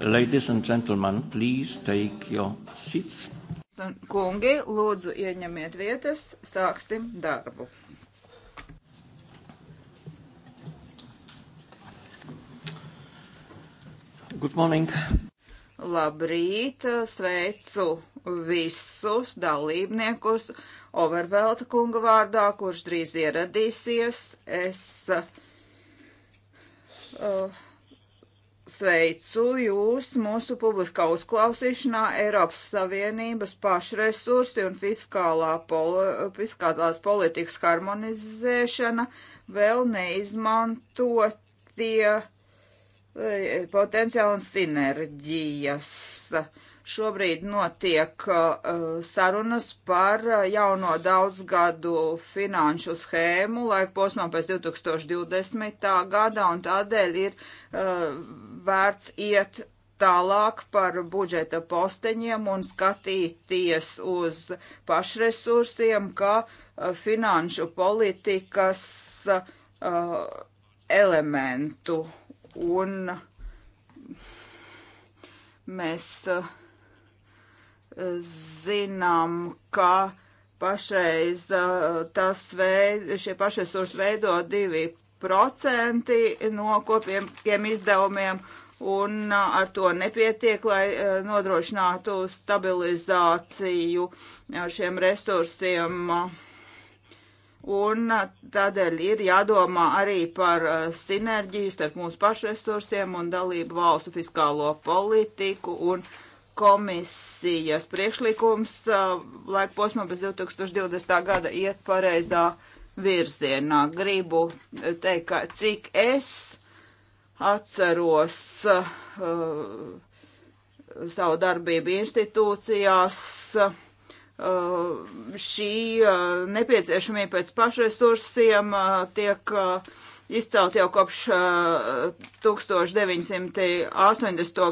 Ladies and gentlemen, please take your seats. Kungi, lūdzu ieņemiet vietas, sāksim darbu. Good morning. Labrīt, sveicu visus dalībniekus Overvelta kunga vārdā, kurš drīz ieradīsies. Es uh, Sveicu jūs mūsu publiskā uzklausīšanā Eiropas Savienības pašresursi un fiskālā poli, fiskālās politikas harmonizēšana vēl neizmantotie eh, potenciāli sinerģijas. Šobrīd notiek uh, sarunas par uh, jauno daudzgadu finanšu schēmu laika posmā pēc 2020. gada, un tādēļ ir uh, vērts iet tālāk par budžeta posteņiem un skatīties uz pašresursiem, kā uh, finanšu politikas uh, elementu. Un mēs uh, zinām, ka pašreiz uh, tas veid, šie pašresursi veido 2% no kopiem izdevumiem, un uh, ar to nepietiek, lai uh, nodrošinātu stabilizāciju šiem resursiem. Un tādēļ ir jādomā arī par sinerģiju starp mūsu pašresursiem un dalību valstu fiskālo politiku un uh, komisijas priekšlikums uh, laika posmā bez 2020. gada iet pareizā virzienā. Gribu teikt, ka cik es atceros uh, savu darbību institūcijās, uh, šī uh, nepieciešamība pēc pašresursiem uh, tiek uh, izcelt jau kopš uh, eh, 1980.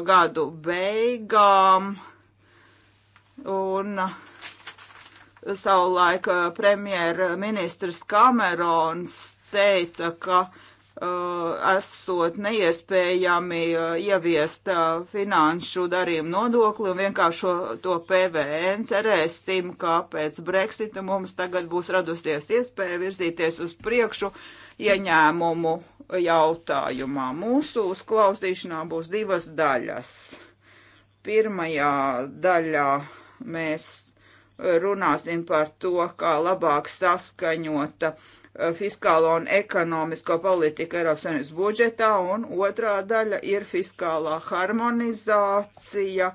gadu beigām. Un uh, savulaik uh, premjerministrs Kamerons teica, ka esot neiespējami ieviest finanšu darījumu nodokli un vienkāršo to PVN. Cerēsim, ka pēc Brexita mums tagad būs radusies iespēja virzīties uz priekšu uh, ieņēmumu jautājumā. Mūsu uzklausīšanā būs divas daļas. Pirmajā daļā mēs runāsim par to, kā labāk saskaņota eh, fiskālo un ekonomisko politiku Eiropas Savienības budžetā, un otrā daļa ir fiskālā harmonizācija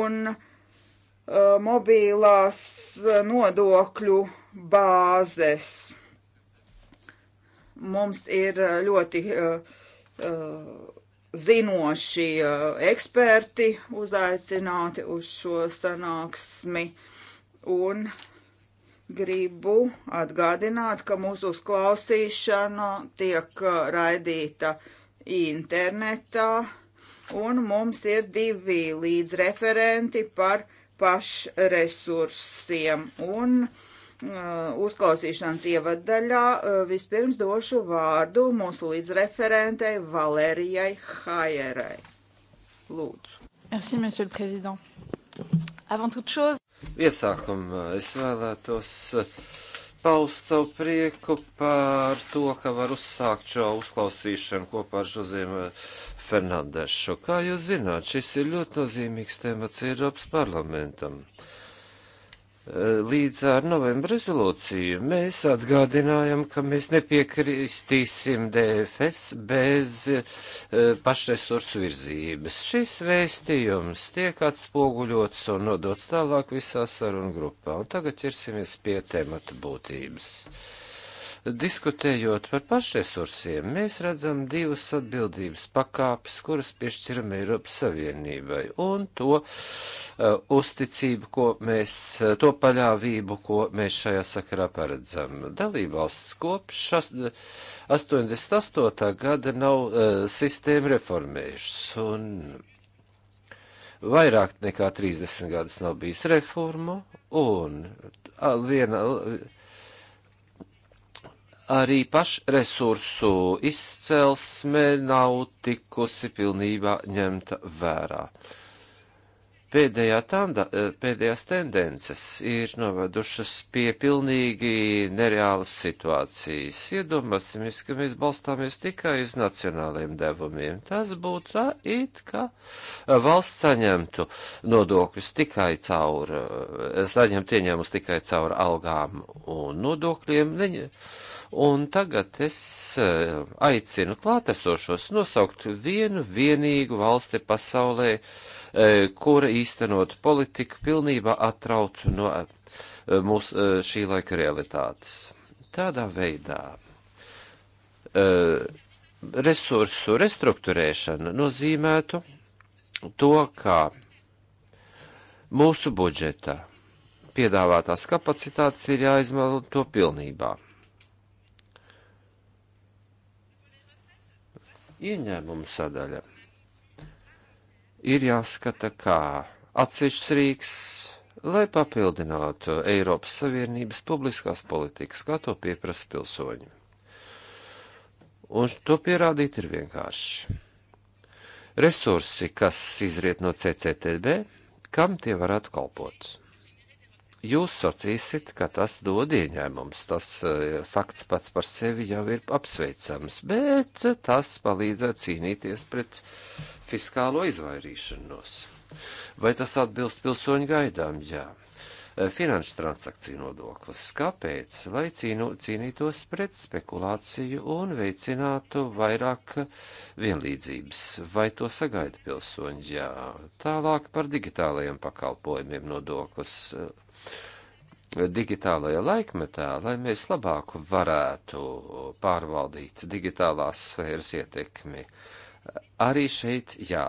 un uh, eh, mobīlās eh, nodokļu bāzes Mums ir uh, ļoti uh, uh, zinoši eksperti uzaicināti uz šo sanāksmi un gribu atgādināt, ka mūsu uzklausīšana tiek raidīta internetā un mums ir divi līdzreferenti par pašresursiem un resursiem Eh, uzklausīšanas ievadaļā eh, vispirms došu vārdu mūsu līdzreferentei Valērijai Hajerai. Lūdzu. Merci, monsieur le président. Avant toute chose. Iesākumā es vēlētos eh, paust savu prieku par to, ka var uzsākt šo uzklausīšanu kopā ar Žoziem Fernandešu. Kā jūs zināt, šis ir ļoti nozīmīgs temats Eiropas parlamentam. Uh, Līdz ar novembra rezolūciju mēs atgādinājam, ka mēs nepiekristīsim DFS bez e, pašresursu virzības. Šis vēstījums tiek atspoguļots un nodots tālāk visā sarunu grupā. Un tagad ķersimies pie temata būtības. Uh, Diskutējot par pašresursiem, mēs redzam divas atbildības pakāpes, kuras piešķiram Eiropas Savienībai, un to uh, uzticību, ko mēs, uh, to paļāvību, ko mēs šajā sakarā paredzam. Dalībvalsts kopš 88. gada nav uh, sistēmu reformējušas, un vairāk nekā 30 gadus nav bijis reformu, un uh, viena. Uh, arī pašresursu izcelsme nav tikusi pilnībā ņemta vērā. Pēdējā tanda, eh, pēdējās tendences ir novedušas pie pilnīgi nereālas situācijas. Iedomāsimies, ka mēs balstāmies tikai uz nacionāliem devumiem. Tas būtu tā, it kā valsts saņemtu nodokļus tikai caur, saņemtu ieņēmumus tikai caur algām un nodokļiem. Neņa, uh, Un tagad es eh, aicinu klātesošos nosaukt vienu vienīgu valsti pasaulē, eh, kura īstenot politiku pilnībā atraut no eh, mūs, šī laika realitātes. Tādā veidā resursu restruktūrēšana nozīmētu to, ka mūsu budžeta piedāvātās kapacitātes ir jāizmanto pilnībā. ieņēmumu sadaļa ir jāskata kā atsevišķs rīks, lai papildinātu Eiropas Savienības publiskās politikas, kā to pieprasa pilsoņi. Un to pierādīt ir vienkārši. Resursi, kas izriet no CCTB, kam tie varētu kalpot? Jūs sacīsiet, ka tas dod ieņēmums, tas eh, fakts pats par sevi jau ir apsveicams, bet tas palīdzētu cīnīties pret fiskālo izvairīšanos. Vai tas atbilst pilsoņu gaidām? Jā. Eh, finanšu transakciju nodoklis. Kāpēc? Lai cīnu, cīnītos pret spekulāciju un veicinātu vairāk vienlīdzības. Vai to sagaida pilsoņi? Jā. Tālāk par digitālajiem pakalpojumiem nodoklis. Eh, digitālajā laikmetā, lai mēs labāk varētu pārvaldīt digitālās sfēras ietekmi, arī šeit, jā,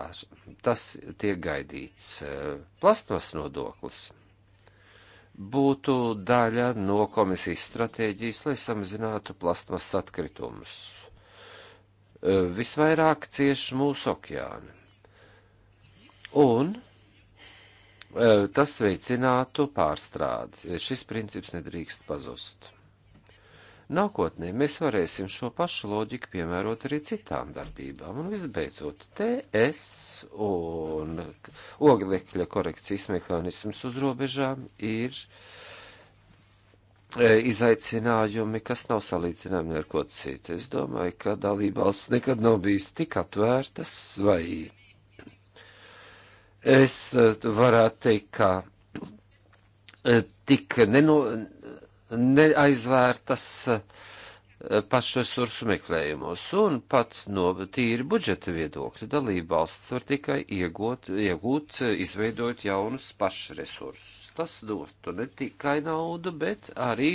tas tiek gaidīts eh, plasmas nodoklis būtu daļa no komisijas stratēģijas, lai samazinātu plasmas atkritumus. E, visvairāk cieš mūsu okeāni. Un e, tas veicinātu pārstrādi. E, šis princips nedrīkst pazust. Nākotnē mēs varēsim šo pašu loģiku piemērot arī citām darbībām. Un visbeidzot, TS un oglekļa korekcijas mehānisms uz robežām ir e, izaicinājumi, kas nav salīdzināmi ar ko citu. Es domāju, ka dalībvalsts nekad nav bijis tik atvērtas, vai es e, varētu teikt, ka e, tik neno, neaizvērtas eh, pašu resursu meklējumos, un pat no tīri budžeta viedokļa dalība valsts var tikai iegūt, iegūt izveidot jaunus pašu resursus. Tas dotu ne tikai naudu, bet arī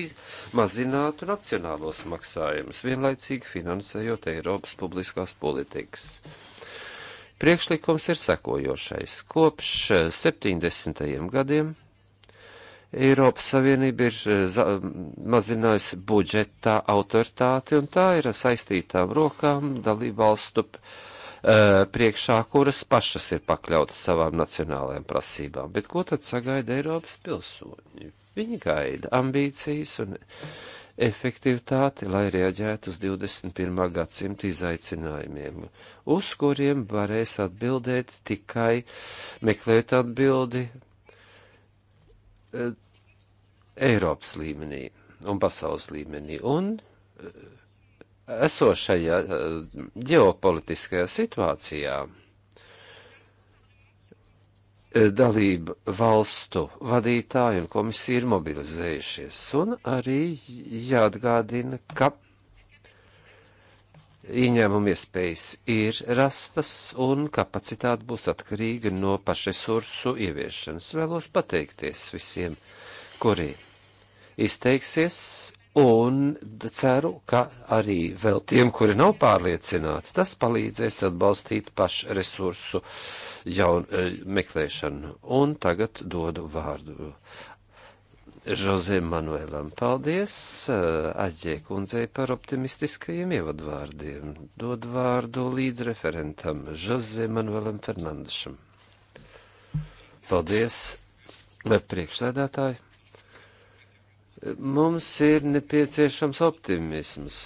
mazinātu nacionālos maksājumus, vienlaicīgi finansējot Eiropas publiskās politikas. Priekšlikums ir sekojošais. Kopš 70. Eh, gadiem Eiropas Savienība ir eh, mazinājusi budžetā autoritāti, un tā ir saistītām rokām dalībvalstu eh, priekšā, kuras pašas ir pakļautas savām nacionālajām prasībām. Bet ko tad sagaida Eiropas pilsoņi? Viņi gaida ambīcijas un efektivitāti, lai rieģētu uz 21. gadsimta izaicinājumiem, uz kuriem varēs atbildēt tikai meklēt atbildi eh, Eiropas līmenī un pasaules līmenī. Un eh, esošajā eh, ģeopolitiskajā situācijā eh, dalību valstu vadītāji un komisija ir mobilizējušies. Un arī jāatgādina, ka ieņēmuma iespējas ir rastas un kapacitāte būs atkarīga no pašresursu ieviešanas. Vēlos pateikties visiem, kuri izteiksies, un ceru, ka arī vēl tiem, kuri nav pārliecināti, tas palīdzēs atbalstīt pašresursu jaunu e, meklēšanu. Un tagad dodu vārdu Žozē Manuēlam. Paldies e, Aģē kundzei par optimistiskajiem ievadvārdiem. Dod vārdu līdzreferentam Žozē Manuēlam Fernandešam. Paldies, e, priekšsēdētāji. Mums ir nepieciešams optimisms.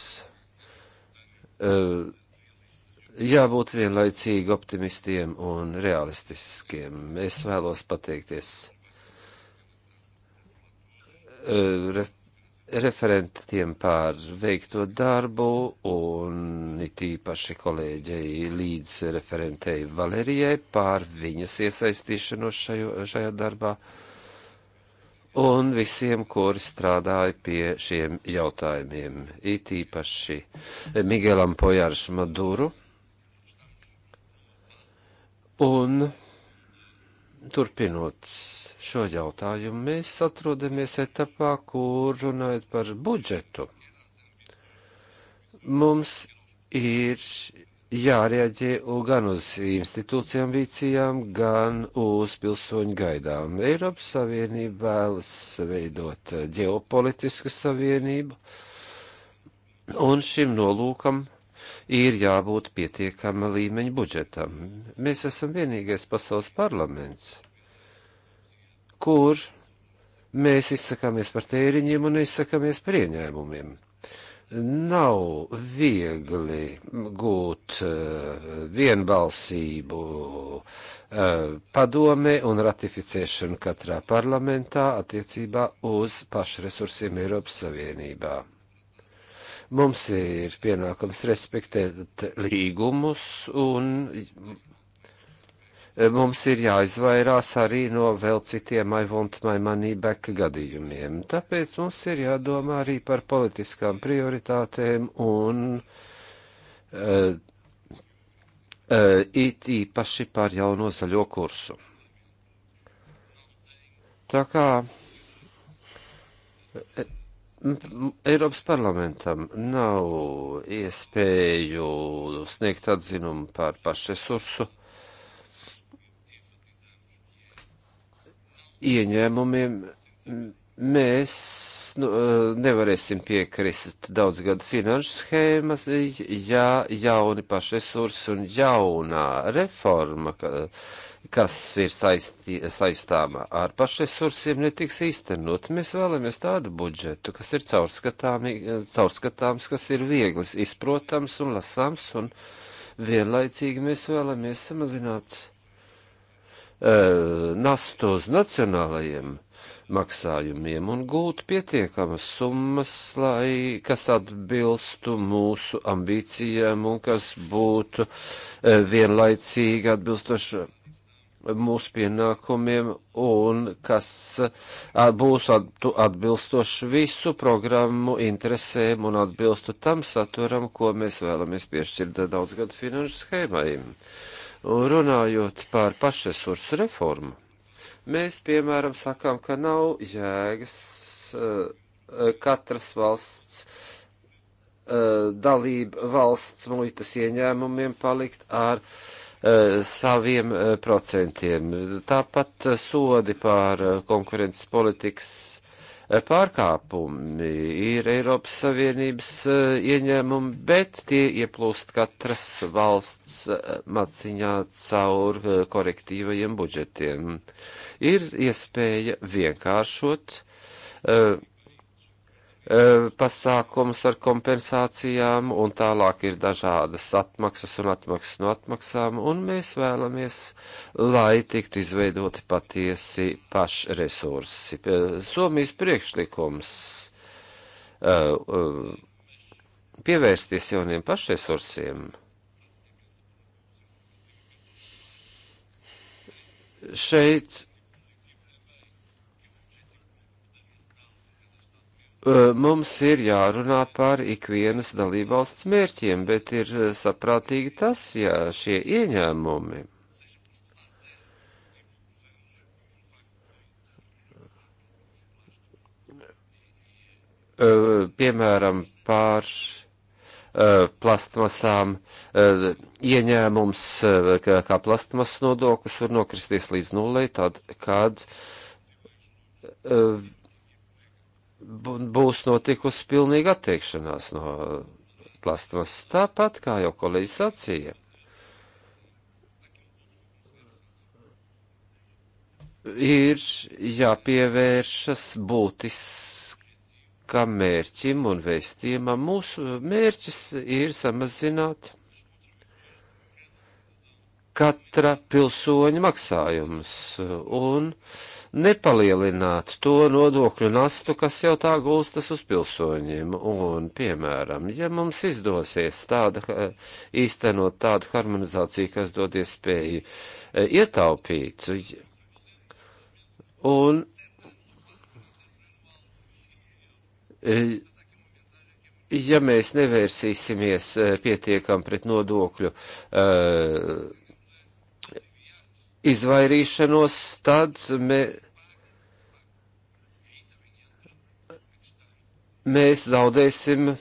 Eh, jābūt vienlaicīgi optimistiem un realistiskiem. Es vēlos pateikties eh, re, referentiem par veikto darbu un it īpaši kolēģei līdz referentei Valerijai par viņas iesaistīšanos šajo, šajā darbā. Uh, un visiem, kuri strādāja pie šiem jautājumiem, it īpaši Miguelam Pojāršu Maduru. Un turpinot šo jautājumu, mēs atrodamies etapā, kur runājot par budžetu. Mums ir jārēģē gan uz institūcijām ambīcijām, gan uz pilsoņu gaidām. Eiropas Savienība vēlas veidot ģeopolitisku savienību, un šim nolūkam ir jābūt pietiekama līmeņa budžetam. Mēs esam vienīgais pasaules parlaments, kur mēs izsakāmies par tēriņiem un izsakāmies par ieņēmumiem nav viegli gūt eh, vienbalsību eh, padome un ratificēšanu katrā parlamentā attiecībā uz pašresursiem Eiropas Savienībā. Mums ir pienākums respektēt līgumus un Eh, mums ir jāizvairās arī no vēl citiem I want my money back gadījumiem. Tāpēc mums ir jādomā arī par politiskām prioritātēm un uh, uh, it īpaši par jauno zaļo kursu. Tā kā uh, Eiropas parlamentam nav iespēju sniegt atzinumu par pašresursu uh, ieņēmumiem mēs nu, eh, nevarēsim piekrist daudzgadu finanšu schēmas, ja jauni pašresursi un jaunā reforma, kas ir saistī, saistāma ar pašresursiem, netiks īstenot. Mēs vēlamies tādu budžetu, kas ir caurskatāms, kas ir viegls, izprotams un lasāms, un vienlaicīgi mēs vēlamies samazināt E, nastu uz nacionālajiem maksājumiem un gūt pietiekamas summas, lai, kas atbilstu mūsu ambīcijām un kas būtu e, vienlaicīgi atbilstoši mūsu pienākumiem un kas būs atbilstoši visu programmu interesēm un atbilstu tam saturam, ko mēs vēlamies piešķirt daudz gadu finanšu schēmai. Un runājot par pašresursu reformu, mēs, piemēram, sakām, ka nav jēgas uh, katras valsts uh, dalība valsts muitas ieņēmumiem palikt ar uh, saviem procentiem. Tāpat sodi pār konkurences politikas pārkāpumi ir Eiropas Savienības eh, ieņēmumi, bet tie ieplūst katras valsts eh, maciņā caur eh, korektīvajiem budžetiem. Ir iespēja vienkāršot uh, E, pasākumus ar kompensācijām, un tālāk ir dažādas atmaksas un atmaksas no atmaksām, un mēs vēlamies, lai tiktu izveidoti patiesi pašresursi. Somijas priekšlikums e, e, pievērsties jauniem pašresursiem šeit mums ir jārunā par ikvienas dalībvalsts mērķiem, bet ir saprātīgi tas, ja šie ieņēmumi piemēram par plastmasām ieņēmums, kā plastmasas nodoklis var nokristies līdz nulei, tad, kad būs notikusi pilnīga attiekšanās no plastmasas. Tāpat, kā jau kolēģis sacīja, ir jāpievēršas būtiskam mērķim un vēstījumam. Mūsu mērķis ir samazināt katra pilsoņa maksājumus un uh, nepalielināt to nodokļu nastu, kas jau tā gulstas uz pilsoņiem. Un, piemēram, ja mums izdosies tāda, īstenot tādu harmonizāciju, kas dod iespēju e, ietaupīt, un e, ja mēs nevērsīsimies e, pietiekam pret nodokļu uh, izvairīšanos, tad me, mēs zaudēsim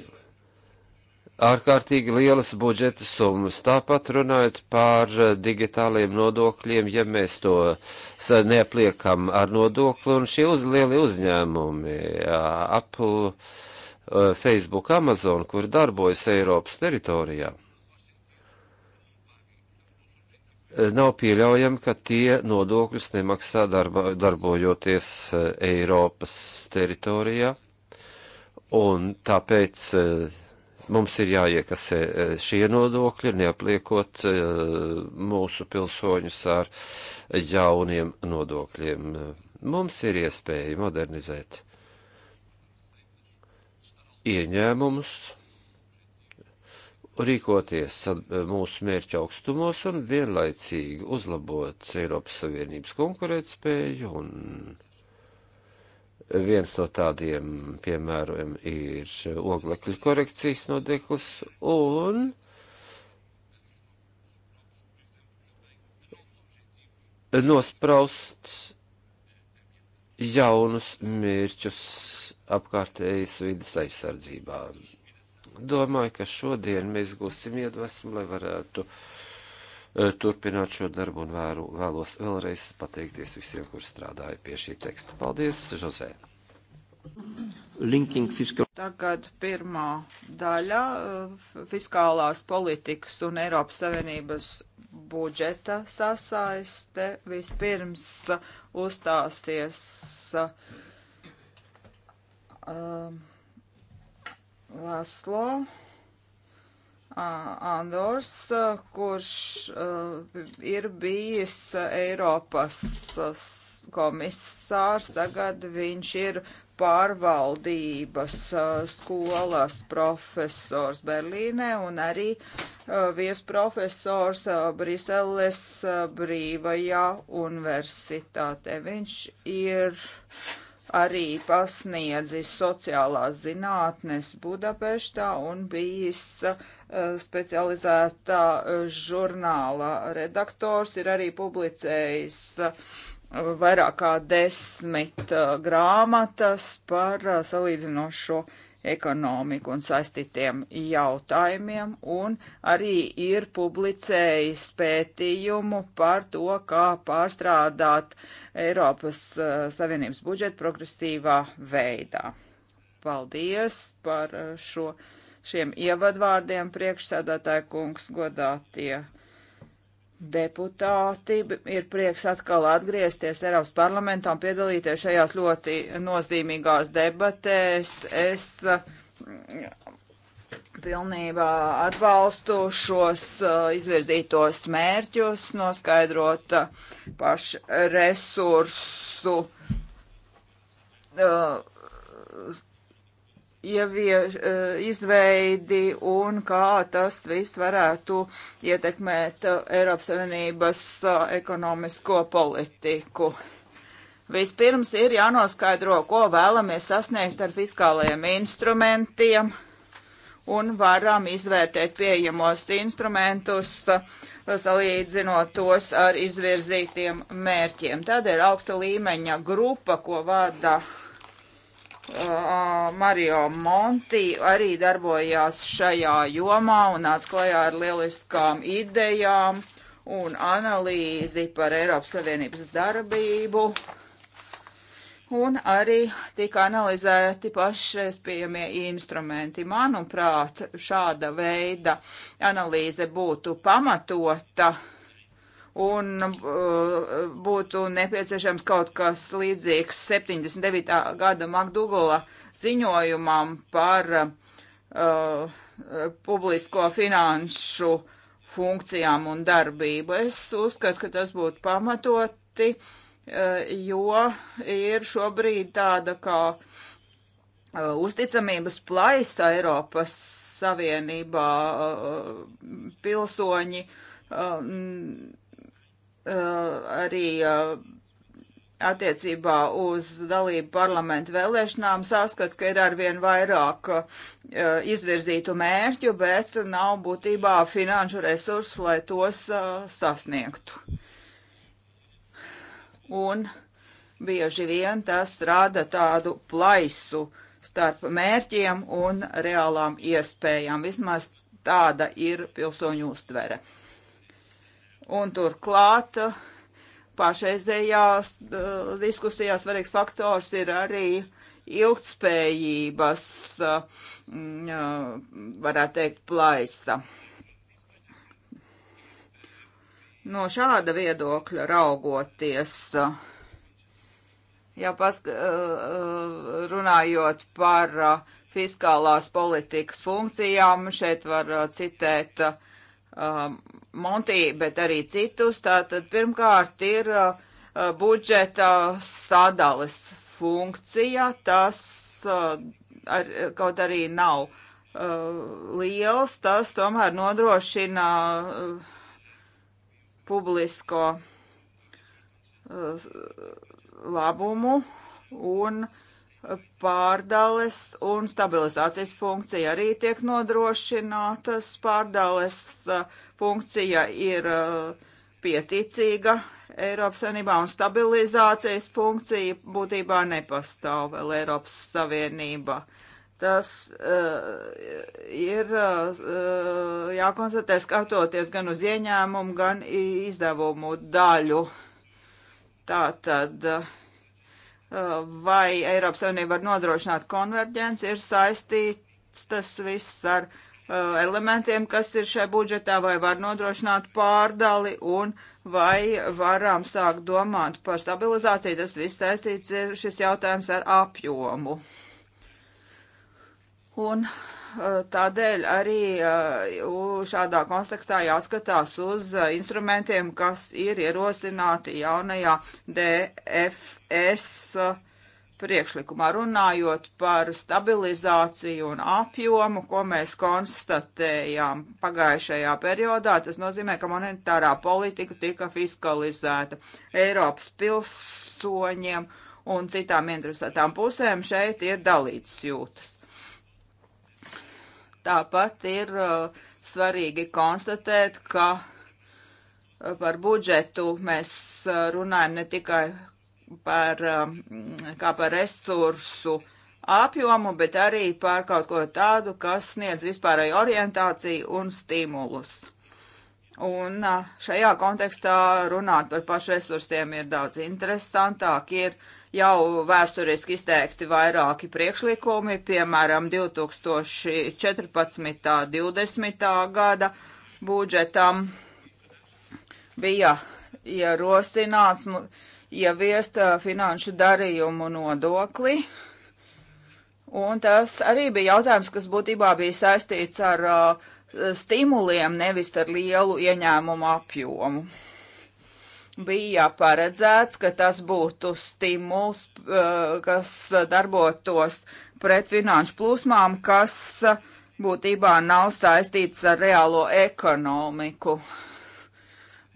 ārkārtīgi lielas budžeta summas. Tāpat runājot par digitāliem nodokļiem, ja mēs to neapliekam ar nodokli un šie uz lieli uzņēmumi, Apple, Facebook, Amazon, kur darbojas Eiropas teritorijā. Eh, nav pieļaujami, ka tie nodokļus nemaksā darba, darbojoties eh, Eiropas teritorijā, un tāpēc eh, mums ir jāiekasē šie nodokļi, neapliekot mūsu pilsoņus ar jauniem nodokļiem. Mums ir iespēja modernizēt ieņēmumus rīkoties mūsu mērķa augstumos un vienlaicīgi uzlabot Eiropas Savienības konkurētspēju. Un viens no tādiem piemēriem ir oglekļa korekcijas nodeklis un nospraust jaunus mērķus apkārtējas vidas aizsardzībām Domāju, ka šodien mēs gūsim iedvesmu, lai varētu e, turpināt šo darbu un vēru, vēlos vēlreiz pateikties visiem, kur strādāja pie šī teksta. Paldies, Žozē! Fiskal... Tagad pirmā daļa e, - fiskālās politikas un Eiropas Savienības budžeta sasaiste. Vispirms uzstāsies um, Laslo Andors, kurš ir bijis Eiropas komisārs, tagad viņš ir pārvaldības skolas profesors Berlīnē un arī viesprofesors Briseles Brīvajā universitātē. Viņš ir uh, arī pasniedzis sociālās zinātnes Budapeštā un bijis eh, specializētā eh, žurnāla redaktors, ir arī publicējis eh, vairāk kā desmit grāmatas par salīdzinošo. No ekonomiku un saistītiem jautājumiem, un arī ir publicējis pētījumu par to, kā pārstrādāt Eiropas uh, Savienības budžetu progresīvā veidā. Paldies par eh, šo, šiem ievadvārdiem, priekšsēdētāja kungs, godātie deputāti. Ir prieks atkal atgriezties Eiropas parlamentā un piedalīties šajās ļoti nozīmīgās debatēs. Es mm, pilnībā atbalstu šos eh, izvirzītos mērķus, noskaidrot eh, pašu resursu eh, ievieš, e, izveidi un kā tas viss varētu ietekmēt e, Eiropas Savienības e, ekonomisko politiku. Vispirms ir jānoskaidro, ko vēlamies sasniegt ar fiskālajiem instrumentiem un varam izvērtēt pieejamos instrumentus, salīdzinot tos ar izvirzītiem mērķiem. Tādēļ augsta līmeņa grupa, ko vada uh, Mario Monti arī darbojās šajā jomā un atklājā ar lieliskām idejām un analīzi par Eiropas Savienības darbību. Un arī tika analizēti pašreiz pieejamie instrumenti. Manuprāt, šāda veida analīze būtu pamatota uh, un uh, būtu nepieciešams kaut kas līdzīgs 79. gada Makdugula ziņojumam par uh, publisko finanšu funkcijām un darbību. Es uzskatu, ka tas būtu pamatoti, uh, jo ir šobrīd tāda kā uh, uzticamības plaisa Eiropas Savienībā uh, uh, pilsoņi um, Eh, arī eh, attiecībā uz dalību parlamentu vēlēšanām saskat, ka ir arvien vairāk uh, izvirzītu mērķu, bet nav būtībā finanšu resursu, lai tos uh, sasniegtu. Un bieži vien tas rada tādu plaisu starp mērķiem un reālām iespējām. Vismaz tāda ir pilsoņu uztvere. Un turklāt uh, pašreizējās uh, diskusijās svarīgs faktors ir arī ilgtspējības, uh, mm, varētu teikt, plaisa. No šāda viedokļa raugoties, ja pask, runājot par fiskālās politikas funkcijām, šeit var citēt um, Monti, bet arī citus. Tātad pirmkārt ir uh, uh, budžeta sadales funkcija. Tas uh, ar, kaut arī nav uh, liels, tas tomēr nodrošina uh, publisko uh, labumu un uh, pārdales un stabilizācijas funkcija arī tiek nodrošinātas. Pārdales funkcija ir pieticīga Eiropas Savienībā un stabilizācijas funkcija būtībā nepastāv vēl Eiropas Savienībā. Tas uh, ir uh, jākonstatē skatoties gan uz ieņēmumu, gan izdevumu daļu. Tātad. Uh, vai Eiropas Savienība var nodrošināt konverģenci, ir saistīts tas viss ar uh, elementiem, kas ir šai budžetā, vai var nodrošināt pārdali un vai varam sākt domāt par stabilizāciju. Tas viss saistīts ir šis jautājums ar apjomu. Un uh, Eh, tādēļ arī eh, šādā kontekstā jāskatās uz eh, instrumentiem, kas ir ierosināti jaunajā DFS priekšlikumā. Runājot par stabilizāciju un apjomu, ko mēs konstatējām pagājušajā periodā, tas nozīmē, ka monetārā politika tika fiskalizēta Eiropas pilsoņiem un citām interesētām pusēm šeit ir dalīts jūtas. Tāpat ir uh, svarīgi konstatēt, ka uh, par budžetu mēs uh, runājam ne tikai par, um, kā par resursu apjomu, bet arī par kaut ko tādu, kas sniedz vispārēju orientāciju un stimulus. Un uh, šajā kontekstā runāt par pašresursiem ir daudz interesantāk, ir uh, jau vēsturiski izteikti vairāki priekšlikumi, piemēram, 2014. un 2020. gada budžetam bija ierosināts nu, ieviest finanšu darījumu nodokli. Un tas arī bija jautājums, kas būtībā bija saistīts ar uh, stimuliem, nevis ar lielu ieņēmumu apjomu bija paredzēts, ka tas būtu stimuls, eh, kas darbotos pret finanšu plūsmām, kas būtībā nav saistīts ar reālo ekonomiku.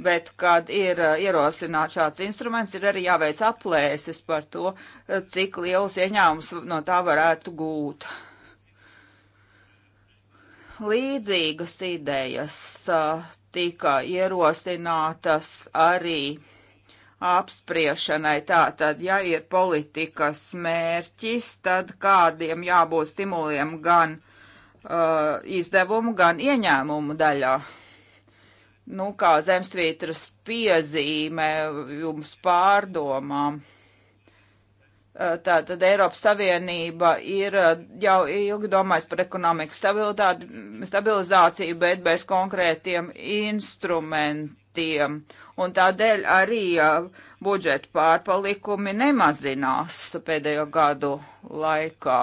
Bet, kad ir eh, ierosināts šāds instruments, ir arī jāveic aplēses par to, eh, cik lielus ieņēmumus no tā varētu gūt līdzīgas idejas tika ierosinātas arī apspriešanai. Tātad, ja ir politikas mērķis, tad kādiem jābūt stimuliem gan uh, izdevumu, gan ieņēmumu daļā. Nu, kā zemsvītras piezīme jums pārdomām. Uh, Tātad Eiropas Savienība ir uh, jau ilgi domājis par ekonomikas stabilizāciju, bet bez konkrētiem instrumentiem. Un tādēļ arī uh, budžeta pārpalikumi nemazinās pēdējo gadu laikā,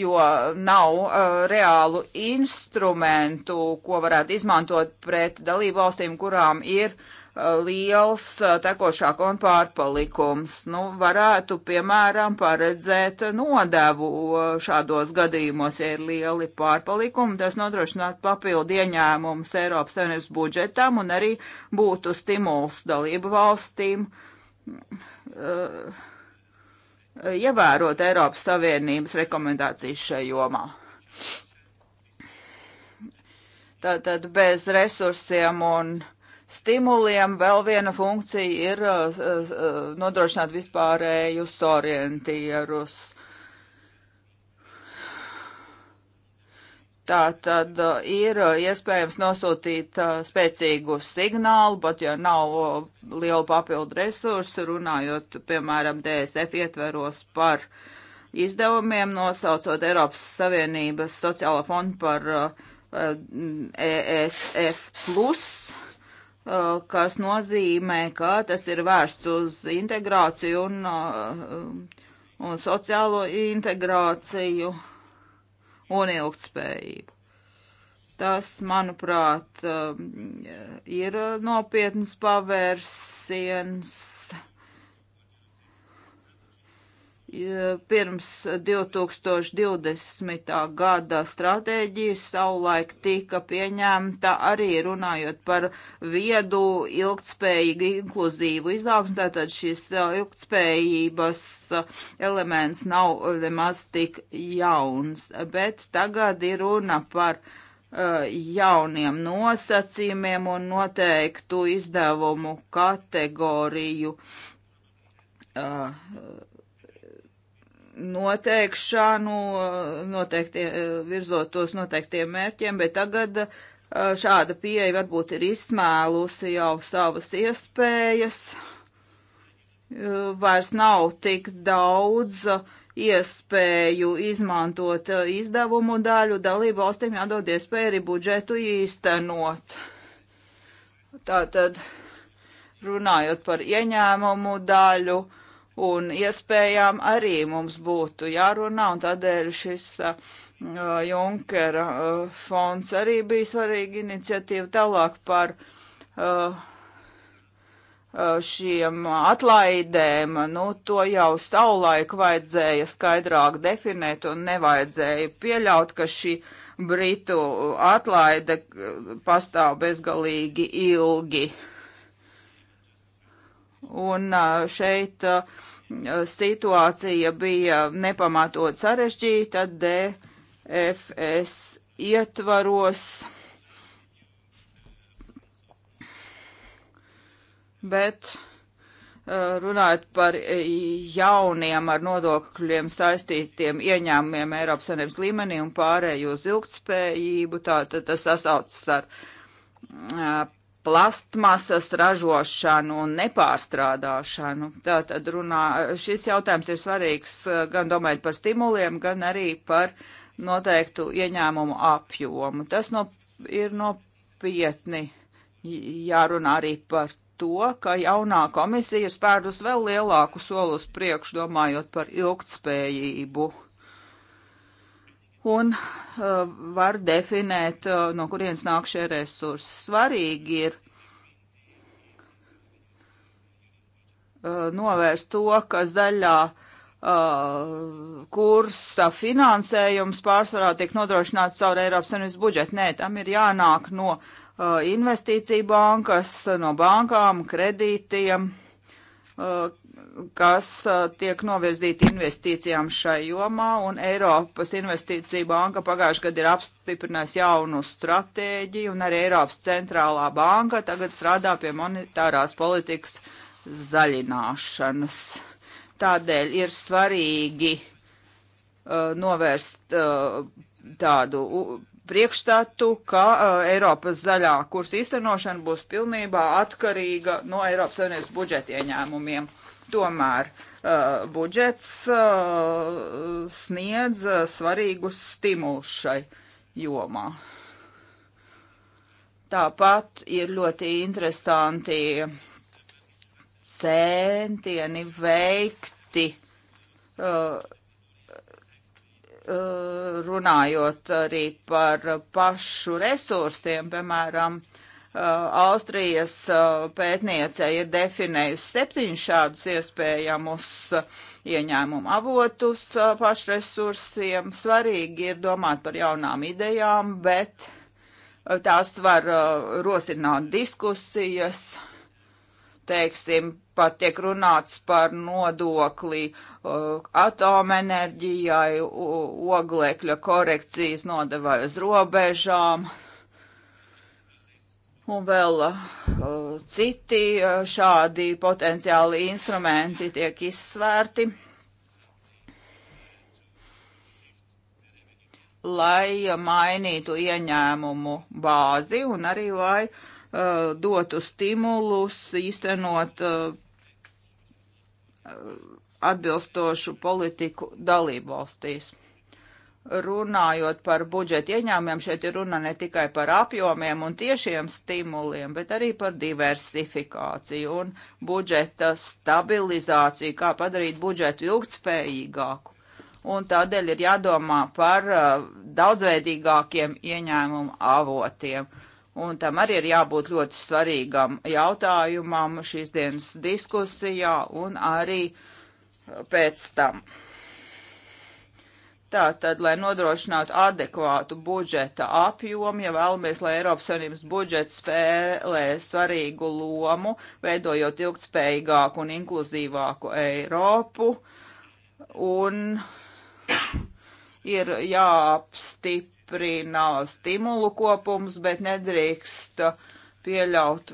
jo nav uh, reālu instrumentu, ko varētu izmantot pret dalību valstīm, kurām ir uh, liels tekošā konta pārpalikums. Nu, varētu, piemēram, paredzēt nodevu šādos gadījumos, ja ir lieli pārpalikumi. Tas nodrošinātu papildu ieņēmumus Eiropas Savienības budžetam un arī būtu stimuls dalību valstīm. Uh, ievērot Eiropas Savienības rekomendācijas šajā jomā. Tātad bez resursiem un uh, Stimuliem vēl viena funkcija ir uh, uh, uh, nodrošināt vispārējus orientierus. Tā tad ir iespējams nosūtīt spēcīgu signālu, pat ja nav liela papildu resursu, runājot, piemēram, DSF ietveros par izdevumiem, nosaucot Eiropas Savienības sociālo fondu par ESF. Uh, kas nozīmē, ka tas ir vērsts uz integrāciju un, uh, un sociālo integrāciju un ilgtspējību. Tas, manuprāt, um, ir nopietns pavērsiens pirms 2020. gada stratēģija savulaik tika pieņemta arī runājot par viedu, ilgtspējīgu, inkluzīvu izaugsmu. Tātad šis uh, ilgtspējības uh, elements nav nemaz tik jauns, bet tagad ir runa par uh, jauniem nosacījumiem un noteiktu izdevumu kategoriju uh, noteikšanu, noteikti, virzotos noteiktiem mērķiem, bet tagad šāda pieeja varbūt ir izsmēlusi jau savas iespējas. Vairs nav tik daudz iespēju izmantot izdevumu daļu, dalību valstīm jādod iespēju arī budžetu īstenot. Tātad, runājot par ieņēmumu daļu, uh, un iespējām arī mums būtu jārunā, un tādēļ šis uh, Junkera uh, fonds arī bija svarīga iniciatīva tālāk par uh, uh, šiem atlaidēm, nu, to jau savulaik vajadzēja skaidrāk definēt un nevajadzēja pieļaut, ka šī Britu atlaide uh, pastāv bezgalīgi ilgi. Un uh, šeit uh, situācija bija nepamatot sarežģīta, DFS ietvaros. Bet uh, runājot par jauniem ar nodokļiem saistītiem ieņēmumiem Eiropas Savienības līmenī un pārējo uz ilgtspējību, tā, tā tas sasaucas ar uh, plastmasas ražošanu un nepārstrādāšanu. Tātad runā, šis jautājums ir svarīgs eh, gan domājot par stimuliem, gan arī par noteiktu ieņēmumu apjomu. Tas no, ir nopietni jārunā arī par to, ka jaunā komisija ir spērdus vēl lielāku solus priekš domājot par ilgtspējību un uh, var definēt, uh, no kurienes nāk šie resursi. Svarīgi ir uh, novērst to, ka zaļā uh, kursa finansējums pārsvarā tiek nodrošināts caur Eiropas Savienības budžetu. Nē, tam ir jānāk no uh, investīciju bankas, no bankām, kredītiem. Uh, Uh, kas uh, tiek novirzīti investīcijām šai jomā, un Eiropas investīcija banka pagājušajā gadā ir apstiprinājusi jaunu stratēģiju, un arī Eiropas centrālā banka tagad strādā pie monetārās politikas zaļināšanas. Tādēļ ir svarīgi uh, novērst uh, tādu priekšstatu, ka uh, Eiropas zaļā kursa īstenošana būs pilnībā atkarīga no Eiropas Savienības budžeta ieņēmumiem. Tomēr uh, budžets uh, sniedz uh, svarīgus stimulus šai jomā. Tāpat ir ļoti interesanti centieni veikti uh, Eh, runājot arī par pašu resursiem, piemēram, eh, Austrijas eh, pētniece ir definējusi septiņus šādus iespējamus ieņēmumu avotus pašresursiem. Svarīgi ir domāt par jaunām idejām, bet tās var rosināt diskusijas teiksim, pat tiek runāts par nodokli uh, atomenerģijai, oglekļa korekcijas nodevai uz robežām. Un vēl uh, citi uh, šādi potenciāli instrumenti tiek izsvērti, lai mainītu ieņēmumu bāzi un arī lai uh, Uh, dotu stimulus īstenot uh, atbilstošu politiku dalību valstīs. Runājot par budžeta ieņēmumiem, šeit ir runa ne tikai par apjomiem un tiešiem stimuliem, bet arī par diversifikāciju un budžeta stabilizāciju, kā padarīt budžetu ilgtspējīgāku. Un tādēļ ir jādomā par uh, daudzveidīgākiem ieņēmumu avotiem. Un tam arī ir jābūt ļoti svarīgam jautājumam šīs dienas diskusijā un arī pēc tam. Tātad, lai nodrošinātu adekvātu budžeta apjomu, ja vēlamies, lai Eiropas Savienības budžets spēlē svarīgu lomu, veidojot ilgspējīgāku un inkluzīvāku Eiropu, un ir jāapstiprina jāstiprina stimulu kopums, bet nedrīkst pieļaut.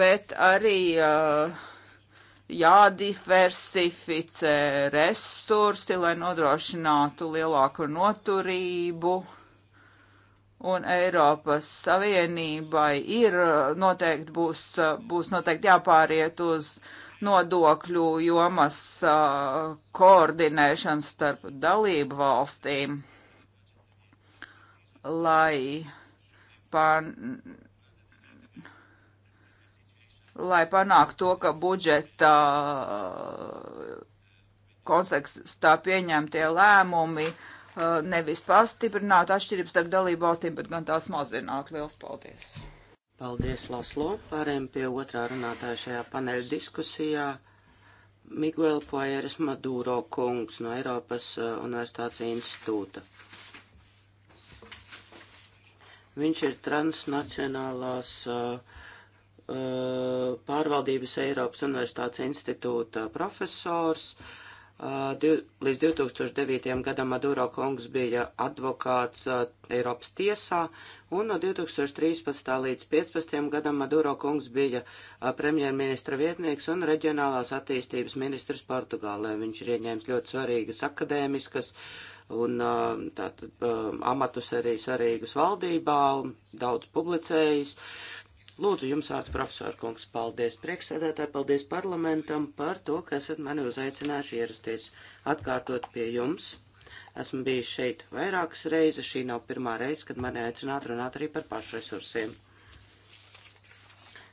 Bet arī uh, jādiversificē resursi, lai nodrošinātu lielāku noturību. Un Eiropas Savienībai ir noteikti būs, būs noteikti jāpāriet uz uh, nodokļu jomas koordinēšanu starp dalību valstīm, lai pan lai panāktu to, ka budžeta kontekstā pieņemtie lēmumi nevis pastiprinātu atšķirības starp dalību valstīm, bet gan tās mazinātu. Lielas paldies! Paldies, Laslo. Pārējiem pie otrā runātāja šajā paneļa diskusijā. Miguel Poeres Maduro kungs no Eiropas uh, Universitātes institūta. Viņš ir transnacionālās uh, uh pārvaldības Eiropas Universitātes institūta profesors. Uh, līdz 2009. gadam Maduro kungs bija advokāts Eiropas tiesā, un no 2013. līdz 2015. gadam Maduro kungs bija premjerministra vietnieks un reģionālās attīstības ministrs Portugālē. Viņš ir ieņēmis ļoti svarīgas akadēmiskas un tātad amatus arī svarīgus valdībā, daudz publicējis. Lūdzu, jums vārds, profesor kungs, paldies priekšsēdētāji, paldies parlamentam par to, ka esat mani uzaicinājuši ierasties atkārtot pie jums. Esmu bijis šeit vairākas reizes, šī nav pirmā reize, kad mani aicinātu runāt arī par pašresursiem.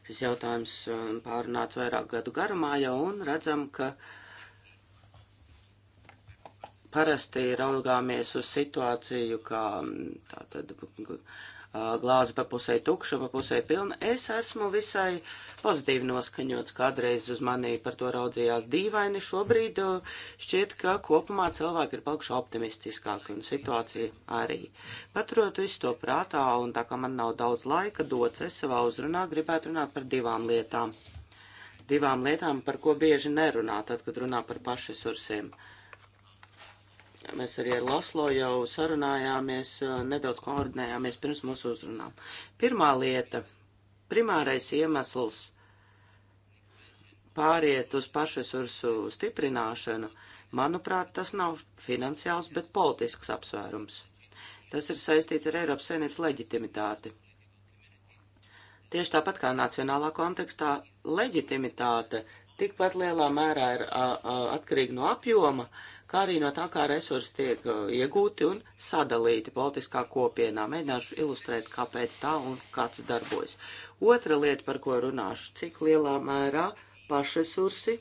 Šis jautājums um, pārunāts vairāk gadu garumā jau un redzam, ka parasti raugāmies uz situāciju, kā tātad glāze pa pusē tukša, pa pusē pilna. Es esmu visai pozitīvi noskaņots, kādreiz uz mani par to raudzījās dīvaini. Šobrīd šķiet, ka kopumā cilvēki ir palikuši optimistiskāki un situācija arī. Paturot visu to prātā, un tā kā man nav daudz laika dots, es savā uzrunā gribētu runāt par divām lietām. Divām lietām, par ko bieži nerunā, tad, kad runā par pašresursiem. Uh, Mēs arī ar Laslo jau sarunājāmies, eh, nedaudz koordinējāmies pirms mūsu uzrunām. Pirmā lieta, primārais iemesls pāriet uz pašresursu stiprināšanu, manuprāt, tas nav finansiāls, bet politisks apsvērums. Tas ir saistīts ar Eiropas saimnības leģitimitāti. Tieši tāpat kā nacionālā kontekstā, leģitimitāte tikpat lielā mērā ir atkarīga no apjoma, uh, kā arī no tā, kā resursi tiek uh, iegūti un sadalīti politiskā kopienā. Mēģināšu ilustrēt, kāpēc tā un kāds darbojas. Otra lieta, par ko runāšu, cik lielā mērā pašresursi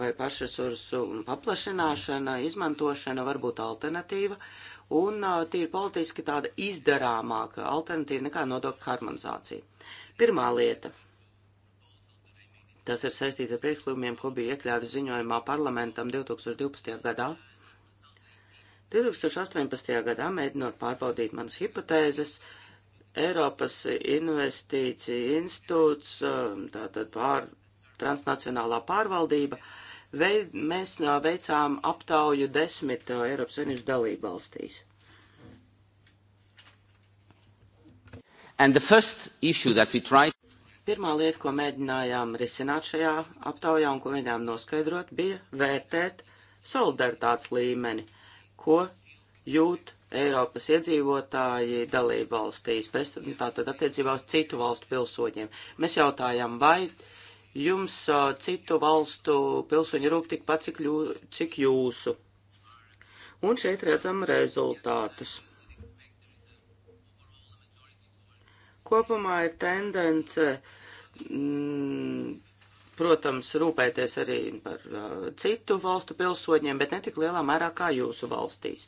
vai pašresursu paplašināšana, izmantošana var būt alternatīva un uh, tīri politiski tāda izdarāmāka alternatīva nekā nodokļu harmonizācija. Pirmā lieta Tas ir saistīts ar priekšlikumiem, ko bija iekļāvis ziņojumā parlamentam 2012. gadā. 2018. gadā, mēģinot pārbaudīt manas hipotēzes, Eiropas investīcija institūts, um, tātad pār, transnacionālā pārvaldība, veid, mēs uh, veicām aptauju desmit uh, Eiropas Savienības dalību valstīs. And the first issue that we tried Pirmā lieta, ko mēģinājām risināt šajā aptaujā un ko mēģinājām noskaidrot, bija vērtēt solidaritātes līmeni, ko jūt Eiropas iedzīvotāji dalību valstīs, tātad attiecībā uz citu valstu pilsoņiem. Mēs jautājām, vai jums citu valstu pilsoņi rūp tikpat, cik, ļū, cik jūsu. Un šeit redzam rezultātus. Kopumā ir tendence, m, mm, protams, rūpēties arī par uh, citu valstu pilsoņiem, bet netik lielā mērā kā jūsu valstīs.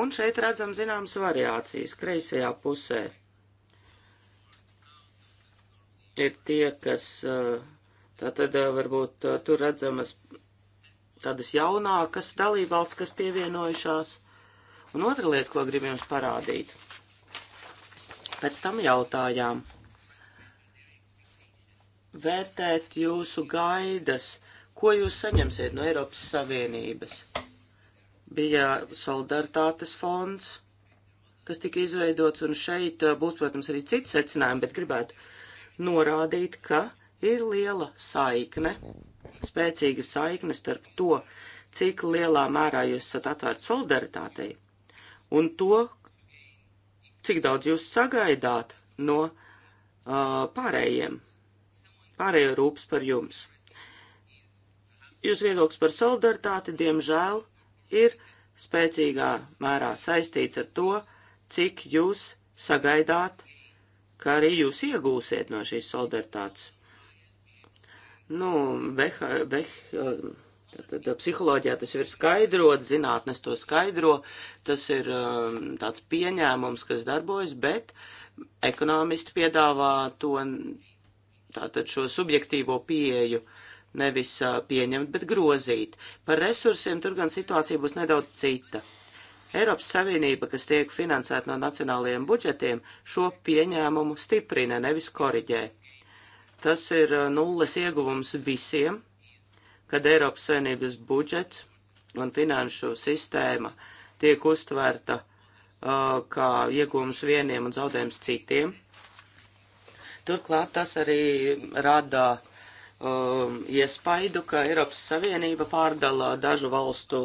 Un šeit redzam zināmas variācijas kreisajā pusē. Ir tie, kas uh, tātad uh, varbūt uh, tur redzamas tādas jaunākas dalībvalsts, kas pievienojušās. Un otra lieta, ko gribu jums parādīt – Pēc tam jautājām, vērtēt jūsu gaidas, ko jūs saņemsiet no Eiropas Savienības. Bija solidaritātes fonds, kas tika izveidots, un šeit uh, būs, protams, arī citi secinājumi, bet gribētu norādīt, ka ir liela saikne, spēcīga saikne starp to, cik lielā mērā jūs esat atvērti solidaritātei, un to, cik daudz jūs sagaidāt no uh, pārējiem, pārējo rūps par jums. Jūs viedoklis par solidaritāti, diemžēl, ir spēcīgā mērā saistīts ar to, cik jūs sagaidāt, ka arī jūs iegūsiet no šīs solidaritātes. Nu, Beha, Beha, Tad psiholoģijā tas jau ir skaidrots, zinātnes to skaidro, tas ir um, tāds pieņēmums, kas darbojas, bet ekonomisti piedāvā to tātad šo subjektīvo pieeju nevis uh, pieņemt, bet grozīt. Par resursiem tur gan situācija būs nedaudz cita. Eiropas Savienība, kas tiek finansēta no nacionālajiem budžetiem, šo pieņēmumu stiprina, nevis koriģē. Tas ir uh, nulles ieguvums visiem, kad Eiropas Savienības budžets un finanšu sistēma tiek uztverta uh, kā iegūms vieniem un zaudējums citiem. Turklāt tas arī rada um, iespaidu, ka Eiropas Savienība pārdala dažu valstu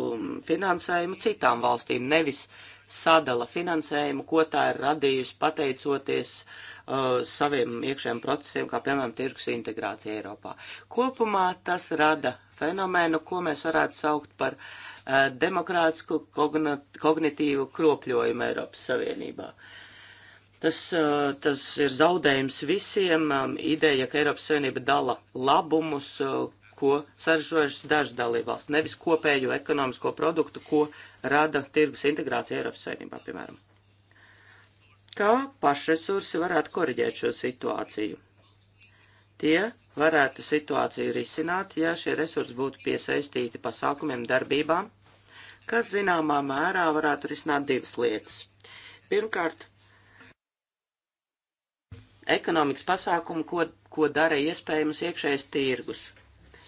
finansējumu citām valstīm, nevis sadala finansējumu, ko tā ir radījusi pateicoties uh, saviem iekšējiem procesiem, kā piemēram tirgus integrācija Eiropā. Kopumā tas rada fenomenu, ko mēs varētu saukt par uh, demokrātisku kognitīvu kropļojumu Eiropas Savienībā. Tas, uh, tas ir zaudējums visiem, um, ideja, ka Eiropas Savienība dala labumus, uh, ko saražojušas dažas dalībvalsts, nevis kopējo ekonomisko produktu, ko rada tirgus integrācija Eiropas Savienībā, piemēram kā pašresursi varētu koriģēt šo situāciju. Tie varētu situāciju risināt, ja šie resursi būtu piesaistīti pasākumiem, darbībām, kas zināmā mērā varētu risināt divas lietas. Pirmkārt, ekonomikas pasākumu, ko, ko dara iespējams iekšējais tirgus.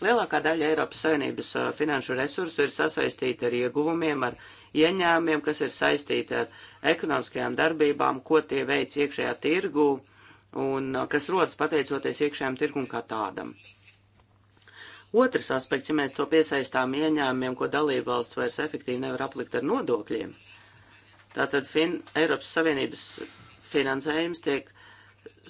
Lielākā daļa Eiropas Savienības finanšu resursu ir sasaistīta ar ieguvumiem, ar ieņēmumiem, kas ir saistīti ar ekonomiskajām darbībām, ko tie veic iekšējā tirgu un uh, kas rodas pateicoties iekšējām tirgum kā tādam. Otrs aspekts, ja mēs to piesaistām ieņēmumiem, ko dalībvalsts vairs efektīvi nevar aplikt ar nodokļiem, tātad fin Eiropas Savienības finansējums tiek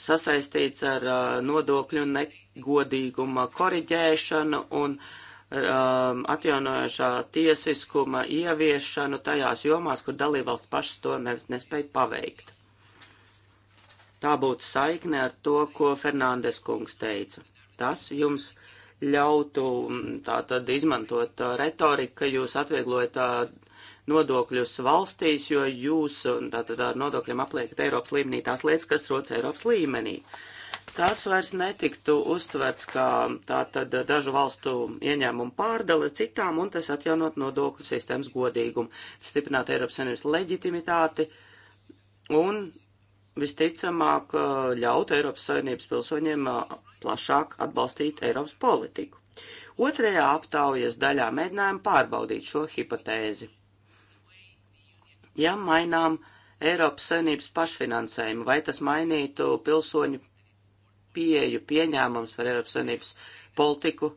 sasaistīts ar uh, nodokļu negodīguma koriģēšanu un uh, um, atjaunojošā tiesiskuma ieviešanu tajās jomās, kur dalībvalsts pašas to ne, nespēja paveikt. Tā būtu saikne ar to, ko Fernandes kungs teica. Tas jums ļautu mm, tātad izmantot uh, retoriku, ka jūs atvieglojat uh, nodokļus valstīs, jo jūs tātad ar nodokļiem apliekat Eiropas līmenī tās lietas, kas rodas Eiropas līmenī. Uh, tas vairs netiktu uztverts kā tātad dažu valstu ieņēmumu pārdala citām, un tas atjaunot nodokļu sistēmas godīgumu, stiprināt Eiropas Savienības leģitimitāti un visticamāk ļaut Eiropas Savienības pilsoņiem plašāk atbalstīt Eiropas politiku. Otrajā aptaujas daļā mēģinājām pārbaudīt šo hipotēzi. Ja mainām Eiropas Savienības pašfinansējumu, vai tas mainītu pilsoņu pieeju pieņēmums par Eiropas Savienības politiku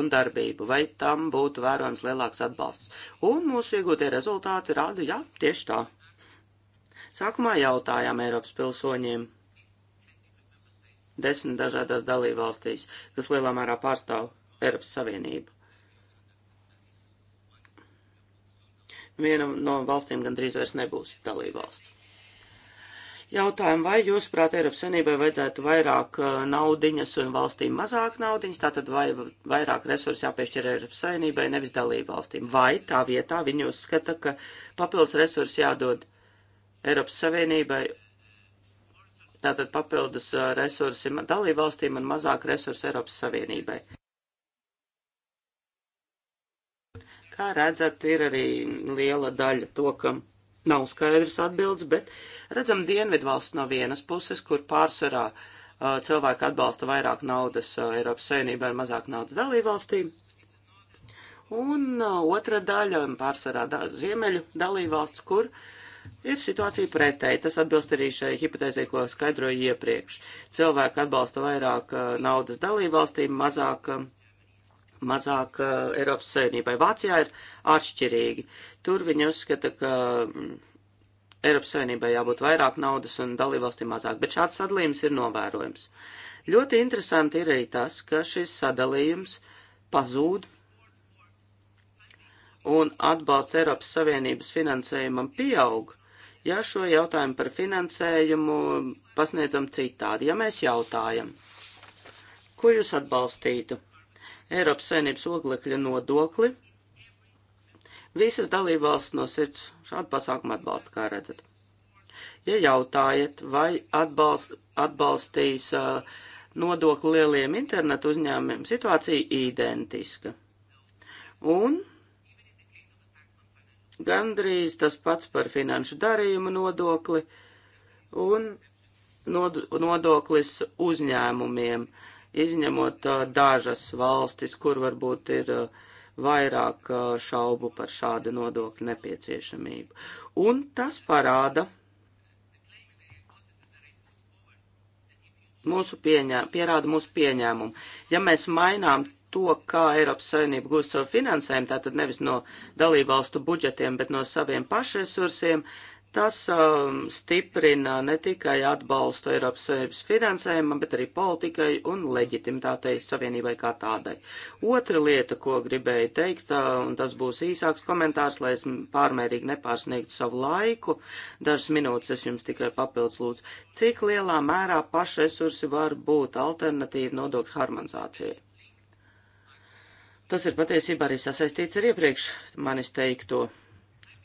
un darbību, vai tam būtu vērojams lielāks atbalsts. Un mūsu iegūtie rezultāti rāda, jā, tieši tā. Sākumā jautājām Eiropas pilsoņiem desmit dažādās dalībvalstīs, kas lielā mērā pārstāv Eiropas Savienību. Viena no valstīm gandrīz vairs nebūs dalībvalsts jautājumu, vai jūs, prāt, Eiropas Savienībai vajadzētu vairāk uh, naudiņas un valstīm mazāk naudiņas, tātad vai vairāk resursu jāpiešķir Eiropas Savienībai, nevis dalību valstīm, vai tā vietā viņi uzskata, ka papildus resursu jādod Eiropas Savienībai, tātad papildus uh, resursi dalību valstīm un mazāk resursu Eiropas Savienībai. Kā redzat, ir arī liela daļa to, ka Nav skaidrs atbildes, bet redzam Dienvidvalsts no vienas puses, kur pārsvarā uh, cilvēki atbalsta vairāk naudas uh, Eiropas saimnībā ar mazāk naudas dalībvalstīm. Un uh, otra daļa, pārsvarā da, ziemeļu dalībvalsts, kur uh, ir situācija pretēji. Tas atbilst arī šai hipotēzē, ko skaidroju iepriekš. Cilvēki atbalsta vairāk uh, naudas dalībvalstīm, mazāk uh, mazāk uh, Eiropas Savienībai. Vācijā ir atšķirīgi. Tur viņi uzskata, ka mm, Eiropas Savienībai jābūt vairāk naudas un dalībvalstīm mazāk, bet šāds sadalījums ir novērojams. Ļoti interesanti ir arī tas, ka šis sadalījums pazūd un atbalsts Eiropas Savienības finansējumam pieaug, ja šo jautājumu par finansējumu pasniedzam citādi, ja mēs jautājam, ko jūs atbalstītu? Eiropas saimnības oglekļa nodokli. Visas dalībvalsts no sirds šādu pasākumu atbalsta, kā redzat. Ja jautājat, vai atbalst, atbalstīs uh, nodokli lieliem internetu uzņēmumiem, situācija identiska. Un gandrīz tas pats par finanšu darījumu nodokli un nod, nodoklis uzņēmumiem. Uh, izņemot dažas valstis, kur varbūt ir vairāk šaubu par šādu nodokļu nepieciešamību. Un tas parāda mūsu pieņē, pierāda mūsu pieņēmumu. Ja mēs mainām to, kā Eiropas Savienība gūst savu finansējumu, tātad nevis no dalībvalstu budžetiem, bet no saviem pašresursiem, Tas um, stiprina ne tikai atbalstu Eiropas Savienības finansējumam, bet arī politikai un leģitimitātei Savienībai kā tādai. Otra lieta, ko gribēju teikt, uh, un tas būs īsāks komentārs, lai es pārmērīgi nepārsniegtu savu laiku, dažas minūtes es jums tikai papildus lūdzu, cik lielā mērā pašresursi var būt alternatīva nodokļu harmonizācijai. Tas ir patiesībā arī sasaistīts ar iepriekš manis teikto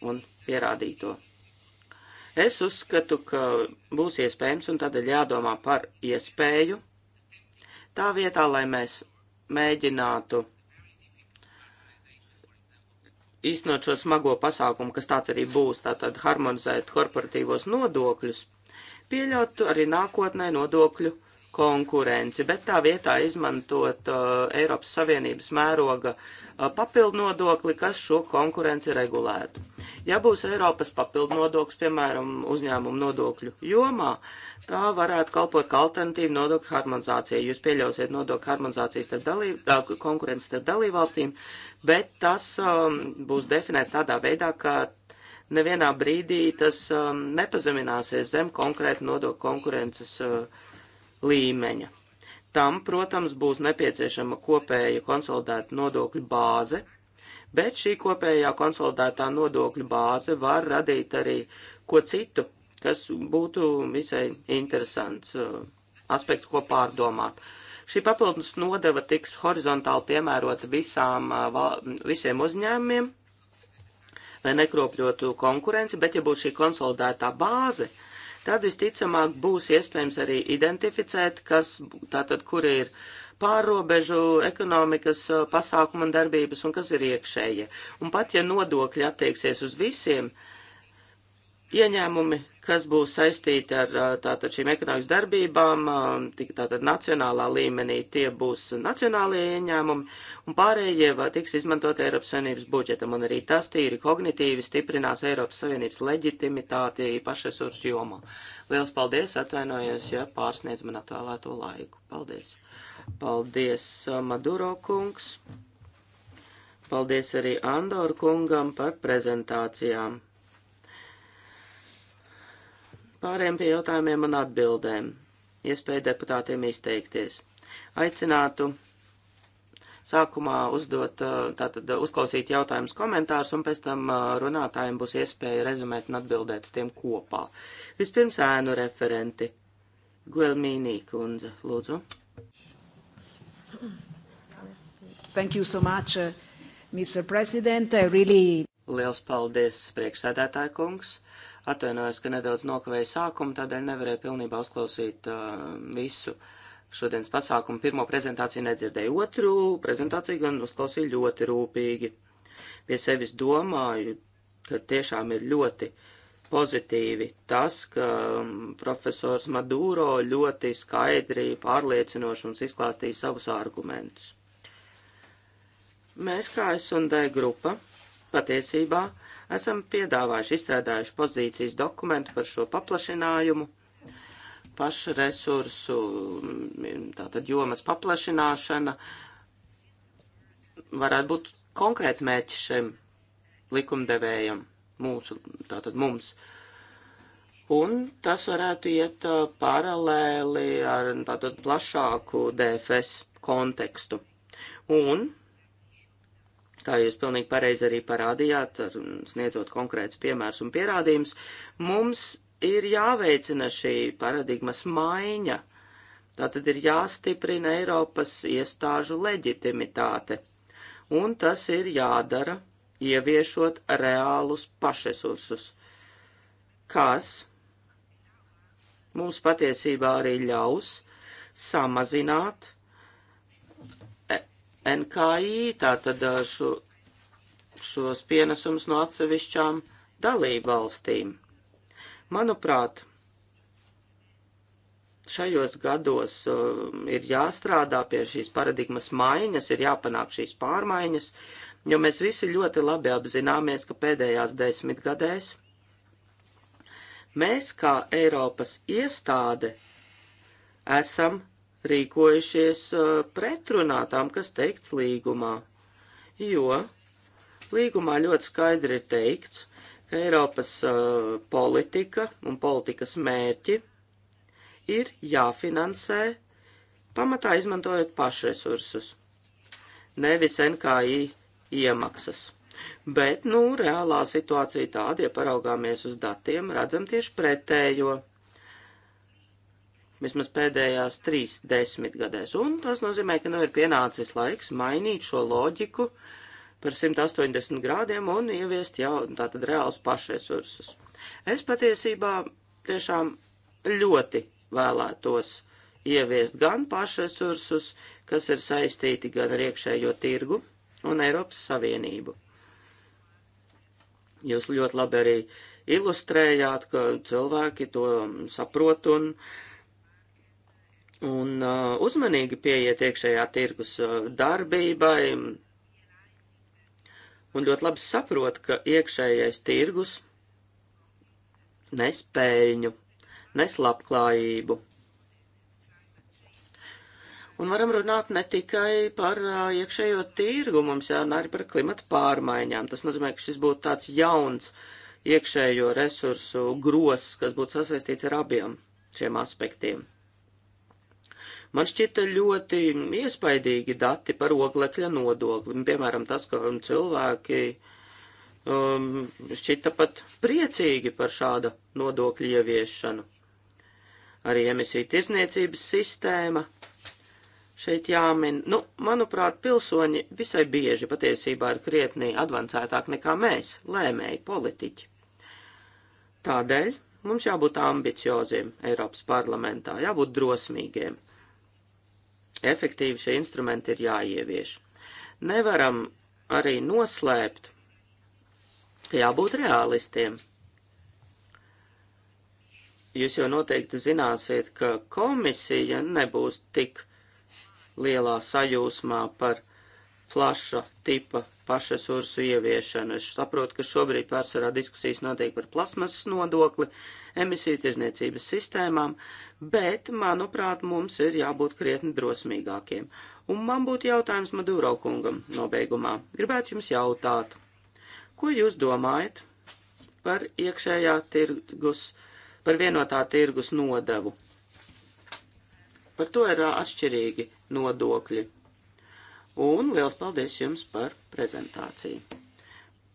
un pierādīto. Es uzskatu, ka būs iespējams un tādēļ jādomā par iespēju. Tā vietā, lai mēs mēģinātu īstenot šo smago pasākumu, kas tāds arī būs, tātad harmonizēt korporatīvos nodokļus, pieļaut arī nākotnē nodokļu konkurenci, bet tā vietā izmantot uh, Eiropas Savienības mēroga uh, papildnodokli, kas šo konkurenci regulētu. Ja būs Eiropas papildnodoklis, piemēram, uzņēmumu nodokļu jomā, tā varētu kalpot kā alternatīva nodokļu harmonizācija. Jūs pieļausiet nodokļu harmonizācijas starp dalību, uh, konkurences starp dalībvalstīm, bet tas um, būs definēts tādā veidā, ka nevienā brīdī tas um, nepazemināsies zem konkrēta nodokļu konkurences uh, līmeņa. Tam, protams, būs nepieciešama kopēja konsolidēta nodokļu bāze, bet šī kopējā konsolidētā nodokļu bāze var radīt arī ko citu, kas būtu visai interesants uh, aspekts, ko pārdomāt. Šī papildus nodeva tiks horizontāli piemērota visām, uh, visiem uzņēmumiem, lai nekropļotu konkurenci, bet ja būs šī konsolidētā bāze, uh, tad visticamāk būs iespējams arī identificēt, kas tātad, kur ir pārrobežu ekonomikas uh, pasākuma un darbības un kas ir iekšēja. Un pat ja nodokļi attieksies uz visiem, ieņēmumi kas būs saistīti ar tātad šīm ekonomikas darbībām, tātad nacionālā līmenī tie būs nacionālajie ieņēmumi, un pārējie tiks izmantot Eiropas Savienības budžetam, un arī tas tīri kognitīvi stiprinās Eiropas Savienības leģitimitāti pašresursu jomā. Liels paldies, atvainojos, ja pārsniedz man atvēlēto laiku. Paldies. Paldies, Maduro kungs. Paldies arī Andoru kungam par prezentācijām. Pārējiem pie jautājumiem un atbildēm. Iespēja deputātiem izteikties. Aicinātu sākumā uzdot, uh, tātad uh, uzklausīt jautājumus komentārus, un pēc tam uh, runātājiem būs iespēja rezumēt un atbildēt uz tiem kopā. Vispirms ēnu referenti. Guelmīnī kundze, lūdzu. Thank you so much, Mr. President. I really... Liels paldies, priekšsēdētāja kungs. Atvainojos, ka nedaudz nokavēju sākumu, tādēļ nevarēju pilnībā uzklausīt uh, visu šodienas pasākumu. Pirmo prezentāciju nedzirdēju, otru prezentāciju gan uzklausīju ļoti rūpīgi. Pie sevis domāju, ka tiešām ir ļoti pozitīvi tas, ka um, profesors Maduro ļoti skaidri, pārliecinoši mums izklāstīja savus argumentus. Mēs kā S&D grupa patiesībā uh, Esam piedāvājuši, izstrādājuši pozīcijas dokumentu par šo paplašinājumu, pašresursu, mm, tātad jomas paplašināšana varētu būt konkrēts mērķis šiem likumdevējam, mūsu, tātad mums. Un tas varētu iet paralēli ar tātad plašāku DFS kontekstu. Un kā jūs pilnīgi pareizi arī parādījāt, ar, sniedzot konkrēts piemērs un pierādījums, mums ir jāveicina šī paradigmas maiņa. Tātad ir jāstiprina Eiropas iestāžu leģitimitāte, un tas ir jādara, ieviešot reālus pašresursus, kas mums patiesībā arī ļaus samazināt NKI, tātad šo, šos pienesumus no atsevišķām dalību valstīm. Manuprāt, šajos gados uh, ir jāstrādā pie šīs paradigmas maiņas, ir jāpanāk šīs pārmaiņas, jo mēs visi ļoti labi apzināmies, ka pēdējās desmitgadēs mēs kā Eiropas iestāde esam rīkojušies uh, pretrunā tam, kas teikts līgumā. Jo līgumā ļoti skaidri ir teikts, ka Eiropas uh, politika un politikas mērķi ir jāfinansē pamatā izmantojot pašresursus, nevis NKI iemaksas. Bet, nu, reālā situācija tāda, ja paraugāmies uz datiem, redzam tieši pretējo vismaz pēdējās trīs desmitgadēs, un tas nozīmē, ka nu ir pienācis laiks mainīt šo loģiku par 180 grādiem un ieviest jau tātad reāls pašresursus. Es patiesībā tiešām ļoti vēlētos ieviest gan pašresursus, kas ir saistīti gan ar iekšējo tirgu un Eiropas Savienību. Jūs ļoti labi arī ilustrējāt, ka cilvēki to saprot un uh, un uh, uzmanīgi pieiet iekšējā tirgus uh, darbībai, un ļoti labi saprot, ka iekšējais tirgus nes peļņu, nes labklājību. Un varam runāt ne tikai par uh, iekšējo tirgu, mums jārunā arī par klimata pārmaiņām. Tas nozīmē, ka šis būtu tāds jauns iekšējo resursu gros, kas būtu sasaistīts ar abiem šiem aspektiem. Man šķita ļoti iespaidīgi dati par oglekļa nodokli, piemēram, tas, ka um, cilvēki um, šķita pat priecīgi par šāda nodokļa ieviešanu. Arī emisiju tirzniecības sistēma šeit jāmin. Nu, manuprāt, pilsoņi visai bieži patiesībā ir krietnī advancētāk nekā mēs, lēmēji politiķi. Tādēļ mums jābūt ambicioziem Eiropas parlamentā, jābūt drosmīgiem efektīvi šie instrumenti ir jāievieš. Nevaram arī noslēpt, ka jābūt realistiem. Jūs jau noteikti zināsiet, ka komisija nebūs tik lielā sajūsmā par plaša tipa pašresursu ieviešanu. Es saprotu, ka šobrīd pārsvarā diskusijas notiek par plasmasas nodokli, emisiju tirzniecības sistēmām, bet, manuprāt, mums ir jābūt krietni drosmīgākiem. Un man būtu jautājums Maduro kungam nobeigumā. Gribētu jums jautāt, ko jūs domājat par iekšējā tirgus, par vienotā tirgus nodevu? Par to ir atšķirīgi nodokļi. Un liels paldies jums par prezentāciju.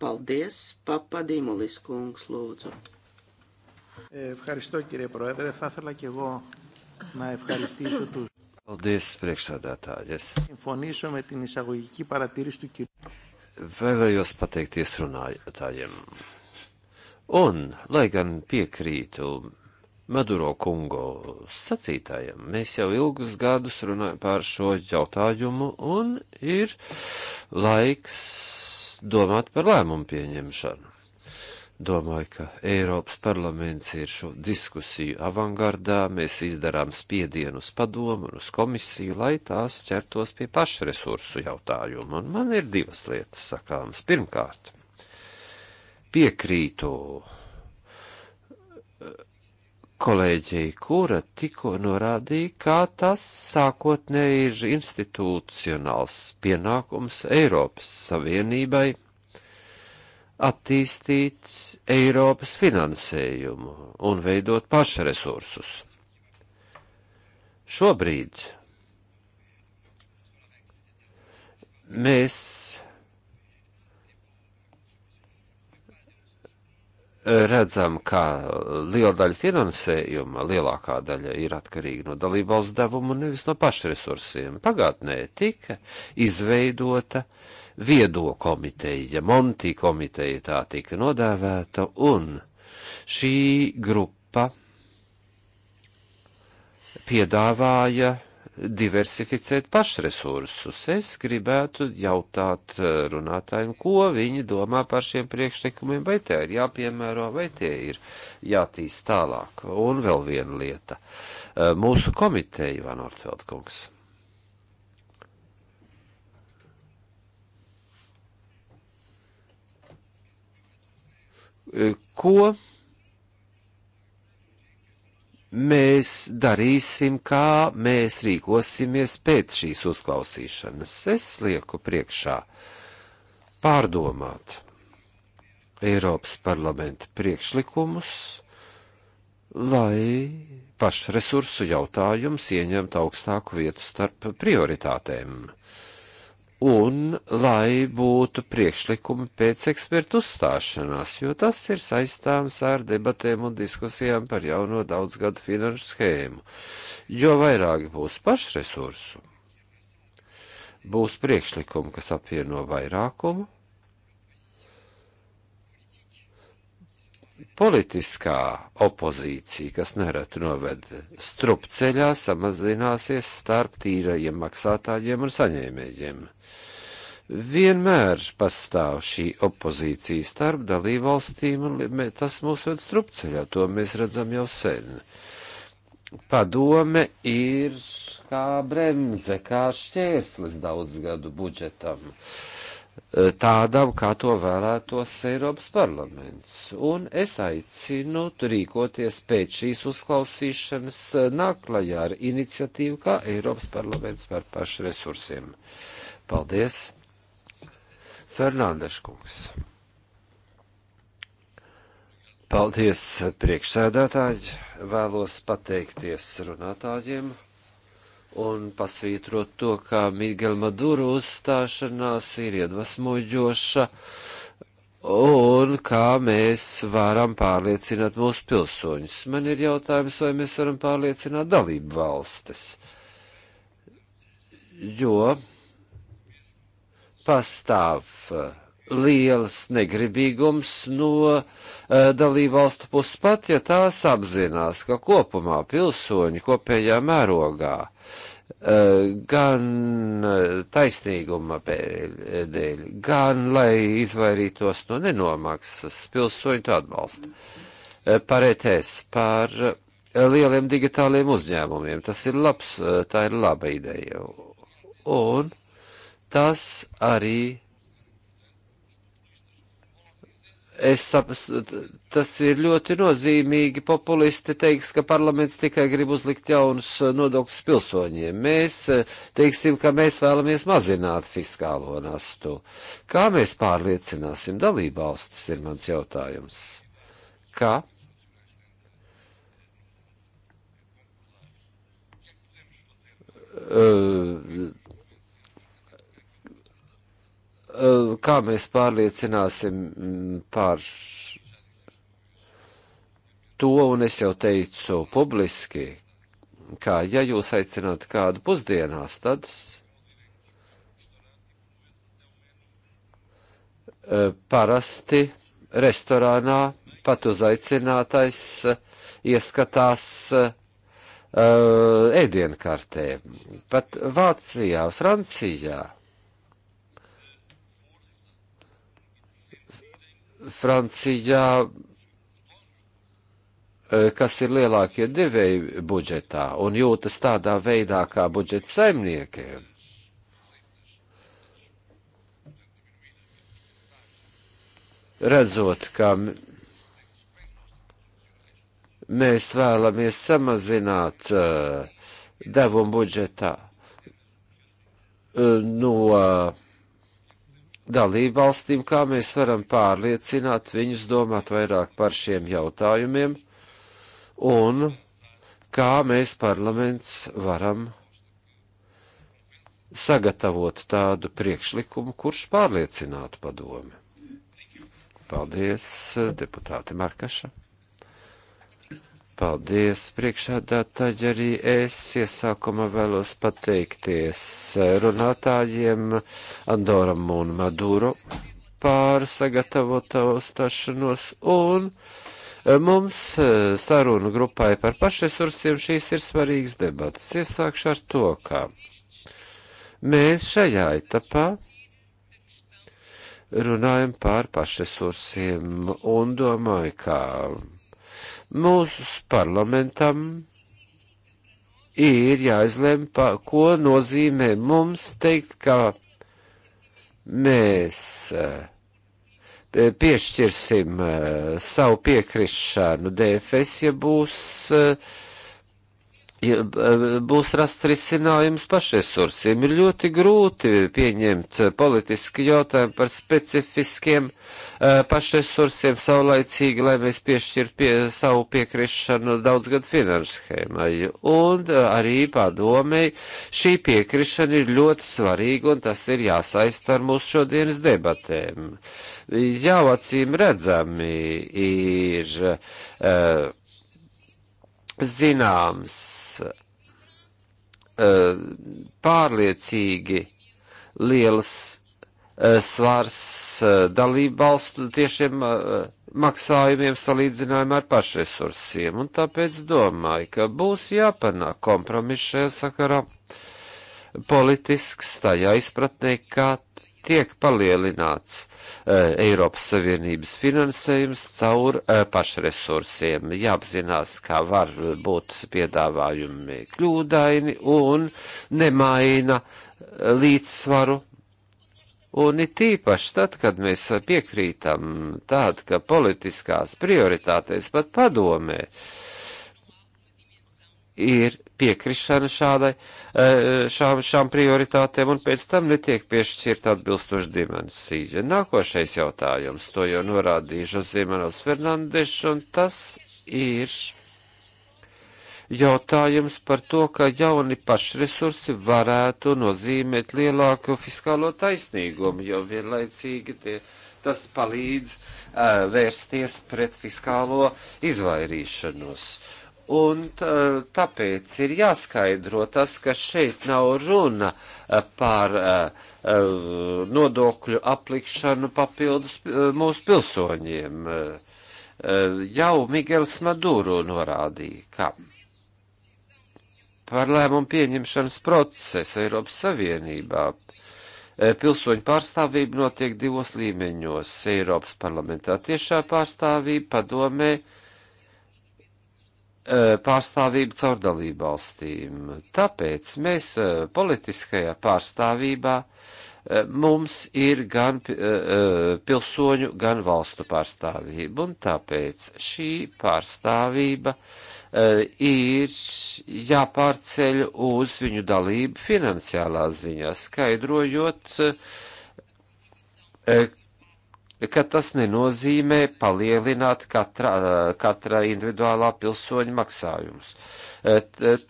Paldies, papadīmulis kungs, lūdzu. Ευχαριστώ κύριε Πρόεδρε. Θα ήθελα και εγώ να ευχαριστήσω τους. Paldies, priekšsēdētājas. Συμφωνήσω με την εισαγωγική παρατήρηση του κυρίου. Vēlējos pateikties runātājiem. Un, lai gan piekrītu Maduro kungo sacītājiem. Mēs jau ilgus gadus runājam par šo jautājumu, un ir laiks domāt par lēmumu pieņemšanu. Domāju, ka Eiropas parlaments ir šo diskusiju avangardā, mēs izdarām spiedienu uz padomu un uz komisiju, lai tās ķertos pie pašresursu jautājumu. Un man ir divas lietas sakāmas. Pirmkārt, piekrītu eh, kolēģei, kura tikko norādīja, kā tas sākotnēji ir institucionāls pienākums Eiropas Savienībai attīstīt Eiropas finansējumu un veidot pašresursus. Šobrīd mēs redzam, ka liela daļa finansējuma, lielākā daļa ir atkarīga no dalībvalsts devuma un nevis no pašresursiem. Pagātnē tika izveidota uh, viedo komiteja, Monti komiteja tā tika nodēvēta, un šī grupa piedāvāja diversificēt pašresursus. Es gribētu jautāt eh, runātājiem, ko viņi domā par šiem priekšlikumiem, vai tie ir jāpiemēro, vai tie ir jātīst tālāk. Un vēl viena lieta. Eh, mūsu komiteja, Ivan Ortfeldkungs. ko mēs darīsim, kā mēs rīkosimies pēc šīs uzklausīšanas. Es lieku priekšā pārdomāt Eiropas parlamenta priekšlikumus, lai pašresursu jautājums ieņemtu augstāku vietu starp prioritātēm. Uh, un lai būtu priekšlikumi pēc ekspertu uzstāšanās, jo tas ir saistāms ar debatēm un diskusijām par jauno daudzgadu finanšu schēmu. Jo vairāk būs pašresursu, būs priekšlikumi, kas apvieno vairākumu, Politiskā opozīcija, kas nereti noved strupceļā, samazināsies starp tīrajiem maksātājiem un saņēmējiem. Vienmēr pastāv šī opozīcija starp dalībvalstīm, un tas mūs ved strupceļā, to mēs redzam jau sen padome ir kā bremze, kā šķērslis daudzgadu budžetam. Uh, Eh, tādam, kā to vēlētos Eiropas parlaments. Un es aicinu rīkoties pēc šīs uzklausīšanas eh, nāklajā ar iniciatīvu, kā Eiropas parlaments par pašu resursiem. Paldies, Fernandeškungs. Paldies, priekšsēdētāji. Vēlos pateikties runātājiem un pasvītrot to, kā Miguel Maduro uzstāšanās ir iedvesmojoša un kā mēs varam pārliecināt mūsu pilsoņus. Man ir jautājums, vai mēs varam pārliecināt dalību valstis, jo pastāv liels negribīgums no uh, dalībvalstu puses pat, ja tās apzinās, ka kopumā pilsoņi kopējā mērogā eh, gan eh, taisnīguma dēļ, gan lai izvairītos no nenomaksas pilsoņu to atbalsta. Parēties par lieliem digitāliem uzņēmumiem. Tas ir labs, tā ir laba ideja. Un tas arī Es saprotu, tas ir ļoti nozīmīgi. Populisti teiks, ka parlaments tikai grib uzlikt jaunus nodokļus pilsoņiem. Mēs teiksim, ka mēs vēlamies mazināt fiskālo nastu. Kā mēs pārliecināsim dalībvalstis, ir mans jautājums. Kā? Uh, Eh, kā mēs pārliecināsim mm, par to, un es jau teicu publiski, kā ja jūs aicināt kādu pusdienās, tad eh, parasti restorānā pat uzaicinātais eh, ieskatās ēdienkartē. Pat Vācijā, Francijā Francijā, e, kas ir lielākie devēji budžetā un jūtas tādā veidā kā budžeta saimniekiem. Redzot, ka mēs vēlamies samazināt uh, devumu budžetā uh, no uh, dalību valstīm, kā mēs varam pārliecināt viņus domāt vairāk par šiem jautājumiem un kā mēs parlaments varam sagatavot tādu priekšlikumu, kurš pārliecinātu padomi. Paldies, deputāte Markaša. Paldies, priekšādātāji, arī es iesākumā vēlos pateikties runātājiem Andoram un Maduro pār sagatavoto stašanos un mums e, sarunu grupai par pašresursiem šīs ir svarīgas debatas. Iesākšu ar to, ka mēs šajā etapā runājam pār pašresursiem un domāju, ka Mūsu parlamentam ir jāizlem, pa, ko nozīmē mums teikt, ka mēs eh, piešķirsim eh, savu piekrišanu DFS, ja būs uh, ja būs rasts risinājums pašresursiem. Ir ļoti grūti pieņemt politiski jautājumu par specifiskiem uh, pašresursiem saulaicīgi, lai mēs piešķirtu pie savu piekrišanu daudzgad finanšu schēmai. Un uh, arī padomēji šī piekrišana ir ļoti svarīga un tas ir jāsaista ar mūsu šodienas debatēm. Jau acīm redzami ir. Uh, zināms eh, pārliecīgi liels eh, svars eh, dalību valstu tiešiem maksājumiem salīdzinājumā ar pašresursiem, un tāpēc domāju, ka būs jāpanāk kompromiss šajā sakarā politisks tajā izpratnē, kā tiek palielināts uh, Eiropas Savienības finansējums caur uh, pašresursiem. Jāapzinās, kā var būt piedāvājumi kļūdaini un nemaina uh, līdzsvaru. Un it īpaši tad, kad mēs piekrītam tād, ka politiskās prioritātēs pat padomē, uh, ir piekrišana šādai, eh, šām, šām prioritātēm, un pēc tam netiek piešķirta atbilstoša dimensija. Nākošais jautājums, to jau norādīja Žozīmanos Fernandeš, un tas ir jautājums par to, ka jauni pašresursi varētu nozīmēt lielāku fiskālo taisnīgumu, jo vienlaicīgi tie tas palīdz uh, vērsties pret fiskālo izvairīšanos. Uh, Un tāpēc ir jāskaidro tas, ka šeit nav runa eh, par eh, eh, nodokļu aplikšanu papildus mūsu pilsoņiem. Jau Migels Maduro norādīja, ka par lēmumu pieņemšanas procesu Eiropas Savienībā pilsoņu pārstāvība notiek divos līmeņos - Eiropas parlamentā tiešā pārstāvība, padomē, E, pārstāvību caur dalību valstīm. Tāpēc mēs e, politiskajā pārstāvībā e, mums ir gan pilsoņu, gan valstu pārstāvība, un tāpēc šī pārstāvība ir jāpārceļ uz viņu dalību finansiālā ziņā, skaidrojot, ka tas nenozīmē palielināt katra, katra individuālā pilsoņa maksājumus. E,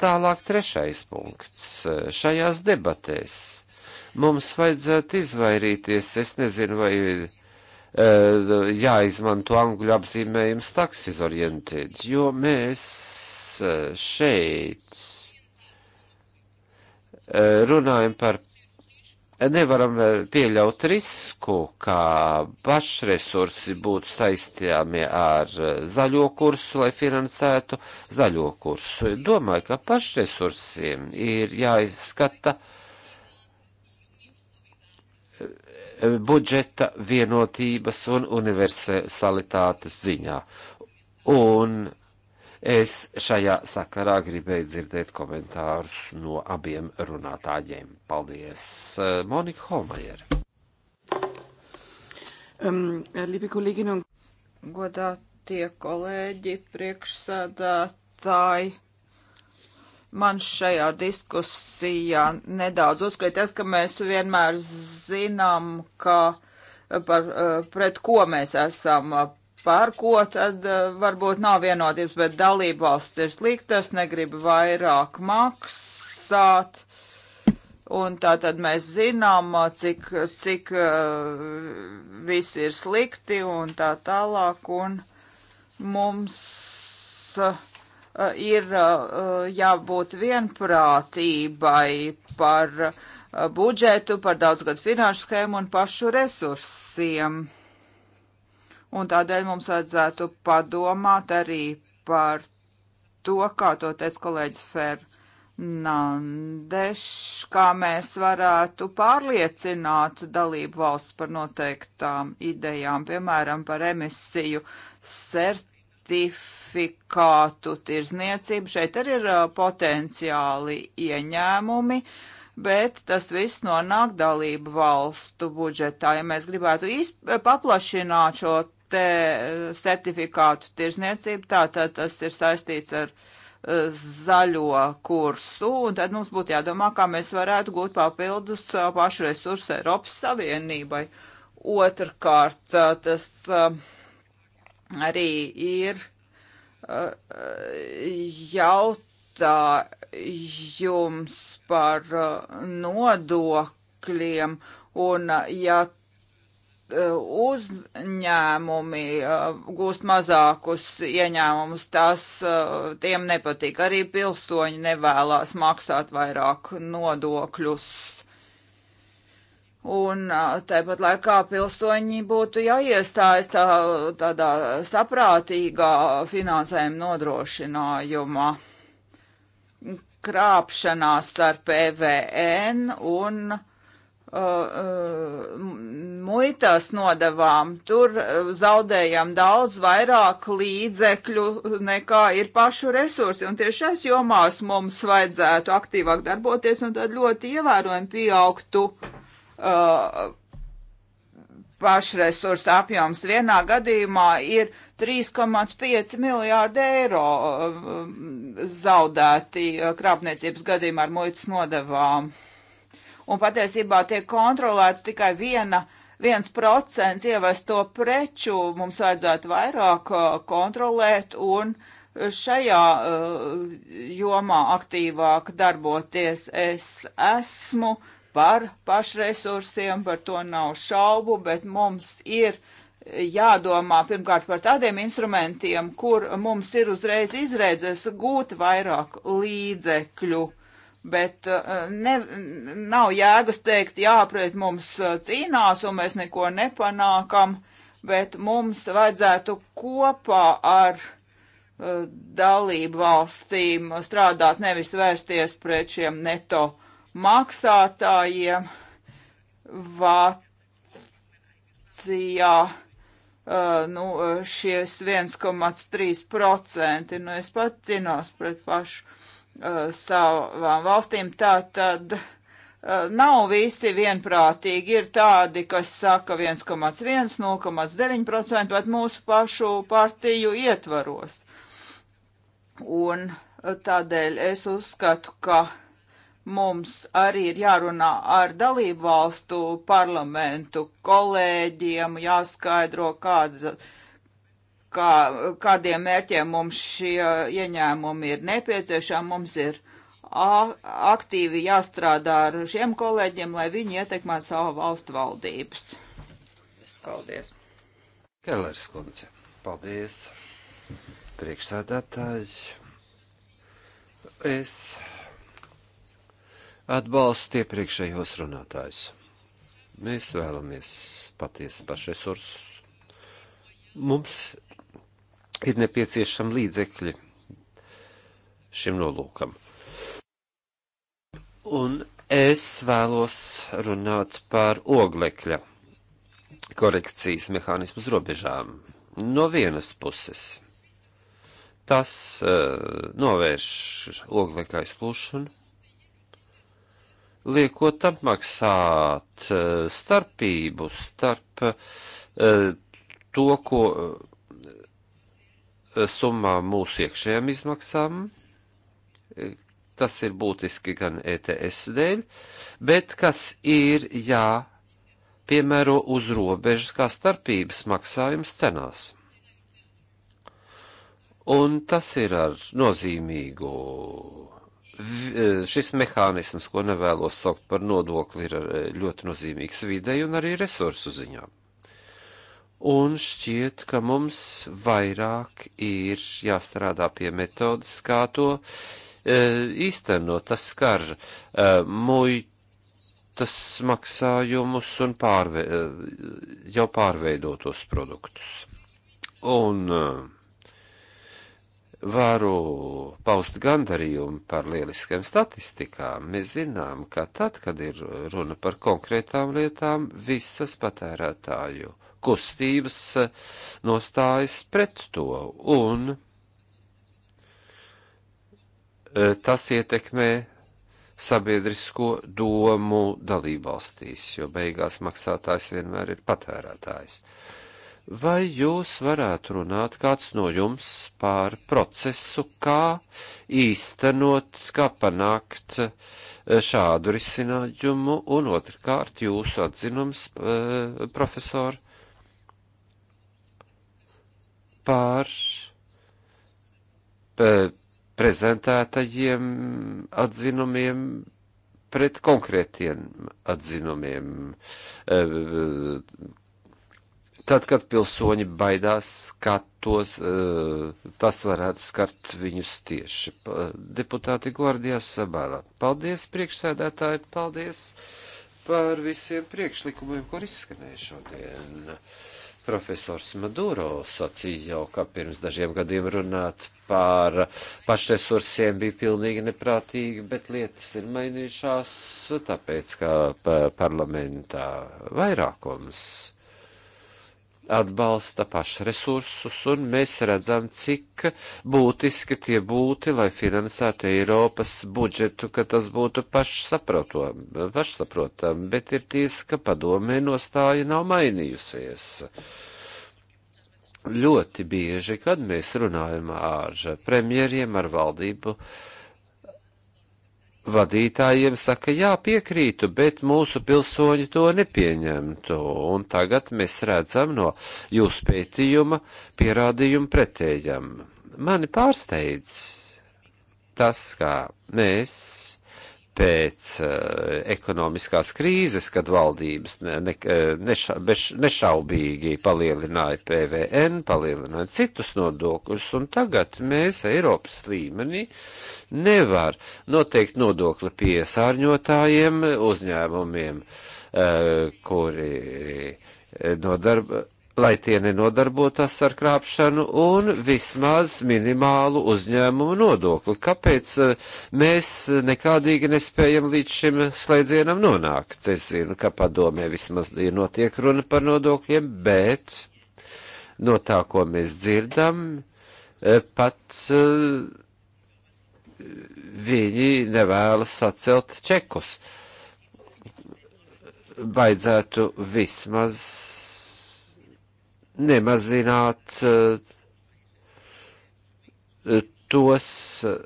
tālāk trešais punkts. Šajās debatēs mums vajadzētu izvairīties, es nezinu, vai e, jāizmanto angļu apzīmējums taksis orientēts, jo mēs e, šeit runājam par nevaram eh, pieļaut risku, ka pašresursi būtu saistījami ar eh, zaļo kursu, lai finansētu zaļo kursu. Domāju, ka pašresursiem ir jāizskata eh, budžeta vienotības un universalitātes ziņā. Un Es šajā sakarā gribēju dzirdēt komentārus no abiem runātājiem. Paldies, eh, Monika Holmajer. Um, liebe Kolleginnen und godātie kolēģi, priekšsēdētāji man šajā diskusijā nedaudz uzskaitās, ka mēs vienmēr zinām, ka par, eh, pret ko mēs esam par ko tad eh, varbūt nav vienotības, bet dalība valsts ir sliktas, negrib vairāk maksāt. Un tā tad mēs zinām, eh, cik, cik uh, visi ir slikti un tā tālāk. Un mums uh, ir uh, jābūt vienprātībai par budžetu, par daudzgadu finanšu schēmu un pašu resursiem un tādēļ mums vajadzētu padomāt arī par to, kā to teica kolēģis Fernandeš, kā mēs varētu pārliecināt dalību valsts par noteiktām idejām, piemēram, par emisiju certifikātu tirzniecību. Šeit arī ir uh, potenciāli ieņēmumi. Uh, bet tas viss nonāk dalību valstu budžetā. Ja mēs gribētu paplašināt šo te eh, certifikātu tirzniecību, tātad tas ir saistīts ar uh, zaļo kursu, un tad mums būtu jādomā, kā mēs varētu gūt papildus uh, pašu resursu Eiropas Savienībai. Otrkārt, uh, tas arī ir jautājums par nodokļiem, un ja uzņēmumi uh, gūst mazākus ieņēmumus, tas uh, tiem nepatīk. Arī pilsoņi nevēlas maksāt vairāk nodokļus. Un uh, tāpat laikā pilsoņi būtu jāiestājas tā, tādā saprātīgā finansējuma nodrošinājumā, krāpšanās ar PVN un Uh, uh muitas nodavām, tur uh, zaudējam daudz vairāk līdzekļu nekā ir pašu resursi. Un tieši šais jomās mums vajadzētu aktīvāk darboties un tad ļoti ievērojami pieaugtu uh, pašresursu apjoms. Vienā gadījumā ir 3,5 miljārdi eiro uh, zaudēti uh, krāpniecības gadījumā ar muitas nodavām. Uh, un patiesībā tiek kontrolēts tikai viena, viens procents ievesto preču, mums vajadzētu vairāk uh, kontrolēt un šajā uh, jomā aktīvāk darboties. Es esmu par pašresursiem, par to nav šaubu, bet mums ir jādomā pirmkārt par tādiem instrumentiem, kur mums ir uzreiz izredzes gūt vairāk līdzekļu. Bet uh, ne, nav jēgas teikt, jā, pret mums uh, cīnās un mēs neko nepanākam, bet mums vajadzētu kopā ar uh, dalību valstīm strādāt, nevis vērsties pret šiem neto maksātājiem. Vācijā nu, šies 1,3%, nu es pat cinos pret pašu Uh, savām valstīm. Tātad uh, nav visi vienprātīgi. Ir tādi, kas saka 1,1, 0,9%, bet mūsu pašu partiju ietvaros. Un uh, tādēļ es uzskatu, ka mums arī ir jārunā ar dalību valstu parlamentu kolēģiem, jāskaidro, kāda kā, kādiem mērķiem mums šie ieņēmumi ir nepieciešami. Mums ir aktīvi jāstrādā ar šiem kolēģiem, lai viņi ietekmētu savu valstu valdības. Paldies. Kellers kundze. Paldies. Priekšsēdētāji. Es atbalstu iepriekšējos runātājus. Mēs vēlamies patiesu pašresursus. Mums ir nepieciešami līdzekļi šim nolūkam. Un es vēlos runāt par oglekļa korekcijas mehānismus robežām. No vienas puses tas uh, novērš oglekļa aizplūšanu, liekot apmaksāt uh, starpību starp uh, to, ko. Uh, summām mūsu iekšējām izmaksām. Tas ir būtiski gan ETS dēļ, bet kas ir jāpiemēro uz robežas kā starpības maksājums cenās. Un tas ir ar nozīmīgu e, šis mehānisms, ko nevēlos saukt par nodokli, ir e, ļoti nozīmīgs videi un arī resursu ziņām. Un šķiet, ka mums vairāk ir jāstrādā pie metodas, kā to e, īstenot. Tas skar e, muitas maksājumus un pārve, e, jau pārveidotos produktus. Un e, varu paust gandarījumu par lieliskiem statistikām. Mēs zinām, ka tad, kad ir runa par konkrētām lietām, visas patērētāju kustības eh, nostājas pret to, un eh, tas ietekmē sabiedrisko domu dalībvalstīs, jo beigās maksātājs vienmēr ir patērētājs. Vai jūs varētu runāt kāds no jums par procesu, kā īstenot, kā panākt eh, šādu risinājumu, un otrkārt jūsu atzinums, profesori, pār prezentētajiem atzinumiem pret konkrētiem atzinumiem. E, tad, kad pilsoņi baidās skatos, e, tas varētu skart viņus tieši. Deputāti Gordijas Sabēlā. Paldies, priekšsēdētāji, paldies par visiem priekšlikumiem, kur izskanēja šodien. Profesors Maduro sacīja jau, ka pirms dažiem gadiem runāt par pašresursiem bija pilnīgi neprātīgi, bet lietas ir mainījušās, tāpēc, ka parlamentā vairākums atbalsta pašresursus, un mēs redzam, cik būtiski tie būtu, lai finansētu Eiropas budžetu, ka tas būtu pašsaprotami, pašsaprotam, bet ir tīs, ka padomē nostāja nav mainījusies. Ļoti bieži, kad mēs runājam ar premjeriem, ar valdību, uh, vadītājiem saka, jā, piekrītu, bet mūsu pilsoņi to nepieņemtu. Un tagad mēs redzam no jūsu pētījuma pierādījumu pretējam. Mani pārsteidz tas, kā mēs pēc eh, ekonomiskās krīzes, kad valdības ne, ne, eh, neša, beš, nešaubīgi palielināja PVN, palielināja citus nodokļus, un tagad mēs Eiropas līmenī nevar noteikt nodokli piesārņotājiem, uzņēmumiem, eh, kuri no darba lai tie nenodarbotas ar krāpšanu un vismaz minimālu uzņēmumu nodokli. Kāpēc eh, mēs nekādīgi nespējam līdz šim slēdzienam nonākt? Es zinu, ka padomē vismaz ir notiek runa par nodokļiem, bet no tā, ko mēs dzirdam, eh, pats eh, viņi nevēlas sacelt čekus. Baidzētu vismaz nemazināt eh, eh, tos eh,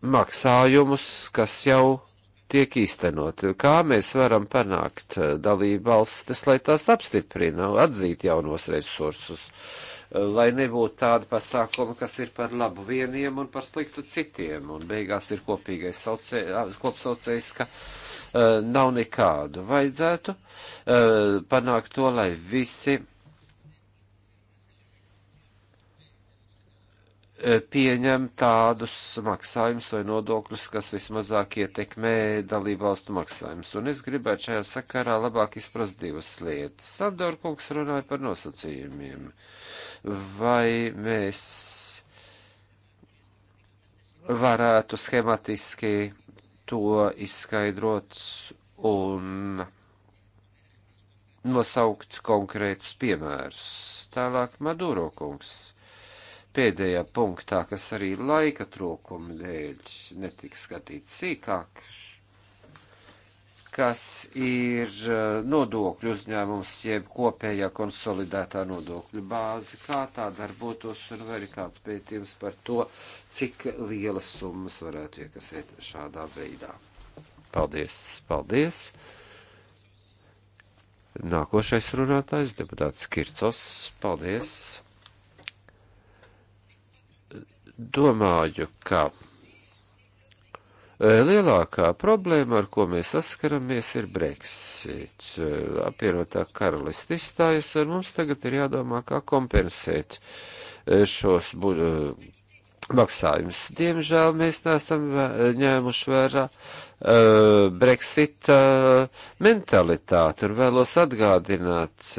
maksājumus, kas jau tiek īstenot. Kā mēs varam panākt dalību valstis, lai tās apstiprina, atzīt jaunos resursus, lai nebūtu tādi pasākumi, kas ir par labu vieniem un par sliktu citiem, un beigās ir kopīgais saucē, kopsaucējs, ka. Uh, Eh, nav nekādu. Vajadzētu eh, panākt to, lai visi eh, pieņem tādus maksājumus vai nodokļus, kas vismazāk ietekmē dalībvalstu maksājumus. Un es gribētu šajā sakarā labāk izprast divas lietas. Sandor kungs runāja par nosacījumiem. Vai mēs varētu schematiski to izskaidrot un nosaukt konkrētus piemērus. Tālāk Maduro kungs. Pēdējā punktā, kas arī laika trūkuma dēļ netiks skatīts sīkāk, kas ir eh, nodokļu uzņēmums, jeb kopējā konsolidētā nodokļu bāze, kā tā darbotos, un vai ir kāds pētījums par to, cik lielas summas varētu iekasēt šādā veidā. Paldies, paldies! Nākošais runātājs, deputāts Kircos, paldies! Domāju, ka Eh, lielākā problēma, ar ko mēs saskaramies, ir Brexit. Eh, apvienotā karalista izstājas, un mums tagad ir jādomā, kā kompensēt eh, šos maksājumus. Diemžēl mēs neesam ņēmuši vērā Brexit mentalitāti, un vēlos atgādināt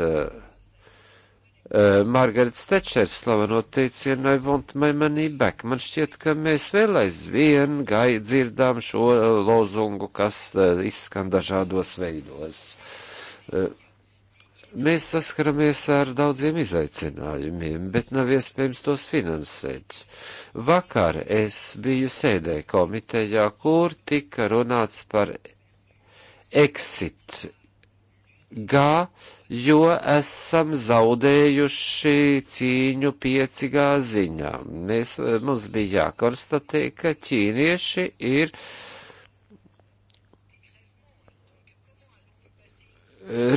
Eh, Margarita Stečers slaveno teicienu I want my money back. Man šķiet, ka mēs vēl aizvien gai dzirdām šo eh, lozungu, kas eh, izskan dažādos veidos. Mēs saskaramies ar daudziem izaicinājumiem, bet nav iespējams tos finansēt. Vakar es biju sēdē komitejā, kur tika runāts par exit G jo esam zaudējuši cīņu 5G ziņā. Mēs, mums bija jākonstatē, ka ķīnieši ir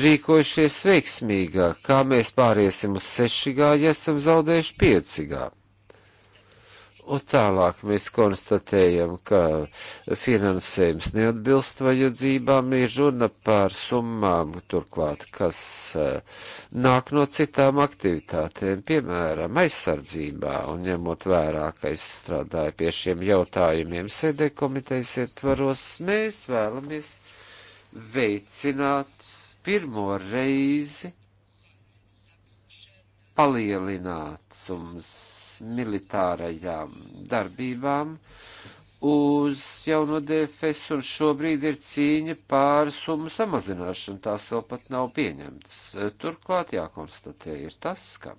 rīkojušies veiksmīgāk, kā mēs pāriesim uz 6G, ja esam zaudējuši 5G. Un tālāk mēs konstatējam, ka finansējums neatbilst vajadzībām, ir runa par summām, turklāt, kas eh, nāk no citām aktivitātēm, piemēram, aizsardzībā, un ņemot vērā, ka es strādāju pie šiem jautājumiem sēdē komitejas ietvaros, mēs vēlamies veicināt pirmo reizi palielināt summas militārajām darbībām uz jauno DFS, un šobrīd ir cīņa pār summu samazināšanu, tās vēl pat nav pieņemtas. Turklāt jākonstatē ir tas, ka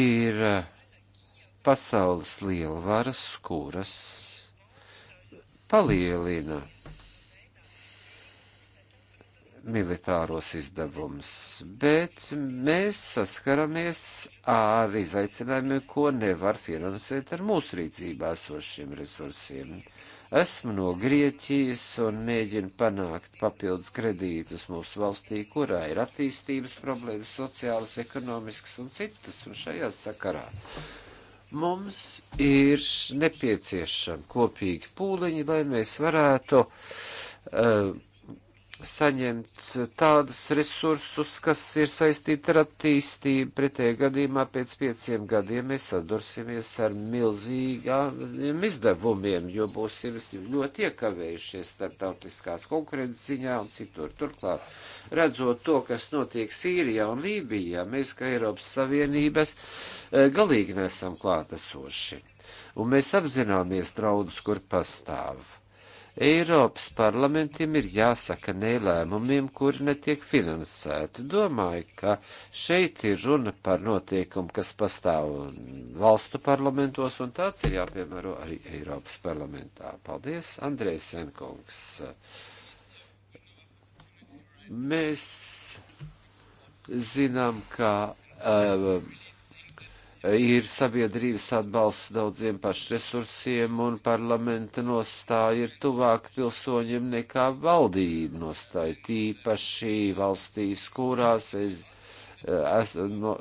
ir pasaules lielvaras, kuras palielina militāros izdevumus, bet mēs saskaramies ar izaicinājumiem, ko nevar finansēt ar mūsu rīcībā esošiem resursiem. Esmu no Grieķijas un mēģinu panākt papildus kredītus mūsu valstī, kurā ir attīstības problēmas, sociālas, ekonomiskas un citas, un šajā sakarā. Mums ir nepieciešami kopīgi pūliņi, lai mēs varētu uh, saņemt tādus resursus, kas ir saistīti ar attīstību. Pretējā gadījumā pēc pieciem gadiem mēs sadursimies ar milzīgām izdevumiem, jo būsim ļoti iekavējušies starptautiskās konkurences ziņā un citur. Turklāt, redzot to, kas notiek Sīrijā un Lībijā, mēs kā Eiropas Savienības eh, galīgi nesam klātesoši. Un mēs apzināmies draudus, kur pastāv Eiropas parlamentiem ir jāsaka nelēmumiem, kuri netiek finansēti. Domāju, ka šeit ir runa par notiekumu, kas pastāv valstu parlamentos, un tāds ir jāpiemēro arī Eiropas parlamentā. Paldies, Andrēs Senkungs. Mēs zinām, ka. Uh, um, ir sabiedrības atbalsts daudziem pašresursiem un parlamenta nostāja ir tuvāk pilsoņiem nekā valdība nostāja, tīpaši valstīs, kurās es, eh, es no,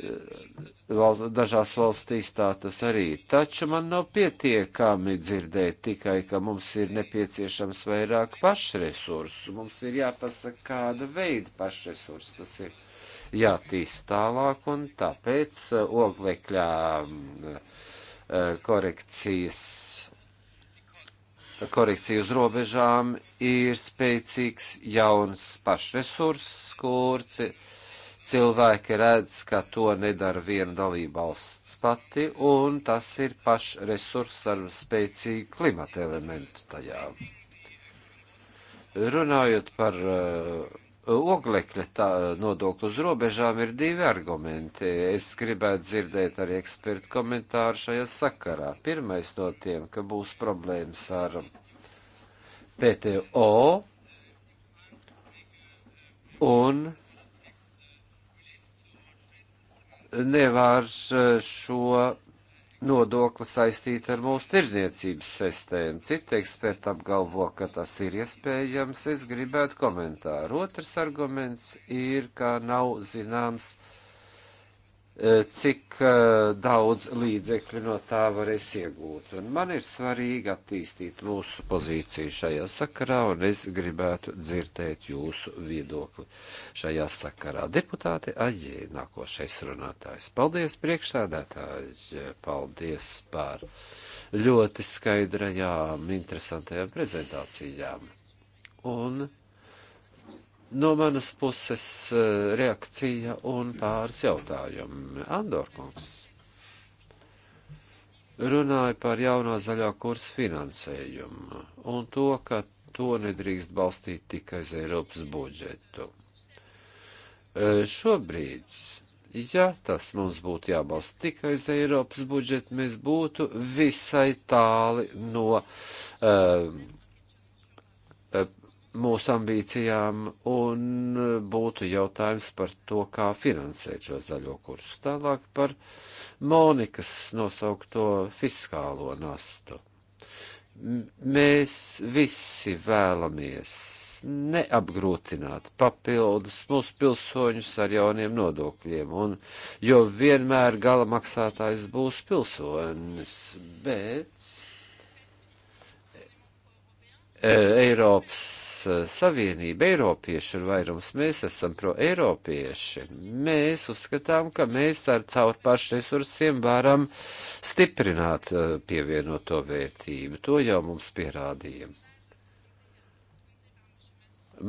eh, valst, dažās valstīs tā tas arī. Taču man nav pietiekami dzirdēt tikai, ka mums ir nepieciešams vairāk pašresursu, mums ir jāpasaka, kāda veida pašresursu tas ir jātīst tālāk, un tāpēc eh, oglekļā eh, korekcijas korekcija uz robežām ir spēcīgs jauns pašresurss, kur cilvēki redz, ka to nedara viena dalībvalsts pati, un tas ir pašresurss ar spēcīgu klimata elementu tajā. Runājot par uh, oglekļa tā, nodokli uz robežām ir divi argumenti. Es gribētu dzirdēt arī ekspertu komentāru šajā sakarā. Pirmais no tiem, ka būs problēmas ar PTO un nevar šo nodokli saistīti ar mūsu tirzniecības sistēmu. Citi eksperti apgalvo, ka tas ir iespējams. Es gribētu komentāru. Otrs arguments ir, ka nav zināms E, cik e, daudz līdzekļu no tā varēs iegūt. Un man ir svarīgi attīstīt mūsu pozīciju šajā sakarā, un es gribētu dzirdēt jūsu viedokli šajā sakarā. Deputāti Aģē, nākošais runātājs. Paldies, priekšsādātāji, paldies par ļoti skaidrajām, interesantajām prezentācijām. Un No manas puses eh, reakcija un pāris jautājumi. Andorkungs runāja par jauno zaļā kursa finansējumu un to, ka to nedrīkst balstīt tikai uz Eiropas budžetu. Eh, šobrīd, ja tas mums būtu jābalsta tikai uz Eiropas budžetu, mēs būtu visai tāli no uh, mūsu ambīcijām un būtu jautājums par to, kā finansēt šo zaļo kursu. Tālāk par Monikas nosaukto fiskālo nastu. M mēs visi vēlamies neapgrūtināt papildus mūsu pilsoņus ar jauniem nodokļiem, un jo vienmēr gala maksātājs būs pilsonis, bet e, Eiropas Eh, savienība, Eiropieši ir vairums, mēs esam pro-eiropieši. Mēs uzskatām, ka mēs ar caur pašresursiem varam stiprināt eh, pievienoto vērtību. To jau mums pierādīja.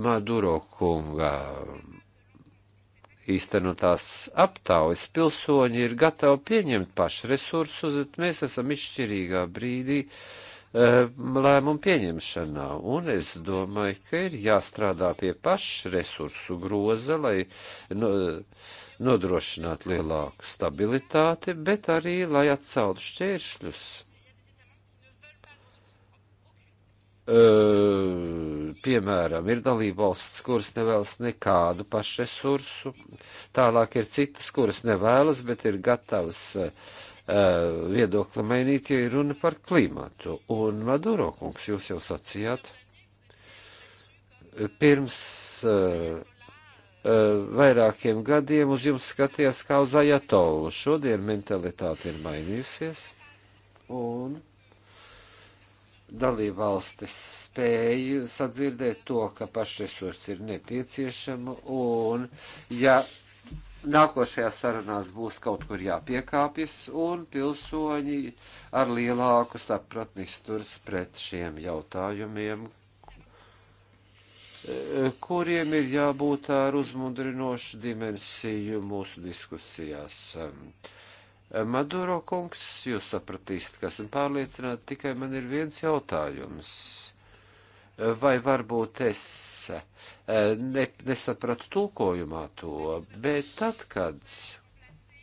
Maduro kunga īstenotās aptaujas pilsoņi ir gatavi pieņemt pašresursus, bet mēs esam izšķirīgā brīdī. Uh, Um, lēmumu pieņemšanā, un es domāju, ka ir jāstrādā pie pašresursu groza, lai no, nodrošinātu lielāku stabilitāti, bet arī, lai atceltu šķēršļus. Uh, piemēram, ir dalība valsts, kuras nevēlas nekādu pašresursu, tālāk ir citas, kuras nevēlas, bet ir gatavas uh, Eh, viedokli mainīt, ja ir runa par klimatu. Un Maduro kungs, jūs jau sacījāt, pirms uh, uh, vairākiem gadiem uz jums skatījās kā uz ajatolu. Šodien mentalitāte ir mainījusies un dalībvalstis spēju sadzirdēt to, ka pašresursi ir nepieciešama un ja nākošajās sarunās būs kaut kur jāpiekāpjas, un pilsoņi ar lielāku sapratni sturs pret šiem jautājumiem, kuriem ir jābūt ar uzmundrinošu dimensiju mūsu diskusijās. Maduro kungs, jūs sapratīsiet, kas ir pārliecināti, tikai man ir viens jautājums vai varbūt es eh, ne, nesapratu tulkojumā to, bet tad, kad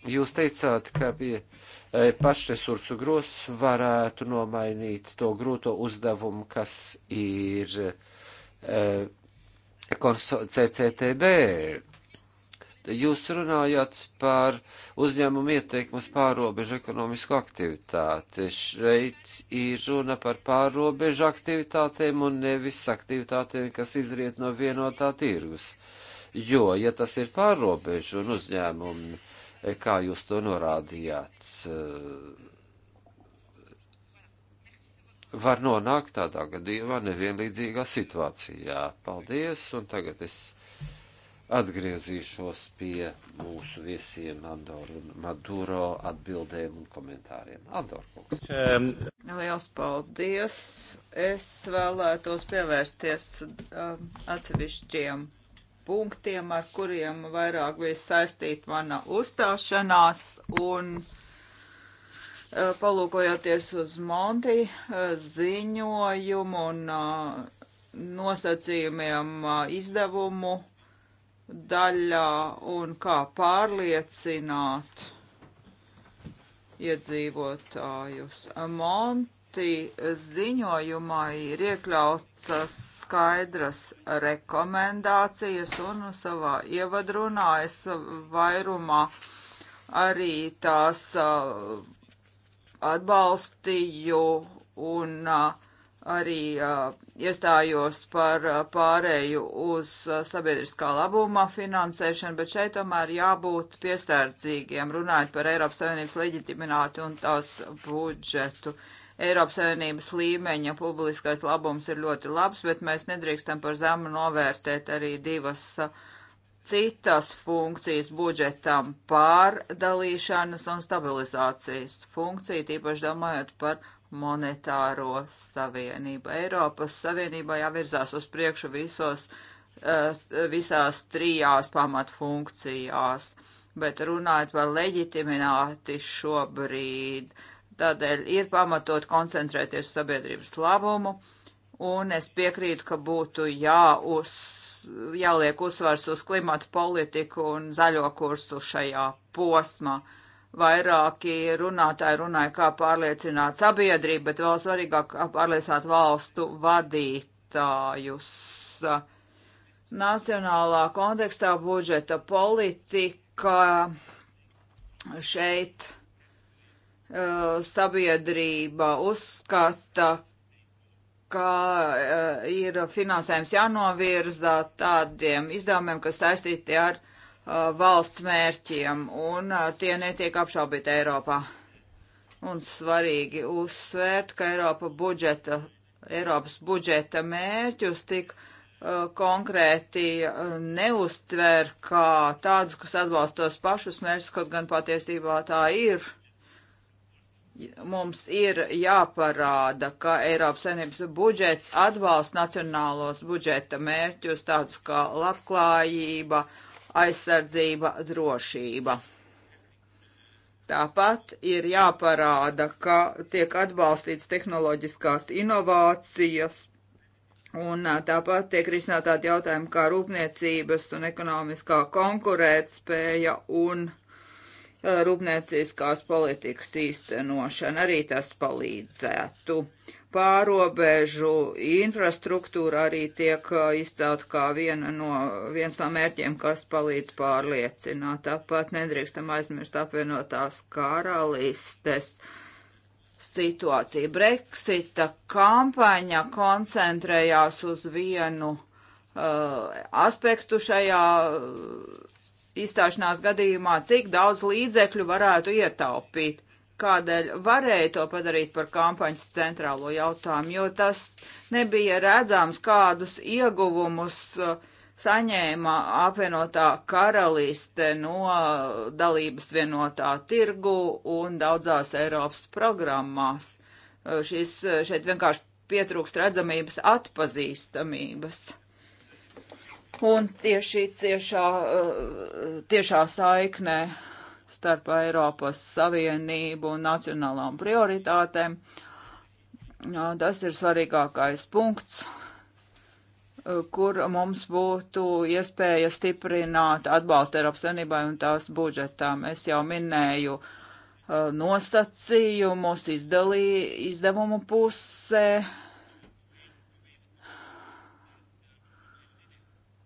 jūs teicāt, ka pie eh, pašresursu gros varētu nomainīt to grūto uzdevumu, kas ir eh, CCTB Jūs runājāt par uzņēmumu ieteikumu uz pārobežu ekonomisko aktivitāti. Šeit ir runa par pārobežu aktivitātēm un nevis aktivitātēm, kas izriet no vienotā tirgus. Jo, ja tas ir pārobežu un uzņēmumi, kā jūs to norādījāt, var nonākt tādā gadījumā nevienlīdzīgā situācijā. Paldies, un tagad es atgriezīšos pie mūsu viesiem Andoru un Maduro atbildēm un komentāriem. Andor, kungs. Um. Liels paldies. Es vēlētos pievērsties um, atsevišķiem punktiem, ar kuriem vairāk bija saistīta mana uzstāšanās un uh, palūkojoties uz Monti uh, ziņojumu un uh, nosacījumiem uh, izdevumu daļā un kā pārliecināt iedzīvotājus. Monti ziņojumā ir iekļautas skaidras rekomendācijas un savā ievadrunā es vairumā arī tās uh, atbalstīju un uh, arī uh, iestājos par uh, pārēju uz uh, sabiedriskā labuma finansēšanu, bet šeit tomēr jābūt piesardzīgiem, runājot par Eiropas Savienības leģitimitāti un tās budžetu. Eiropas Savienības līmeņa publiskais labums ir ļoti labs, bet mēs nedrīkstam par zemu novērtēt arī divas citas funkcijas budžetam - pārdalīšanas un stabilizācijas funkciju, tīpaši domājot par monetāro savienību. Eiropas Savienībā jāvirzās uz priekšu visos, eh, visās trijās pamatfunkcijās, bet runājot par leģitimināti šobrīd, tādēļ ir pamatot koncentrēties sabiedrības labumu, un es piekrītu, ka būtu jāuz, jāliek uzsvars uz klimatu politiku un zaļo kursu šajā posmā. Uh, Vairāki runātāji runāja, kā pārliecināt sabiedrību, bet vēl svarīgāk, kā pārliecināt valstu vadītājus. Nacionālā kontekstā budžeta politika šeit uh, sabiedrība uzskata, ka uh, ir finansējums jānovirza tādiem izdevumiem, kas saistīti ar Uh, valsts mērķiem, un uh, tie netiek apšaubīti Eiropā. Un svarīgi uzsvērt, ka Eiropa budžeta, Eiropas budžeta mērķus tik uh, konkrēti uh, neuztver kā tādus, kas atbalsta tos pašus mērķus, kaut gan patiesībā tā ir. Mums ir jāparāda, ka Eiropas saimnības budžets atbalsta nacionālos budžeta mērķus, tādus kā labklājība, uh, aizsardzība, drošība. Tāpat ir jāparāda, ka tiek atbalstīts tehnoloģiskās inovācijas, un tāpat tiek risināt tādi jautājumi kā rūpniecības un ekonomiskā konkurētspēja un rūpnieciskās politikas īstenošana. Arī tas palīdzētu. Uh, pārobežu infrastruktūra arī tiek uh, izcelt kā viena no, viens no mērķiem, kas palīdz pārliecināt. Tāpat nedrīkstam aizmirst apvienotās karalistes situāciju. Brexita kampaņa koncentrējās uz vienu uh, aspektu šajā uh, izstāšanās gadījumā, cik daudz līdzekļu varētu ietaupīt kādēļ varēja to padarīt par kampaņas centrālo jautājumu, jo tas nebija redzams, kādus ieguvumus uh, saņēma apvienotā karaliste no uh, dalības vienotā tirgu un daudzās Eiropas programmās. Uh, šis šeit vienkārši pietrūkst redzamības, atpazīstamības. Un tieši ciešā, tiešā saiknē starp Eiropas Savienību un nacionālām prioritātēm. Tas ir svarīgākais punkts, kur mums būtu iespēja stiprināt atbalstu Eiropas Savienībai un tās budžetām. Es jau minēju nosacījumus izdalī, izdevumu pusē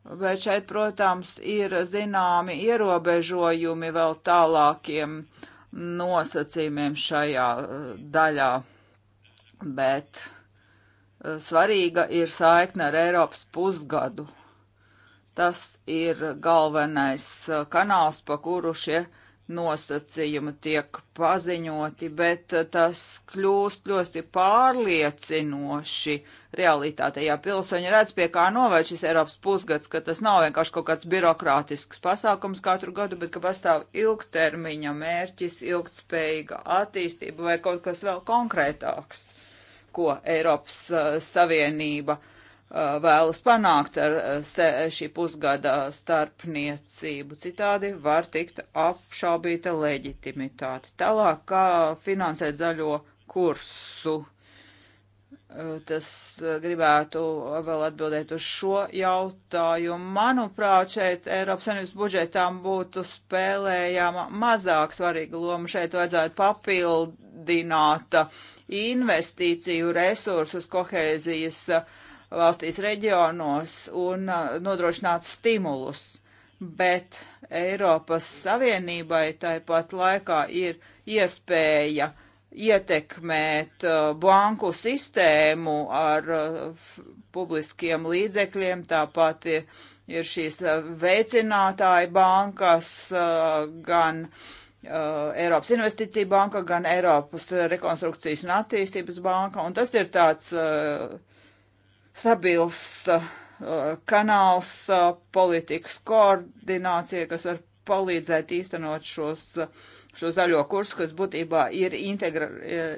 Bet šeit, protams, ir zināmi ierobežojumi vēl tālākiem nosacījumiem šajā eh, daļā. Bet eh, svarīga ir saikne ar Eiropas pusgadu. Tas ir galvenais eh, kanāls, pa kuru šie uh, nosacījumi tiek paziņoti, bet uh, tas kļūst ļoti pārliecinoši realitātē. Ja pilsoņi redz, pie kā novērš šis Eiropas pusgads, ka tas nav vienkārši kaut kāds birokrātisks pasākums katru gadu, bet ka pastāv ilgtermiņa mērķis, ilgtspējīga attīstība vai kaut kas vēl konkrētāks, ko Eiropas uh, Savienība uh, Uh, vēlas panākt ar uh, šī pusgada starpniecību. Citādi var tikt apšaubīta leģitimitāte. Tālāk, kā finansēt zaļo kursu. Uh, tas gribētu vēl atbildēt uz šo jautājumu. Manuprāt, šeit Eiropas Savienības budžetām būtu spēlējama mazāk svarīga loma. Šeit vajadzētu papildināt investīciju resursus kohēzijas uh, valstīs reģionos un nodrošināt stimulus. Bet Eiropas Savienībai tāpat laikā ir iespēja ietekmēt banku sistēmu ar publiskiem līdzekļiem, tāpat ir, ir šīs veicinātāja bankas gan. Eiropas Investīcija banka, gan Eiropas Rekonstrukcijas un attīstības banka, un tas ir tāds uh, stabils uh, eh, kanāls uh, politikas koordinācija, kas var palīdzēt īstenot šos, eh, šo zaļo kursu, kas būtībā ir integra,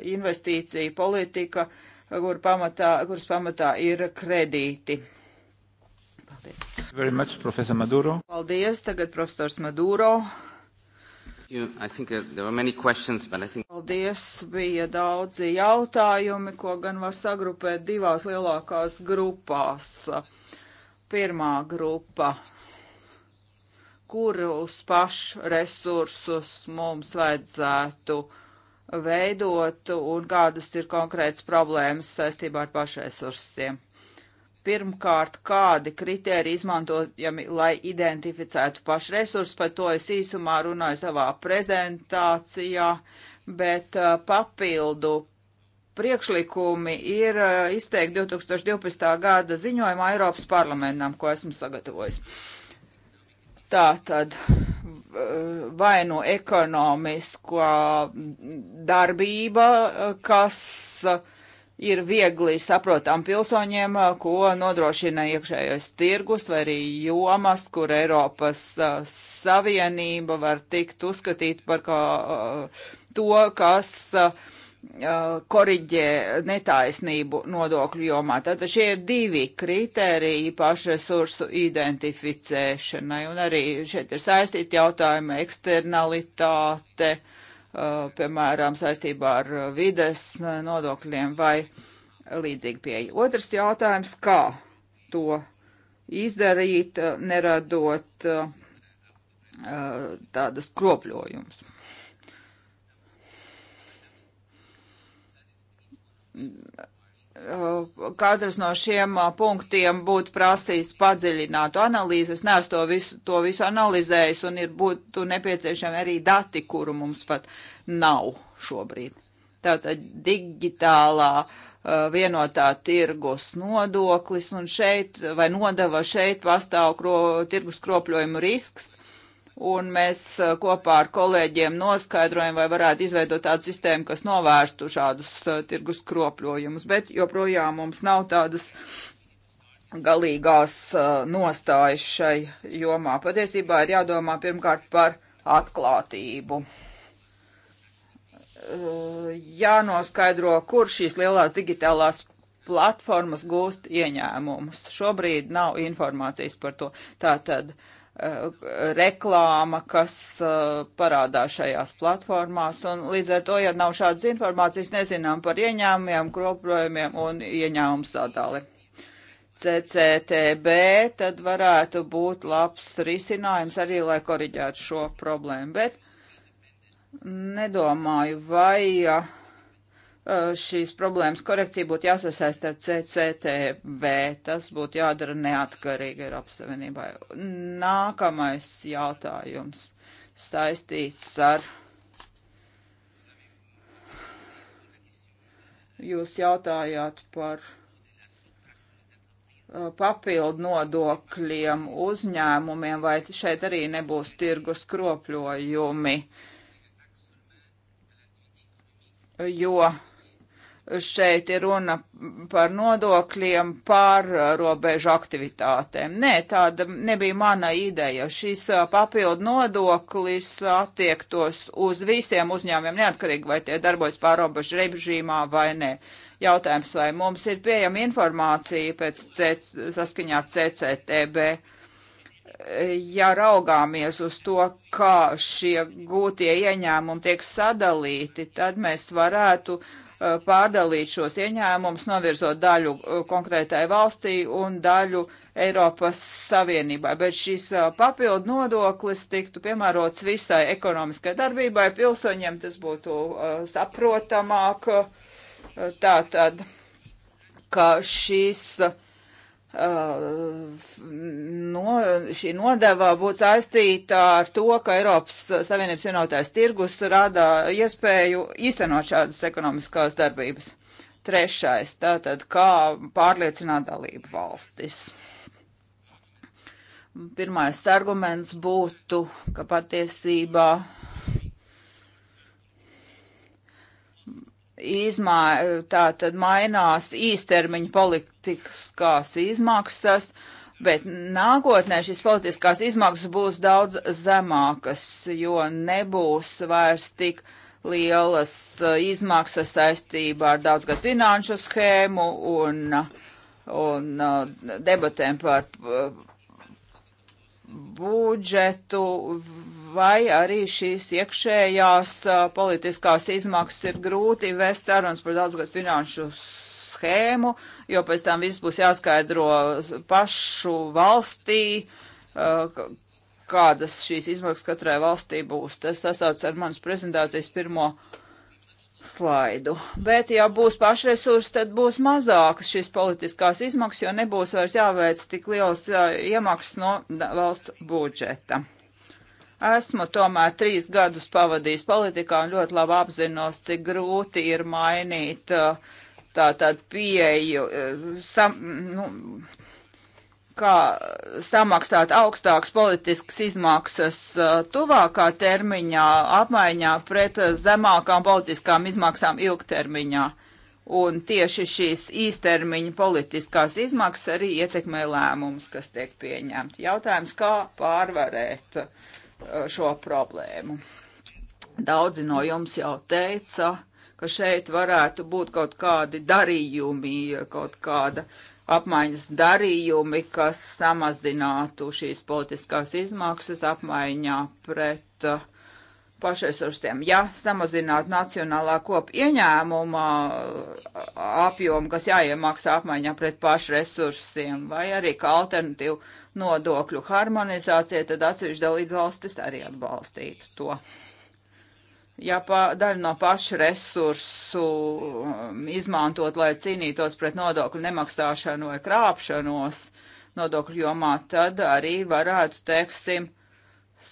investīcija politika, kur pamatā, kuras pamatā ir kredīti. Paldies. Very much, profesor Maduro. Paldies, tagad profesors Maduro. You, think, uh, questions, think... Paldies, bija daudzi jautājumi, ko gan var sagrupēt divās lielākās grupās. Pirmā grupa, kurus pašu resursus mums vajadzētu veidot un kādas ir konkrētas problēmas saistībā ar pašresursiem. Pirmkārt, kādi kriteri izmantojami, lai identificētu pašresursus, par to es īsumā runāju savā prezentācijā, bet uh, papildu priekšlikumi ir uh, izteikti 2012. gada ziņojumā Eiropas parlamentam, ko esmu sagatavojis. Tā tad uh, vai nu ekonomiskā darbība, uh, kas uh, ir viegli saprotam pilsoņiem, uh, ko nodrošina iekšējais tirgus vai arī jomas, kur Eiropas uh, Savienība var tikt uzskatīt par kā, uh, to, kas koriģē netaisnību nodokļu jomā. Tātad šie ir divi kriteriji pašresursu identificēšanai, un arī šeit ir saistīti jautājumi eksternalitāte, uh, Uh, piemēram, saistībā ar vides nodokļiem vai līdzīgi pieeja. Otrs jautājums, kā to izdarīt, uh, neradot uh, tādas kropļojumus. Uh, katrs no šiem uh, punktiem būtu prasījis padziļinātu analīzi. Es neesmu to visu, to visu analizējis un ir būtu nepieciešami arī dati, kuru mums pat nav šobrīd. Tātad digitālā uh, vienotā tirgus nodoklis un šeit vai nodeva šeit pastāv kro, tirgus kropļojumu risks un mēs eh, kopā ar kolēģiem noskaidrojam, vai varētu izveidot tādu sistēmu, kas novērstu šādus uh, tirgus kropļojumus, bet joprojām mums nav tādas galīgās uh, nostājas šai jomā. Patiesībā ir jādomā pirmkārt par atklātību. Uh, jānoskaidro, kur šīs lielās digitālās platformas gūst ieņēmumus. Šobrīd nav informācijas par to. Tātad uh, Eh, reklāma, kas eh, parādās šajās platformās, un līdz ar to, ja nav šādas informācijas, nezinām par ieņēmumiem, kroprojumiem un ieņēmumu sadali. CCTB tad varētu būt labs risinājums arī, lai koriģētu šo problēmu, bet nedomāju, vai uh, Eh, šīs problēmas korekcija būtu jāsasaist ar CCTV. Tas būtu jādara neatkarīgi Eiropas Savienībai. Nākamais jautājums saistīts ar jūs jautājāt par eh, papildu nodokļiem uzņēmumiem, vai šeit arī nebūs tirgus kropļojumi, jo šeit ir runa par nodokļiem, par uh, robežu aktivitātēm. Nē, tāda nebija mana ideja. Šis uh, papildu nodoklis attiektos uz visiem uzņēmiem, neatkarīgi vai tie darbojas pārobežu režīmā vai nē. Jautājums, vai mums ir pieejama informācija pēc CEC, saskaņā ar CCTB ja raugāmies uz to, kā šie gūtie ieņēmumi tiek sadalīti, tad mēs varētu Uh, pārdalīt šos ieņēmumus, novirzot daļu uh, konkrētai valstī un daļu Eiropas Savienībai. Bet šis uh, papildu nodoklis tiktu piemērots visai ekonomiskai darbībai, pilsoņiem tas būtu saprotamāk. Tātad, ka šīs uh, Uh, no, šī nodeva būtu saistīta ar to, ka Eiropas Savienības vienotais tirgus rada iespēju īstenot šādas ekonomiskās darbības. Trešais, tātad kā pārliecināt dalību valstis. Pirmais arguments būtu, ka patiesībā izmā, tā tad mainās īstermiņa politiskās izmaksas, bet nākotnē šīs politiskās izmaksas būs daudz zemākas, jo nebūs vairs tik lielas uh, izmaksas saistībā ar daudzgad finanšu schēmu un, un uh, debatēm par uh, budžetu vai arī šīs iekšējās politiskās izmaksas ir grūti vest sarunas par daudzgad finanšu schēmu, jo pēc tam viss būs jāskaidro pašu valstī, kādas šīs izmaksas katrai valstī būs. Tas sasauc ar manas prezentācijas pirmo slaidu. Bet, ja būs pašresursi, tad būs mazākas šīs politiskās izmaksas, jo nebūs vairs jāveic tik liels iemaksas no valsts budžeta. Esmu tomēr trīs gadus pavadījis politikā un ļoti labi apzinos, cik grūti ir mainīt uh, tātad pieeju, uh, sam, nu, kā samaksāt augstākas politiskas izmaksas uh, tuvākā termiņā, apmaiņā pret zemākām politiskām izmaksām ilgtermiņā. Un tieši šīs īstermiņa politiskās izmaksas arī ietekmē lēmumus, kas tiek pieņemti. Jautājums, kā pārvarēt uh, Uh, šo problēmu. Daudzi no jums jau teica, ka šeit varētu būt kaut kādi darījumi, kaut kāda apmaiņas darījumi, kas samazinātu šīs politiskās izmaksas apmaiņā pret uh, pašresursiem. Ja samazinātu nacionālā kopa ieņēmuma uh, apjomu, kas jāiemaksā apmaiņā pret pašresursiem, vai arī kā alternatīvu nodokļu harmonizācija, tad atsevišķi dalību valstis arī atbalstītu to. Ja pa, daļu no pašu resursu um, izmantot, lai cīnītos pret nodokļu nemaksāšanu vai krāpšanos nodokļu jomā, tad arī varētu, teiksim,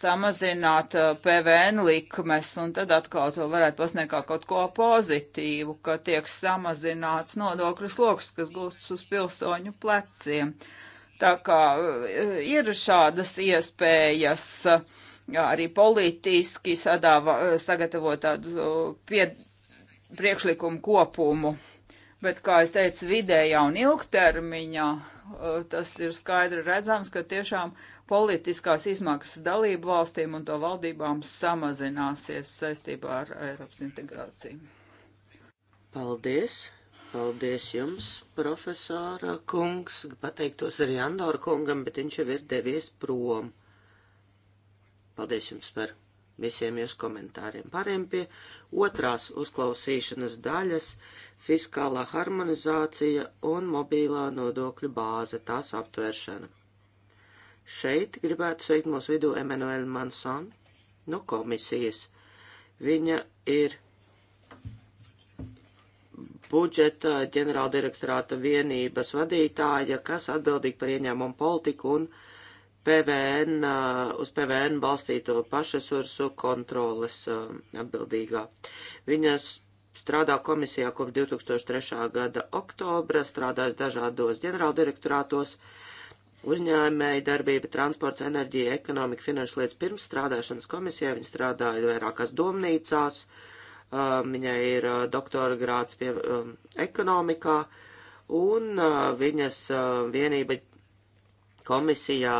samazināt uh, PVN likmes, un tad atkal to varētu pasniegt kā kaut ko pozitīvu, ka tiek samazināts nodokļu sloks, kas gulstas uz pilsoņu pleciem. Uh, Tā kā eh, ir šādas iespējas jā, arī politiski sadāva, eh, sagatavot tādu eh, pie, priekšlikumu kopumu. Bet, kā es teicu, vidējā un ilgtermiņā tas ir skaidri redzams, ka tiešām politiskās izmaksas dalību valstīm un to valdībām samazināsies saistībā ar Eiropas integrāciju. Paldies! Paldies jums, profesora kungs. Pateiktos arī Andoru kungam, bet viņš jau ir devies prom. Paldies jums par visiem jūsu komentāriem. Pārējiem pie otrās uzklausīšanas daļas - fiskālā harmonizācija un mobilā nodokļu bāze - tās aptvēršana. Šeit gribētu sveikt mūsu vidū Emanuelu Manson no komisijas. Viņa ir budžeta ģenerāldirektorāta vienības vadītāja, kas atbildīga par ieņēmumu politiku un PVN, uh, uz PVN balstīto pašresursu kontroles uh, atbildīgā. Viņas strādā komisijā kopš 2003. gada oktobra, strādājas dažādos ģenerāldirektorātos, uzņēmēja darbība, transports, enerģija, ekonomika, finanšu lietas. Pirms strādāšanas komisijā viņa strādāja vairākās domnīcās, uh, um, viņai ir uh, doktora grāds pie um, ekonomikā, un uh, viņas uh, vienība komisijā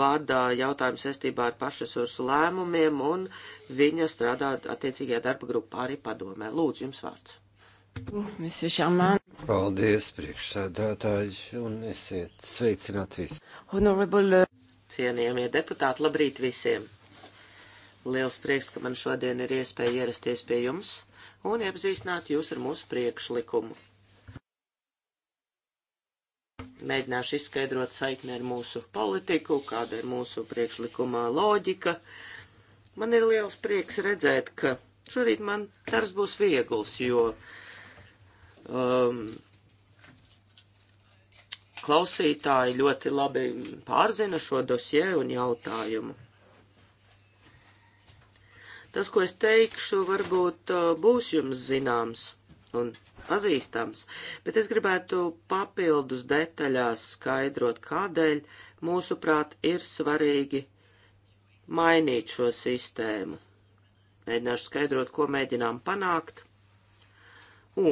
vada jautājumu saistībā ar pašresursu lēmumiem, un viņa strādā attiecīgajā darba grupā arī padomē. Lūdzu, jums vārds. Paldies, priekšsēdētāji, un esiet sveicināti visi. Honorable. Uh, Cienījamie deputāti, labrīt visiem! Liels prieks, ka man šodien ir iespēja ierasties pie jums un iepazīstināt jūs ar mūsu priekšlikumu. Mēģināšu izskaidrot saikni ar mūsu politiku, kāda ir mūsu priekšlikumā loģika. Man ir liels prieks redzēt, ka šorīt man darbs būs viegls, jo um, klausītāji ļoti labi pārzina šo dosieru un jautājumu. Tas, ko es teikšu, varbūt uh, būs jums zināms un pazīstams, bet es gribētu papildus detaļās skaidrot, kādēļ, mūsuprāt, ir svarīgi mainīt šo sistēmu. Mēģināšu skaidrot, ko mēģinām panākt,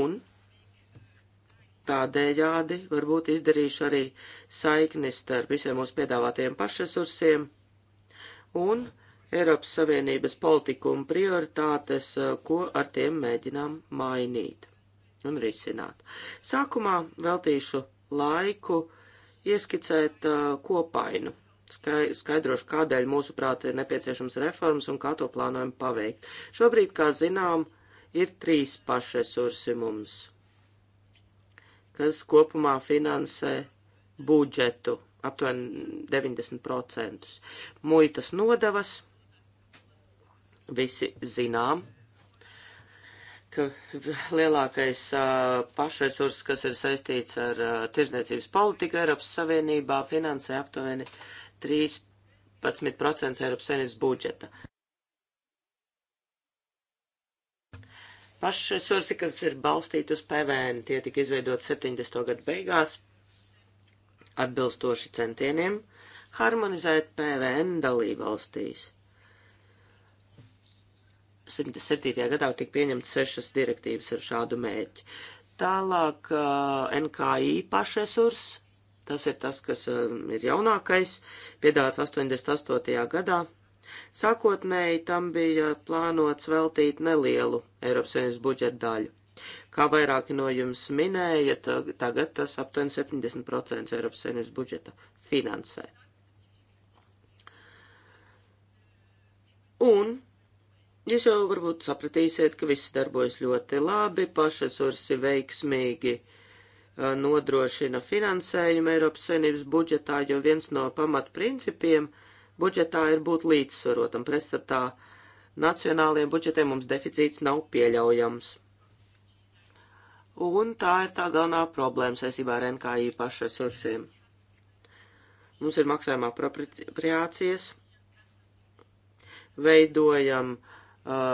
un Tādējādi varbūt izdarīšu arī saiknis starp visiem mūsu piedāvātajiem pašresursiem un Eiropas Savienības politiku un prioritātes, eh, ko ar tiem mēģinām mainīt un risināt. Sākumā veltīšu laiku ieskicēt uh, kopainu skaidrošu, kādēļ mūsuprāt ir nepieciešams reformas un kā to plānojam paveikt. Šobrīd, kā zinām, ir trīs pašresursi mums, kas kopumā finansē budžetu aptuveni 90%. Muitas nodevas, visi zinām, ka lielākais uh, pašresurss, kas ir saistīts ar uh, tirzniecības politiku Eiropas Savienībā, finansē aptuveni 13% Eiropas Savienības budžeta. Pašresursi, kas ir balstīti uz PVN, tie tika izveidot 70. gadu beigās, atbilstoši centieniem harmonizēt PVN dalībvalstīs. valstīs. 107. gadā tika pieņemts sešas direktīvas ar šādu mērķi. Tālāk NKI pašresurs, tas ir tas, kas ir jaunākais, piedāts 88. gadā. Sākotnēji tam bija plānots veltīt nelielu Eiropas Savienības budžeta daļu. Kā vairāki no jums minēja, tagad tas aptuveni 70% Eiropas Savienības budžeta finansē. Un Jūs jau varbūt sapratīsiet, ka viss darbojas ļoti labi, pašresursi veiksmīgi nodrošina finansējumu Eiropas Savienības budžetā, jo viens no pamatprincipiem budžetā ir būt līdzsvarotam. Pretstatā nacionālajiem budžetiem mums deficīts nav pieļaujams. Un tā ir tā galvenā problēma saistībā ar NKI pašresursiem. Mums ir maksājuma apropriācijas, veidojam uh,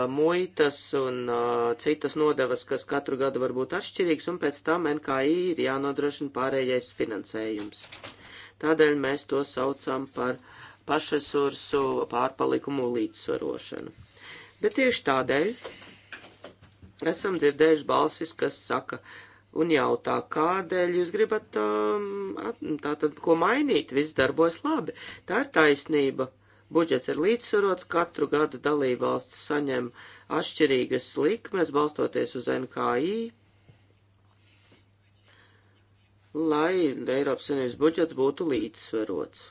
muitas un citas nodevas, kas katru gadu var būt atšķirīgs, un pēc tam NKI ir jānodrošina pārējais finansējums. Tādēļ mēs to saucam par pašresursu pārpalikumu līdzsvarošanu. Bet tieši tādēļ esam dzirdējuši balsis, kas saka un jautā, kādēļ jūs gribat um, tātad ko mainīt, viss darbojas labi. Tā ir taisnība. Budžets ir līdzsvarots, katru gadu dalībvalsts saņem atšķirīgas likmes, balstoties uz NKI, lai Eiropas Savienības budžets būtu līdzsvarots.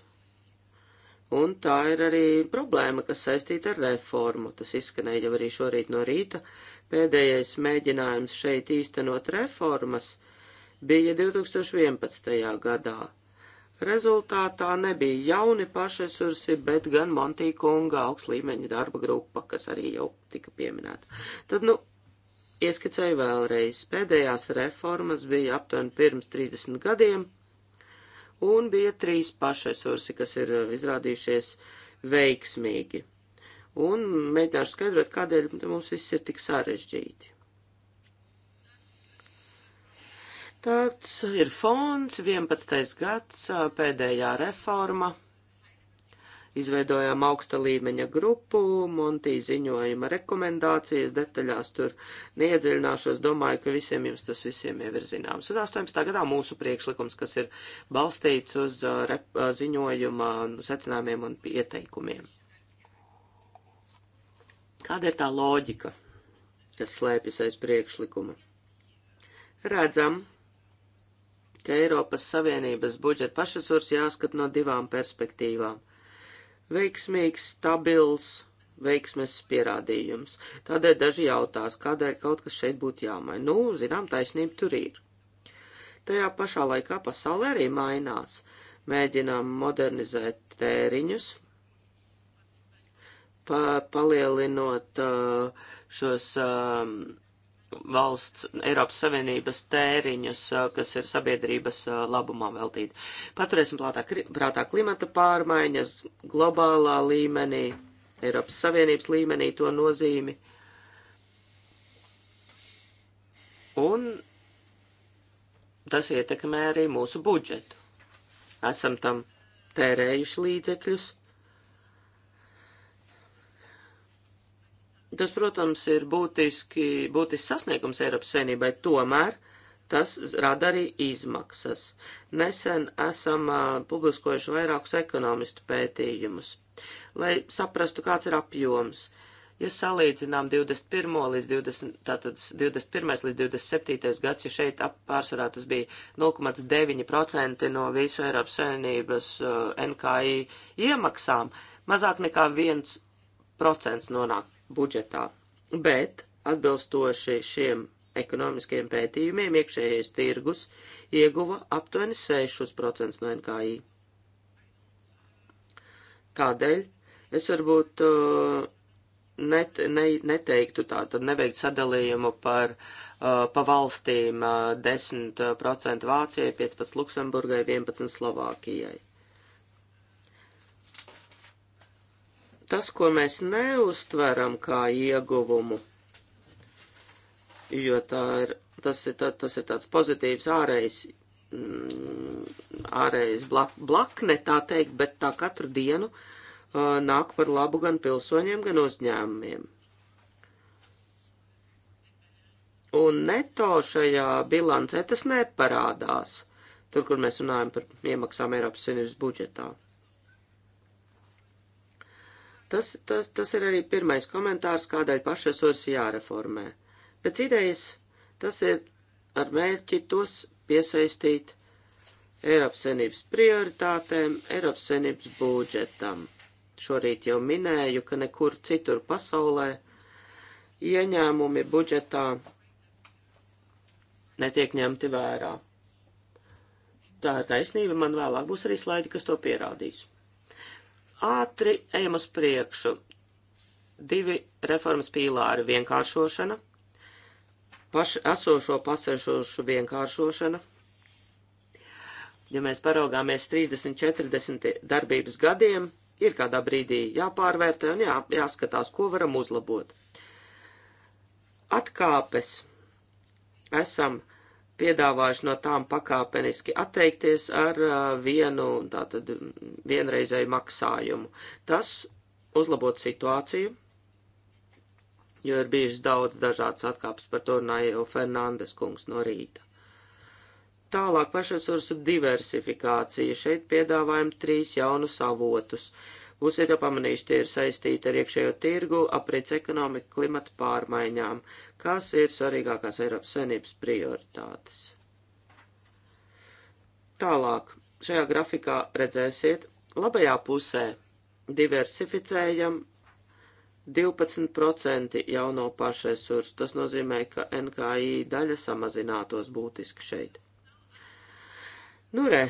Un tā ir arī problēma, kas saistīta ar reformu. Tas izskanēja jau arī šorīt no rīta. Pēdējais mēģinājums šeit īstenot reformas bija 2011. gadā. Rezultātā nebija jauni pašresursi, bet gan Montī kunga augsts līmeņa darba grupa, kas arī jau tika pieminēta. Tad, nu, ieskicēju vēlreiz. Pēdējās reformas bija aptuveni pirms 30 gadiem, un bija trīs pašresursi, kas ir uh, izrādījušies veiksmīgi. Un mēģināšu skaidrot, kādēļ mums viss ir tik sarežģīti. Tāds ir fonds, 11. gads, pēdējā reforma. Izveidojām augsta līmeņa grupu, Montī ziņojuma rekomendācijas, detaļās tur neiedziļināšos, domāju, ka visiem jums tas visiem jau ir zināms. Un 18. gadā mūsu priekšlikums, kas ir balstīts uz rep, ziņojuma secinājumiem un ieteikumiem. Kāda ir tā loģika, kas slēpjas aiz priekšlikuma? Redzam, ka Eiropas Savienības budžeta pašresurs jāskat no divām perspektīvām - veiksmīgs, stabils, veiksmes pierādījums. Tādēļ daži jautās, kādēļ kaut kas šeit būtu jāmaina. Nu, zinām, taisnība tur ir. Tajā pašā laikā pasaule arī mainās. Mēģinām modernizēt tēriņus, pa palielinot uh, šos um, uh, valsts Eiropas Savienības tēriņus, kas ir sabiedrības labumā veltīti. Paturēsim plātā, prātā klimata pārmaiņas globālā līmenī, Eiropas Savienības līmenī to nozīmi. Un tas ietekmē arī mūsu budžetu. Esam tam tērējuši līdzekļus Tas, protams, ir būtiski, būtisks sasniegums Eiropas Savienībai, tomēr tas rada arī izmaksas. Nesen esam uh, publiskojuši vairākus ekonomistu pētījumus, lai saprastu, kāds ir apjoms. Ja salīdzinām 21. līdz 20, tātad 21. līdz 27. gads, ja šeit pārsvarā tas bija 0,9% no visu Eiropas Savienības uh, NKI iemaksām, mazāk nekā 1% nonāk budžetā. Bet, atbilstoši šiem ekonomiskajiem pētījumiem, iekšējais tirgus ieguva aptuveni 6% no NKI. Tādēļ es varbūt uh, net, ne, neteiktu tādu, neveikt sadalījumu par, uh, pa valstīm uh, 10% Vācijai, 15% Luksemburgai, 11% Slovākijai. tas, ko mēs neuztveram kā ieguvumu, jo tā ir, tas, ir, tā, tas ir tāds pozitīvs ārējs, mm, ārējs blak, blakne, tā teikt, bet tā katru dienu uh, nāk par labu gan pilsoņiem, gan uzņēmumiem. Un neto šajā bilancē tas neparādās, tur, kur mēs runājam par iemaksām Eiropas Savienības budžetā. Tas, tas, tas ir arī pirmais komentārs, kādēļ pašresursi jāreformē. Pēc idejas tas ir ar mērķi tos piesaistīt Eiropas Savienības prioritātēm, Eiropas Savienības budžetam. Šorīt jau minēju, ka nekur citur pasaulē ieņēmumi budžetā netiek ņemti vērā. Tā ir taisnība, man vēlāk būs arī slaidi, kas to pierādīs. Ātri ejam uz priekšu. Divi reformas pīlāri - vienkāršošana, paš, esošo pasešošu vienkāršošana. Ja mēs paraugāmies 30, 40 darbības gadiem, ir kādā brīdī jāpārvērtē un jā, jāskatās, ko varam uzlabot. Atkāpes esam piedāvājuši no tām pakāpeniski atteikties ar uh, vienu, tātad vienreizēju maksājumu. Tas uzlabot situāciju, jo ir bijušas daudz dažādas atkāpes, par to runāja jau Fernandes kungs no rīta. Tālāk pašresursu diversifikācija. Šeit piedāvājam trīs jaunus avotus. Uh, Būsiet jau pamanījuši, tie ir saistīti ar iekšējo tirgu, aprits ekonomiku, klimata pārmaiņām, kas ir svarīgākās Eiropas savinības prioritātes. Tālāk, šajā grafikā redzēsiet, labajā pusē diversificējam 12% jauno pašresursu. Tas nozīmē, ka NKI daļa samazinātos būtiski šeit. Nu, re,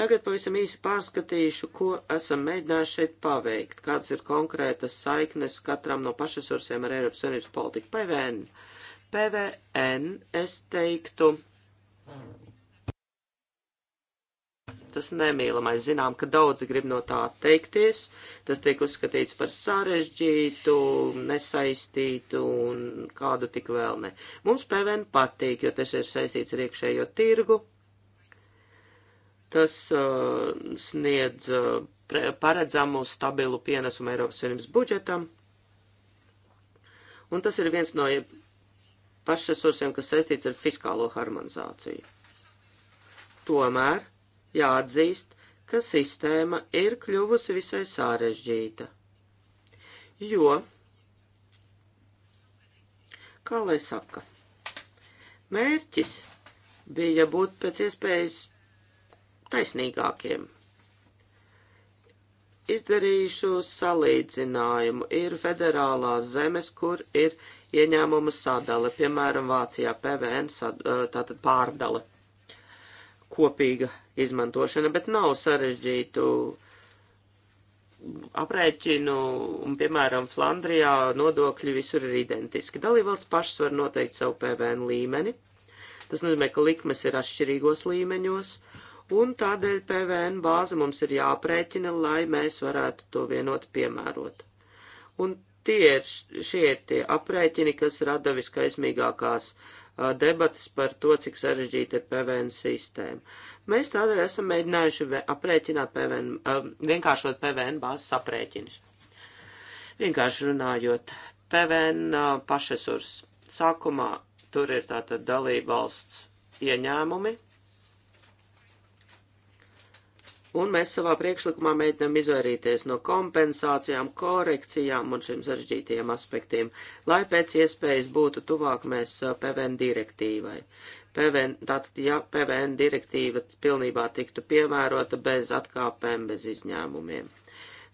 Tagad pavisam īsi pārskatīšu, ko esam mēģinājuši šeit paveikt, kādas ir konkrētas saiknes katram no pašresursiem ar Eiropas Savienības politiku. PVN. PVN, es teiktu, tas nemīlamais. Zinām, ka daudzi grib no tā atteikties. Tas tiek uzskatīts par sarežģītu, nesaistītu un kādu tik vēl ne. Mums PVN patīk, jo tas ir saistīts ar iekšējo tirgu Tas uh, sniedz uh, paredzamu stabilu pienesumu Eiropas Savienības budžetam, un tas ir viens no pašresursiem, kas saistīts ar fiskālo harmonizāciju. Tomēr jāatzīst, ka sistēma ir kļuvusi visai sārežģīta, jo, kā lai saka, mērķis bija būt pēc iespējas taisnīgākiem. Izdarīšu salīdzinājumu. Ir federālās zemes, kur ir ieņēmuma sadale, piemēram, Vācijā PVN sad, tātad pārdale, kopīga izmantošana, bet nav sarežģītu aprēķinu, un, piemēram, Flandrijā nodokļi visur ir identiski. Dalībvalsts pašas var noteikt savu PVN līmeni. Tas nozīmē, ka likmes ir atšķirīgos līmeņos, un tādēļ PVN bāze mums ir jāprēķina, lai mēs varētu to vienot piemērot. Un tie ir, šie ir tie aprēķini, kas rada viskaismīgākās a, debatas par to, cik sarežģīta ir PVN sistēma. Mēs tādēļ esam mēģinājuši aprēķināt PVN, a, vienkāršot PVN bāzes aprēķinus. Vienkārši runājot, PVN a, pašresurss sākumā tur ir tātad dalība valsts ieņēmumi, Un mēs savā priekšlikumā mēģinām izvairīties no kompensācijām, korekcijām un šiem sarežģītajiem aspektiem, lai pēc iespējas būtu tuvāk mēs PVN direktīvai. PVN, tātad, ja PVN direktīva pilnībā tiktu piemērota bez atkāpēm, bez izņēmumiem.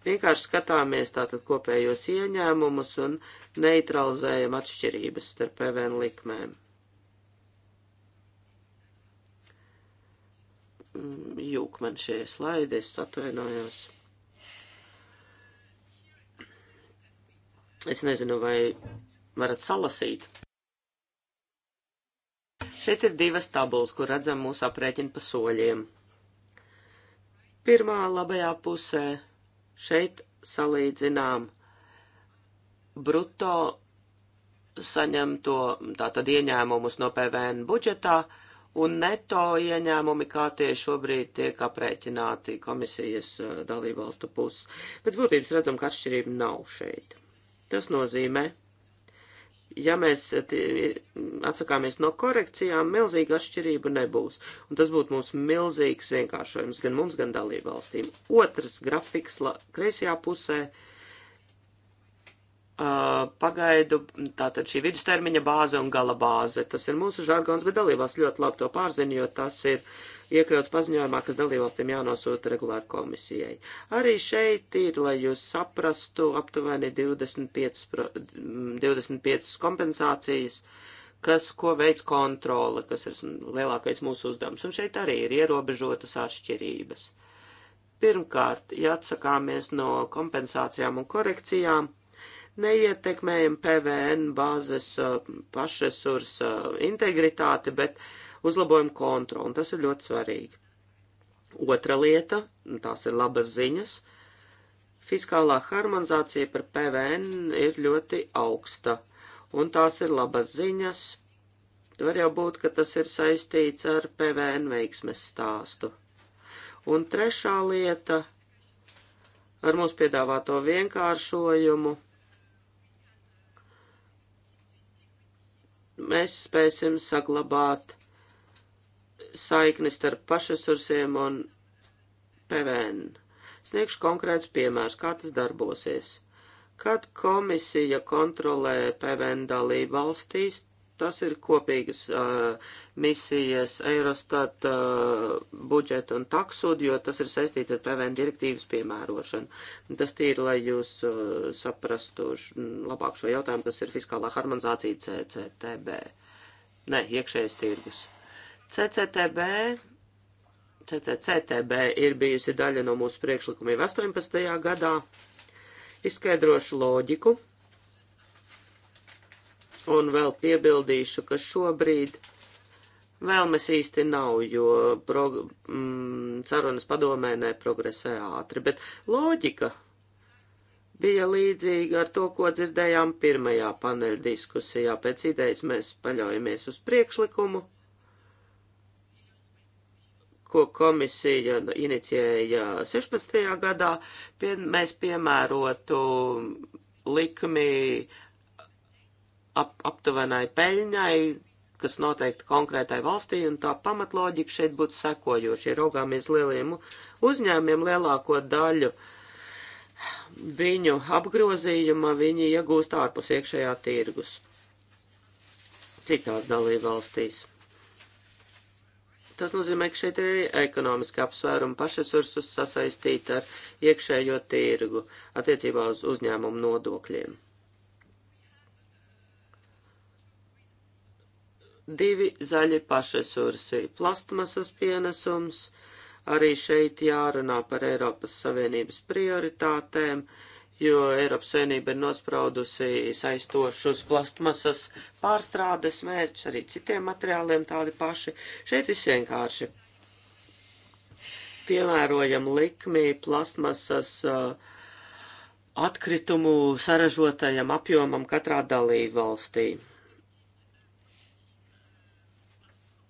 Vienkārši skatāmies tātad kopējos ieņēmumus un neutralizējam atšķirības starp PVN likmēm. Mm, jūk man šie slaidi, es atvainojos. Es nezinu, vai varat salasīt. Šeit ir divas tabulas, kur redzam mūsu aprēķinu pa soļiem. Pirmā labajā pusē šeit salīdzinām bruto saņemto tātad ieņēmumus no PVN budžetā un neto ieņēmumi, kā tie šobrīd tiek aprēķināti komisijas uh, dalībvalstu puses. Pēc būtības redzam, ka atšķirība nav šeit. Tas nozīmē, ja mēs uh, atsakāmies no korekcijām, milzīga atšķirība nebūs. Un tas būtu mums milzīgs vienkāršojums gan mums, gan dalībvalstīm. Otrs grafiks kreisajā pusē. Uh, Eh, pagaidu, tātad šī vidustermiņa bāze un gala bāze. Tas ir mūsu žargons, bet dalībās ļoti labi to pārzina, jo tas ir iekļauts paziņojumā, kas dalībvalstīm jānosūta regulāri komisijai. Arī šeit ir, lai jūs saprastu, aptuveni 25, 25 kompensācijas, kas, ko veids kontrole, kas ir lielākais mūsu uzdevums. Un šeit arī ir ierobežotas atšķirības. Pirmkārt, ja atsakāmies no kompensācijām un korekcijām, neietekmējam PVN bāzes pašresursa integritāti, bet uzlabojam kontroli, un tas ir ļoti svarīgi. Otra lieta, tās ir labas ziņas, fiskālā harmonizācija par PVN ir ļoti augsta, un tās ir labas ziņas, var jau būt, ka tas ir saistīts ar PVN veiksmes stāstu. Un trešā lieta ar mūsu piedāvāto vienkāršojumu mēs spēsim saglabāt saikni starp pašresursiem un PVN. Sniegšu konkrēts piemērs, kā tas darbosies. Kad komisija kontrolē PVN dalību valstīs, Tas ir kopīgas uh, misijas Eurostat uh, budžeta un taksud, jo tas ir saistīts ar PVN direktīvas piemērošanu. Tas tīri, lai jūs uh, saprastu š, labāk šo jautājumu, kas ir fiskālā harmonizācija CCTB. Nē, iekšējais tirgus. CCTB CCCTB ir bijusi daļa no mūsu priekšlikumiem 18. gadā. Izskaidrošu loģiku, Un vēl piebildīšu, ka šobrīd vēlmes īsti nav, jo prog mm, sarunas padomē neprogresē ātri, bet loģika bija līdzīga ar to, ko dzirdējām pirmajā paneļa diskusijā. Pēc idejas mēs paļaujamies uz priekšlikumu, ko komisija inicijēja 16. gadā, pie, mēs piemērotu likmi ap, aptuvenai peļņai, kas noteikti konkrētai valstī, un tā pamatloģika šeit būtu sekojoša. Ja raugāmies lieliem uzņēmiem, lielāko daļu viņu apgrozījuma viņi iegūst ārpus iekšējā tirgus citās dalībvalstīs. Tas nozīmē, ka šeit ir arī ekonomiski apsvērumi pašresursus sasaistīt ar iekšējo tirgu attiecībā uz uzņēmumu nodokļiem. Divi zaļi pašresursi - plastmasas pienesums, arī šeit jārunā par Eiropas Savienības prioritātēm, jo Eiropas Savienība ir nospraudusi saistošus plastmasas pārstrādes mērķus, arī citiem materiāliem tādi paši. Šeit viss vienkārši. Piemērojam likmī plastmasas uh, atkritumu saražotajam apjomam katrā dalībvalstī. valstī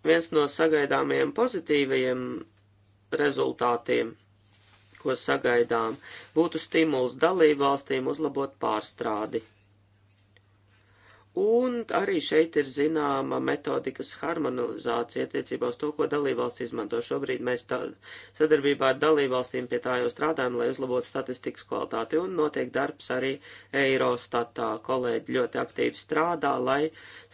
Viens no sagaidāmajiem pozitīvajiem rezultātiem, ko sagaidām, būtu stimuls dalību valstīm uzlabot pārstrādi Un arī šeit ir zināma metodikas harmonizācija attiecībā uz to, ko dalībvalsts izmanto. Šobrīd mēs tā, sadarbībā ar dalībvalstīm pie tā jau strādājam, lai uzlabotu statistikas kvalitāti. Un notiek darbs arī Eirostatā. Kolēģi ļoti aktīvi strādā, lai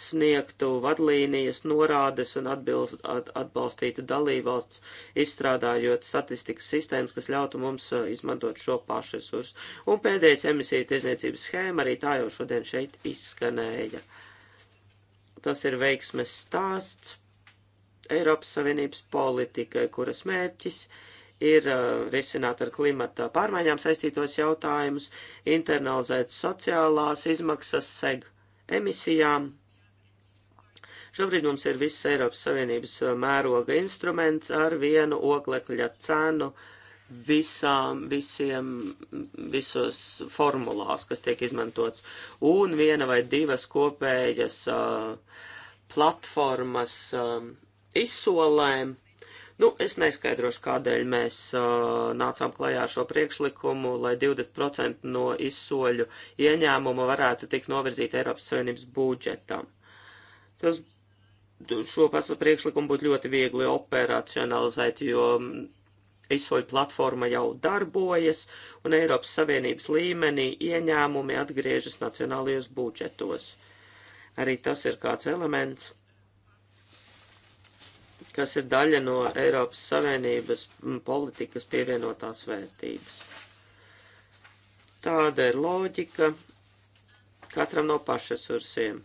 sniegtu vadlīnijas, norādes un atbilst, at, atbalstītu dalībvalsts, izstrādājot statistikas sistēmas, kas ļautu mums uh, izmantot šo pašu resursu. Un pēdējais emisiju tirzniecības schēma arī tā jau šodien šeit izskanēja. Tas ir veiksmes stāsts Eiropas Savienības politikai, kuras mērķis ir uh, risināt ar klimata pārmaiņām saistītos jautājumus, internalizēt sociālās izmaksas seg emisijām. Šobrīd mums ir viss Eiropas Savienības uh, mēroga instruments ar vienu oglekļa cenu uh, visām, visiem, visos formulās, kas tiek izmantots, un viena vai divas kopējas uh, platformas uh, izsolēm. Nu, es neskaidrošu, kādēļ mēs uh, nācām klajā ar šo priekšlikumu, lai 20% no izsoļu ieņēmuma varētu tikt novirzīt Eiropas Savienības budžetam. Tas šo priekšlikumu būtu ļoti viegli operacionalizēt, jo Eisoja platforma jau darbojas, un Eiropas Savienības līmenī ieņēmumi atgriežas nacionālajos budžetos. Arī tas ir kāds elements, kas ir daļa no Eiropas Savienības politikas pievienotās vērtības. Tāda ir loģika katram no pašresursiem.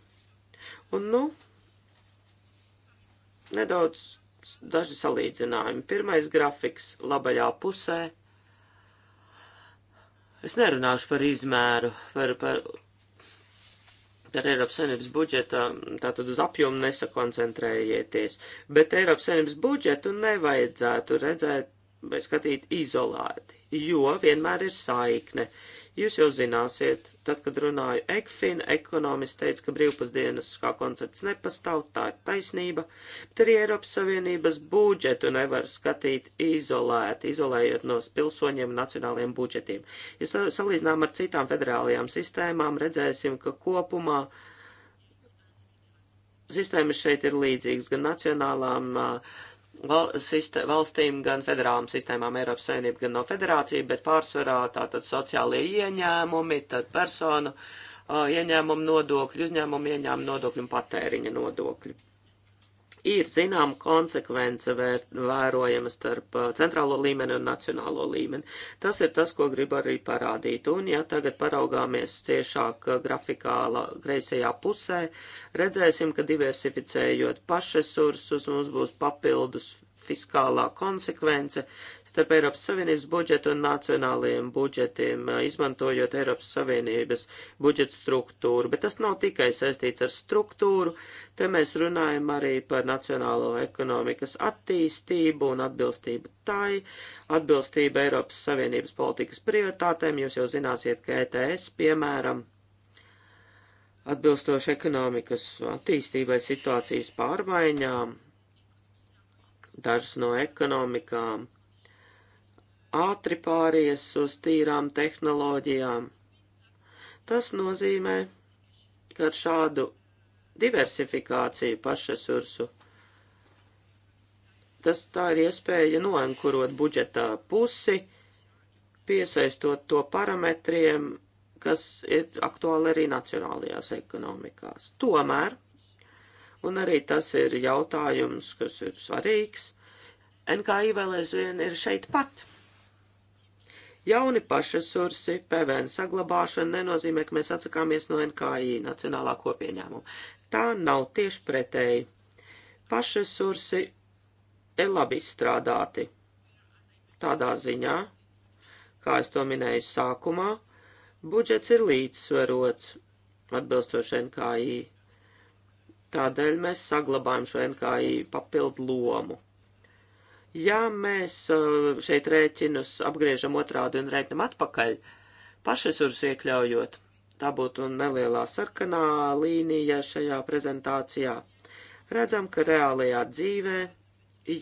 Un, nu, nedaudz daži salīdzinājumi. Pirmais grafiks labajā pusē. Es nerunāšu par izmēru, par, par, par Eiropas Savienības budžeta, tātad uz apjomu nesakoncentrējieties, bet Eiropas Savienības budžetu nevajadzētu redzēt vai skatīt izolēti, jo vienmēr ir saikne. Uh, Jūs jau zināsiet, tad, kad runāju ECFIN, ekonomists teica, ka brīvpusdienas kā koncepts nepastāv, tā ir taisnība, bet arī Eiropas Savienības budžetu nevar skatīt izolēti, izolējot no pilsoņiem nacionāliem budžetiem. Ja salīdzinām ar citām federālajām sistēmām, redzēsim, ka kopumā sistēmas šeit ir līdzīgas gan nacionālām uh, val, sistē, valstīm, gan federālām sistēmām Eiropas Savienība, gan no federācija, bet pārsvarā tātad sociālie ieņēmumi, tad personu uh, ieņēmumu nodokļi, uzņēmumu ieņēmumu nodokļi un patēriņa nodokļi ir zinām konsekvence vēr, vērojama starp uh, centrālo līmeni un nacionālo līmeni. Tas ir tas, ko gribu arī parādīt. Un, ja tagad paraugāmies ciešāk uh, grafikā kreisajā pusē, redzēsim, ka diversificējot pašresursus mums būs papildus fiskālā konsekvence starp Eiropas Savienības budžetu un nacionālajiem budžetiem, izmantojot Eiropas Savienības budžeta struktūru. Bet tas nav tikai saistīts ar struktūru, te mēs runājam arī par nacionālo ekonomikas attīstību un atbilstību tai, atbilstību Eiropas Savienības politikas prioritātēm. Jūs jau zināsiet, ka ETS, piemēram, atbilstoši ekonomikas attīstībai, situācijas pārmaiņām, dažas no ekonomikām ātri pāries uz tīrām tehnoloģijām. Tas nozīmē, ka ar šādu diversifikāciju pašresursu tas tā ir iespēja noenkurot budžetā pusi, piesaistot to parametriem, kas ir aktuāli arī nacionālajās ekonomikās. Tomēr un arī tas ir jautājums, kas ir svarīgs. NKI vēl aizvien ir šeit pat. Jauni pašresursi, PVN saglabāšana nenozīmē, ka mēs atsakāmies no NKI, Nacionālā kopieņēmuma. Tā nav tieši pretēji. Pašresursi ir labi izstrādāti. Tādā ziņā, kā es to minēju sākumā, budžets ir līdzsvarots atbilstoši NKI Tādēļ mēs saglabājam šo NKI papildu lomu. Ja mēs uh, šeit rēķinus apgriežam otrādi un rēķinam atpakaļ, pašresursus iekļaujot, tā būtu nelielā sarkanā līnija šajā prezentācijā, redzam, ka reālajā dzīvē,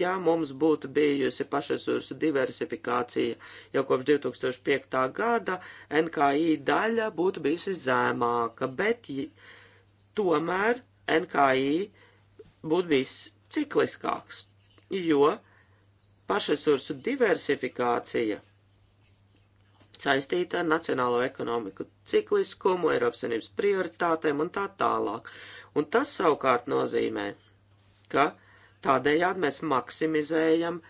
ja mums būtu bijusi pašresursu diversifikācija jau kopš 2005. gada, NKI daļa būtu bijusi zēmāka, bet tomēr NKI būtu bijis cikliskāks, jo pašresursu diversifikācija saistīta ar nacionālo ekonomiku cikliskumu, Eiropas Savienības prioritātēm un tā tālāk. Un tas savukārt nozīmē, ka tādējādi mēs maksimizējam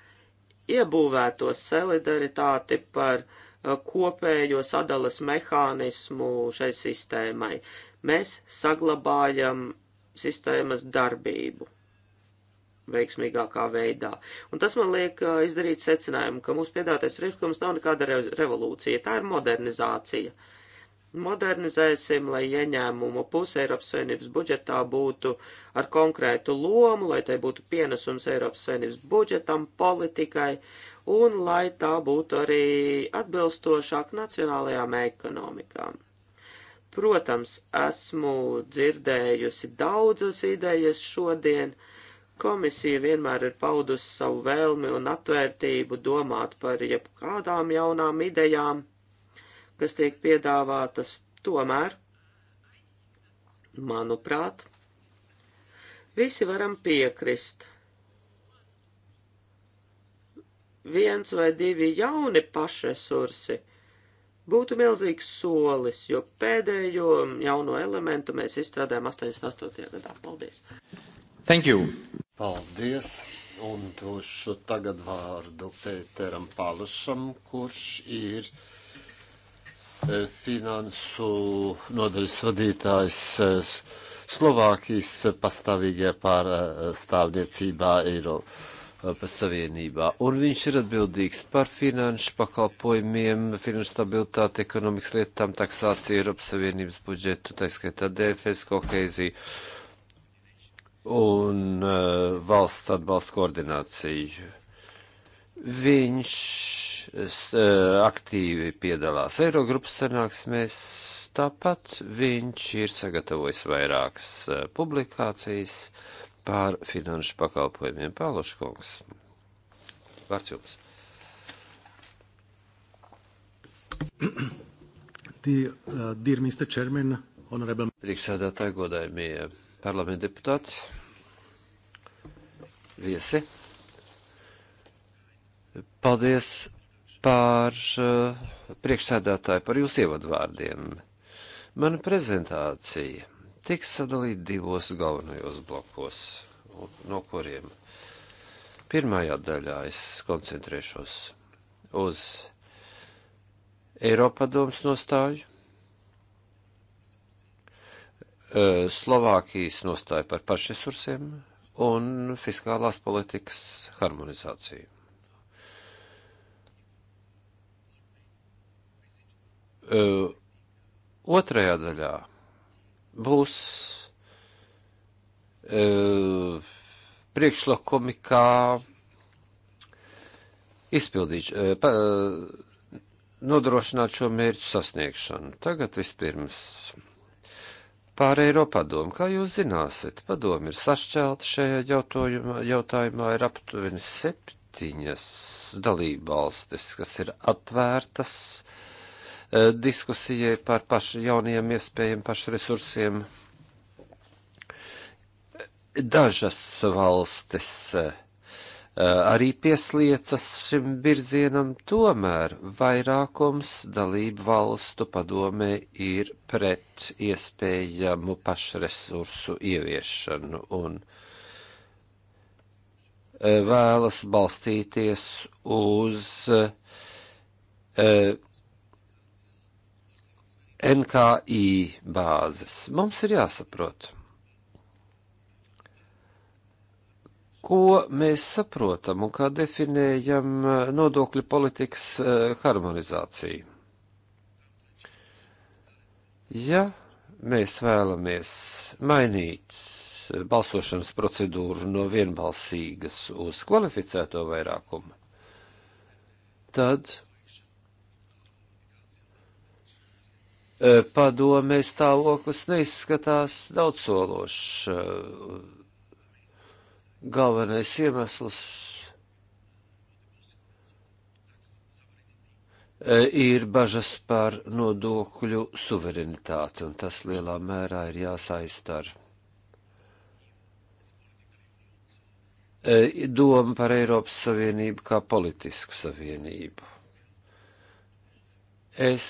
iebūvēto solidaritāti par uh, kopējo sadales mehānismu šai sistēmai. Mēs saglabājam sistēmas darbību veiksmīgākā veidā. Un tas man liek izdarīt secinājumu, ka mūsu piedātais priekšlikums nav nekāda re revolūcija, tā ir modernizācija. Modernizēsim, lai ieņēmumu puse Eiropas Savienības budžetā būtu ar konkrētu lomu, lai tai būtu pienesums Eiropas Savienības budžetam, politikai un lai tā būtu arī atbilstošāk nacionālajām ekonomikām. Protams, esmu dzirdējusi daudzas idejas šodien. Komisija vienmēr ir paudusi savu vēlmi un atvērtību domāt par jebkādām jaunām idejām, kas tiek piedāvātas. Tomēr, manuprāt, visi varam piekrist. Viens vai divi jauni pašresursi būtu milzīgs solis, jo pēdējo jauno elementu mēs izstrādājam 88. gadā. Paldies! Thank you! Paldies! Un došu tagad vārdu Pēteram Palašam, kurš ir eh, finansu nodaļas vadītājs eh, Slovākijas pastāvīgajā pārstāvniecībā Eiropā. Eiropas Savienībā. Un viņš ir atbildīgs par finanšu pakalpojumiem, finanšu stabilitāti, ekonomikas lietām, taksāciju Eiropas Savienības budžetu, taiskaitā DFS, koheiziju un uh, valsts atbalsta koordināciju. Viņš uh, aktīvi piedalās Eirogrupas sanāksmēs, tāpat viņš ir sagatavojis vairākas uh, publikācijas. Uh, pār finanšu pakalpojumiem. Pāloškungs, vārds jums. Dear, uh, dear Mr. Chairman, honorable... Priekšsēdētāji godājumie parlamenta deputāts, viesi. Paldies par uh, priekšsēdētāju, par jūsu ievadvārdiem. Mana prezentācija tiks sadalīti divos galvenajos blokos, no kuriem pirmajā daļā es koncentrēšos uz Eiropadoms nostāju, e, Slovākijas nostāju par pašresursiem un fiskālās politikas harmonizāciju. E, otrajā daļā būs uh, priekšlikumi, kā izpildīt, uh, pa, uh, nodrošināt šo mērķu sasniegšanu. Tagad vispirms pār Eiropa padomu. Kā jūs zināsiet, padomu ir sašķelta šajā jautājumā, jautājumā ir aptuveni septiņas dalībvalstis, kas ir atvērtas Eh, diskusijai par pašu jaunajiem iespējiem, pašresursiem. Dažas valstis eh, arī piesliecas šim virzienam, tomēr vairākums dalību valstu padomē ir pret iespējamu pašresursu ieviešanu un eh, vēlas balstīties uz NKI bāzes. Mums ir jāsaprot, ko mēs saprotam un kā definējam nodokļu politikas eh, harmonizāciju. Ja mēs vēlamies mainīt balsošanas procedūru no vienbalsīgas uz kvalificēto vairākumu, tad E, padomē stāvoklis neizskatās daudzsološs. E, galvenais iemesls e, ir bažas par nodokļu suverenitāti, un tas lielā mērā ir jāsaist ar domu par Eiropas Savienību kā politisku savienību. Es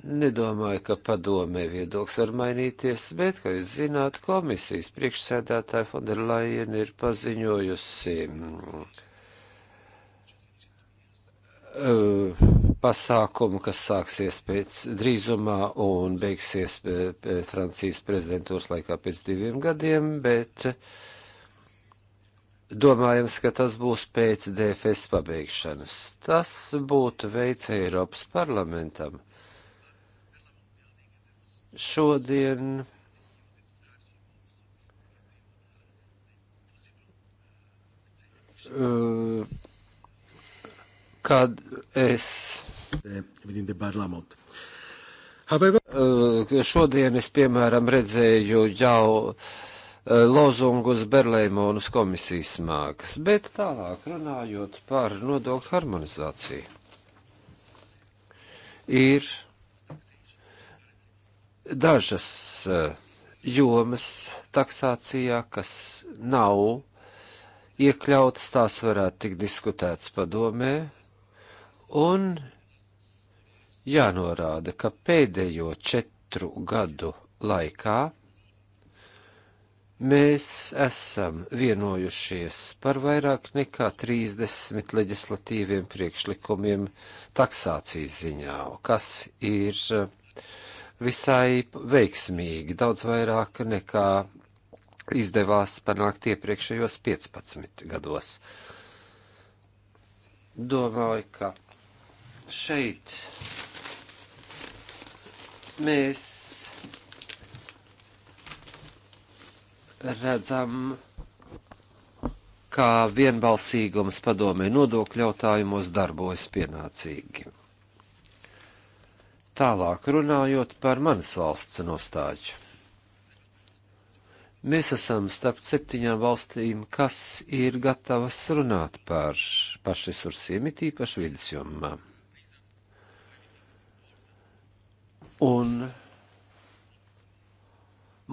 nedomāju, ka padomē viedoklis var mainīties, bet, kā jūs zināt, komisijas priekšsēdētāja Fonderlaina ir paziņojusi mm, uh, pasākumu, kas sāksies pēc drīzumā un beigsies eh, Francijas prezidentūras laikā pēc diviem gadiem, bet uh, Domājams, ka tas būs pēc DFS pabeigšanas. Tas būtu veids Eiropas parlamentam. Šodien uh, kad es uh, šodien es, piemēram, redzēju jau E, lozungus Berleimonas komisijas smāks, bet tālāk runājot par nodokļu harmonizāciju. Ir dažas e, jomas taksācijā, kas nav iekļautas, tās varētu tikt diskutētas padomē, un jānorāda, ka pēdējo četru gadu laikā Mēs esam vienojušies par vairāk nekā 30 leģislatīviem priekšlikumiem taksācijas ziņā, kas ir eh, visai veiksmīgi, daudz vairāk nekā izdevās panākt iepriekšējos 15 gados. Domāju, ka šeit mēs redzam, kā vienbalsīgums padomē nodokļu jautājumos darbojas pienācīgi. Tālāk runājot par manas valsts nostāju. Mēs esam starp septiņām valstīm, kas ir gatavas runāt par pašresursiem, it īpaši vidas jomā. Un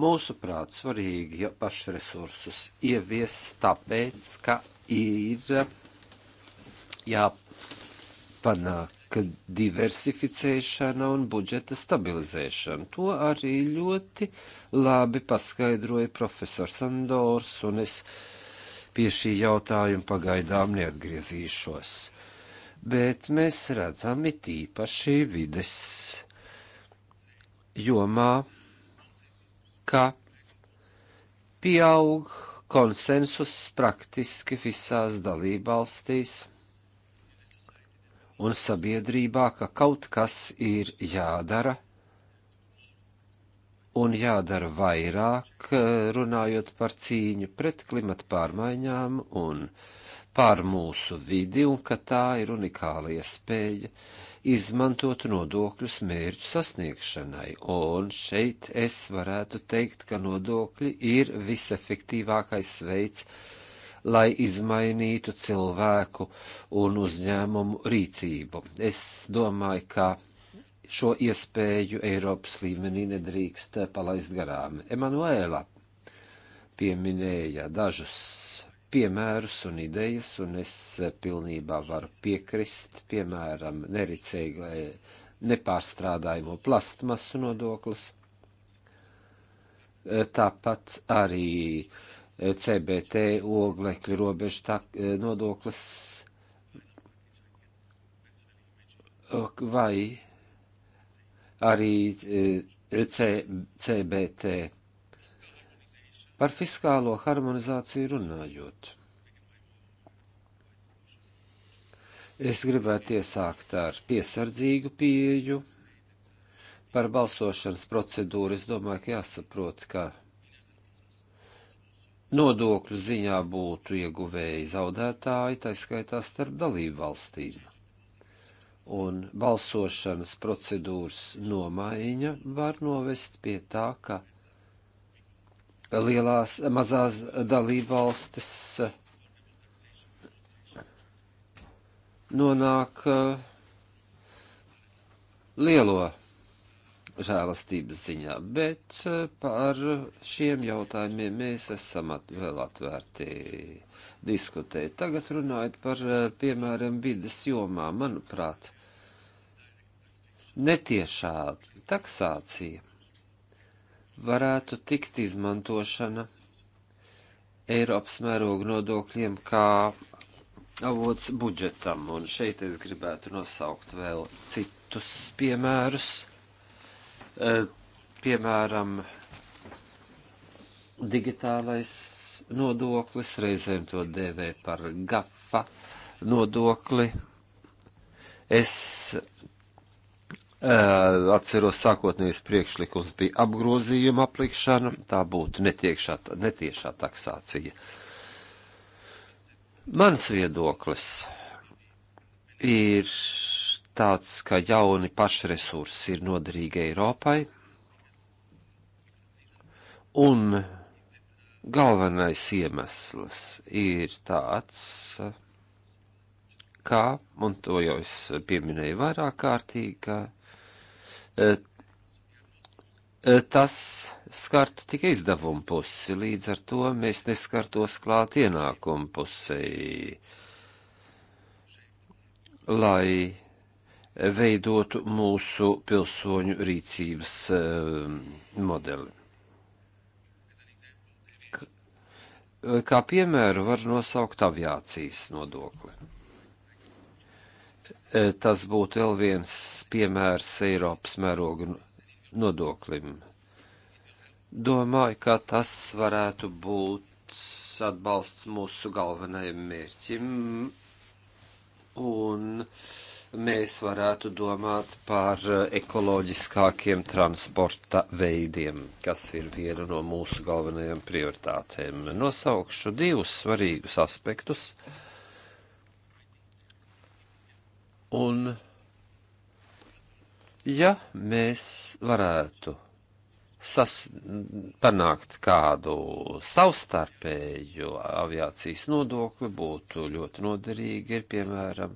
Mūsuprāt, svarīgi ja pašresursus ievies tāpēc, ka ir jāpanāk diversificēšana un budžeta stabilizēšana. To arī ļoti labi paskaidroja profesors Andors, un es pie šī jautājuma pagaidām neatgriezīšos. Bet mēs redzam it īpaši vides jomā ka pieaug konsensus praktiski visās dalībvalstīs un sabiedrībā, ka kaut kas ir jādara un jādara vairāk, runājot par cīņu pret klimata pārmaiņām un pār mūsu vidi, un ka tā ir unikāla iespēja izmantot nodokļus mērķu sasniegšanai. Un šeit es varētu teikt, ka nodokļi ir visefektīvākais veids, lai izmainītu cilvēku un uzņēmumu rīcību. Es domāju, ka šo iespēju Eiropas līmenī nedrīkst palaist garām. Emanuēla pieminēja dažus piemērus un idejas, un es eh, pilnībā varu piekrist, piemēram, nericīgai nepārstrādājumu plastmasu nodoklis. Eh, tāpat arī eh, CBT oglekļa robežu tā, nodoklis vai arī C, CBT Par fiskālo harmonizāciju runājot. Es gribētu iesākt ar piesardzīgu pieju. Par balsošanas procedūru es domāju, ka jāsaprot, ka nodokļu ziņā būtu ieguvēji zaudētāji, tā skaitā starp dalību valstīm. Un balsošanas procedūras nomaiņa var novest pie tā, ka lielās, mazās dalībvalstis eh, nonāk eh, lielo žēlastības ziņā, bet eh, par šiem jautājumiem mēs esam at vēl atvērti diskutēt. Tagad runājot par, piemēram, vidas jomā, manuprāt, netiešā taksācija varētu tikt izmantošana Eiropas mērogu nodokļiem kā avots budžetam. Un šeit es gribētu nosaukt vēl citus piemērus. E, piemēram, digitālais nodoklis, reizēm to dēvē par gafa nodokli. Es Eh, atceros, sākotnējais priekšlikums bija apgrozījuma aplikšana, tā būtu netiekšā, netiešā taksācija. Mans viedoklis ir tāds, ka jauni pašresursi ir noderīgi Eiropai, un galvenais iemesls ir tāds, kā, un to jau es pieminēju vairāk kārtīgi, ka Eh, eh, tas skartu tik izdevumu pusi, līdz ar to mēs neskartos klāt ienākumu pusei, lai veidotu mūsu pilsoņu rīcības eh, modeli. Kā piemēru var nosaukt aviācijas nodokli. E, tas būtu vēl viens piemērs Eiropas mēroga nodoklim. Domāju, ka tas varētu būt atbalsts mūsu galvenajam mērķim, un mēs varētu domāt par ekoloģiskākiem transporta veidiem, kas ir viena no mūsu galvenajām prioritātēm. Nosaukšu divus svarīgus aspektus. Uh, Un ja mēs varētu sas, panākt kādu savstarpēju aviācijas nodokli būtu ļoti noderīgi. Ir piemēram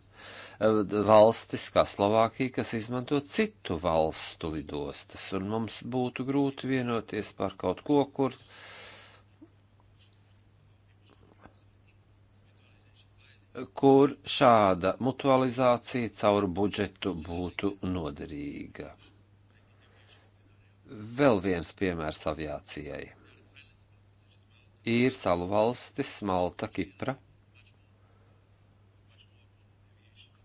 valstis kā Slovākija, kas izmanto citu valstu lidostas, un mums būtu grūti vienoties par kaut ko, kur uh, kur šāda mutualizācija caur budžetu būtu noderīga. Vēl viens piemērs aviācijai. Ir salu valstis Malta, Kipra,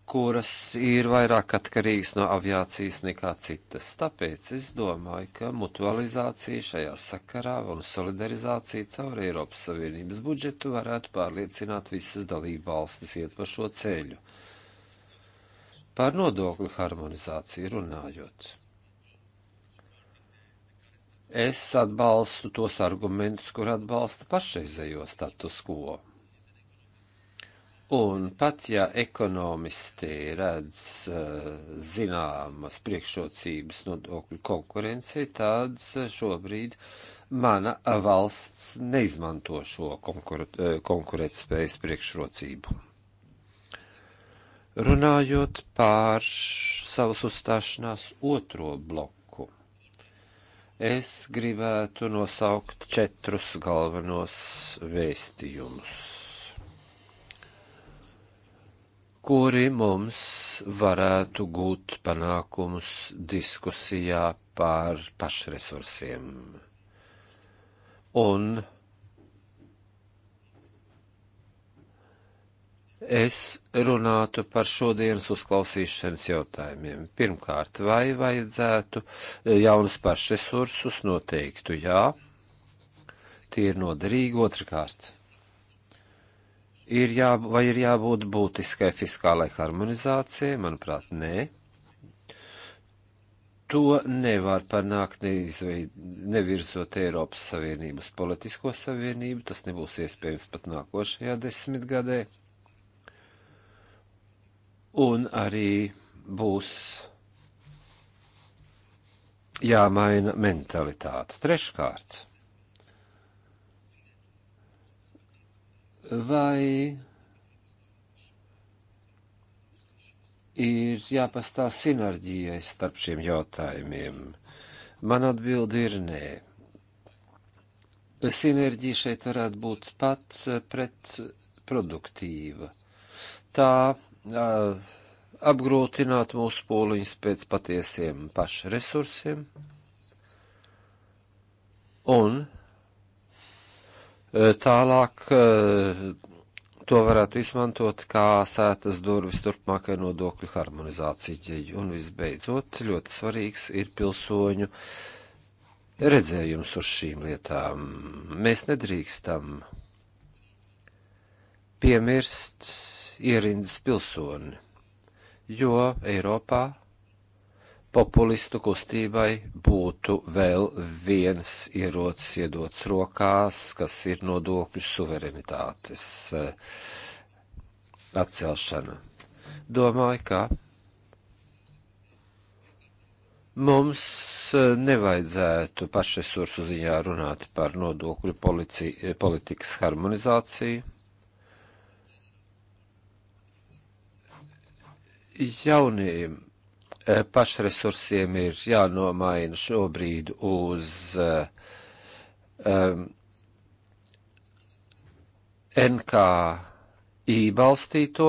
kuras ir vairāk atkarīgas no aviācijas nekā citas. Tāpēc es domāju, ka mutualizācija šajā sakarā un solidarizācija caur Eiropas Savienības budžetu varētu pārliecināt visas dalību valstis iet pa šo ceļu. Par nodokļu harmonizāciju runājot. Es atbalstu tos argumentus, kur atbalsta pašreizējo status quo Un pat ja ekonomisti redz eh, zināmas priekšrocības nodokļu konkurencei, tad eh, šobrīd mana eh, valsts neizmanto šo konkur konkurētspējas priekšrocību. Runājot pār savas uzstāšanās otro bloku, es gribētu nosaukt četrus galvenos vēstījumus kuri mums varētu gūt panākumus diskusijā par pašresursiem. Un es runātu par šodienas uzklausīšanas jautājumiem. Pirmkārt, vai vajadzētu jaunus pašresursus noteiktu? Jā, tie ir noderīgi. Otrakārt, ir jā, vai ir jābūt būtiskai fiskālai harmonizācijai? Manuprāt, nē. To nevar panākt neizveid, nevirzot Eiropas Savienības politisko savienību, tas nebūs iespējams pat nākošajā desmitgadē. Un arī būs jāmaina mentalitāte. Treškārt. vai ir jāpastāv sinerģijai starp šiem jautājumiem? Man atbildi ir nē. Sinerģija šeit varētu būt pat pretproduktīva. Tā uh, apgrūtināt mūsu pūliņus pēc patiesiem pašresursiem un Tālāk to varētu izmantot kā sētas durvis turpmākai nodokļu harmonizācijai. Un visbeidzot, ļoti svarīgs ir pilsoņu redzējums uz šīm lietām. Mēs nedrīkstam piemirst ierindas pilsoni, jo Eiropā populistu kustībai būtu vēl viens ierocis iedots rokās, kas ir nodokļu suverenitātes eh, atcelšana. Domāju, ka mums eh, nevajadzētu pašresursu ziņā runāt par nodokļu polici, politikas harmonizāciju. Jauniem Eh, pašresursiem ir jānomaina šobrīd uz um, eh, NKI balstīto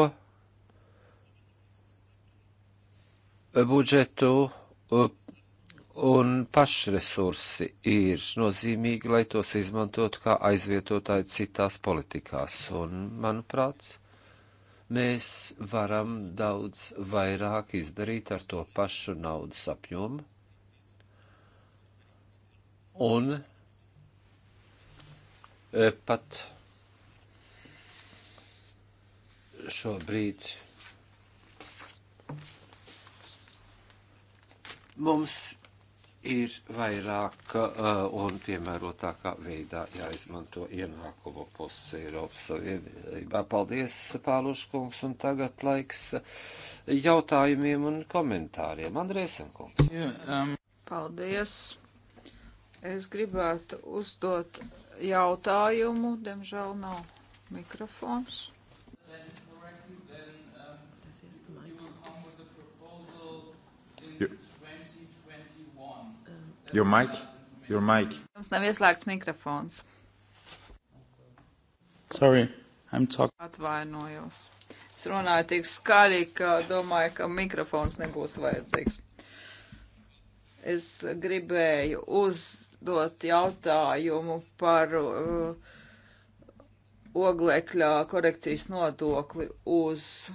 budžetu un pašresursi ir nozīmīgi, lai tos izmantotu kā aizvietotāji citās politikās. Un, manuprāt, mēs varam daudz vairāk izdarīt ar to pašu naudas apjomu. Un e, pat šobrīd mums ir vairāk uh, un piemērotākā veidā jāizmanto ienākumu puses Eiropas Savienībā. Paldies, Pāluškungs, un tagad laiks jautājumiem un komentāriem. Andrēsim, kungs. Jā, um... Paldies. Es gribētu uzdot jautājumu, demžēl nav mikrofons. Your mic? Your mic. Jums nav ieslēgts mikrofons. Sorry, I'm talking. Atvainojos. Es runāju tik skaļi, ka domāju, ka mikrofons nebūs vajadzīgs. Es gribēju uzdot jautājumu par uh, oglekļa korekcijas nodokli uz uh,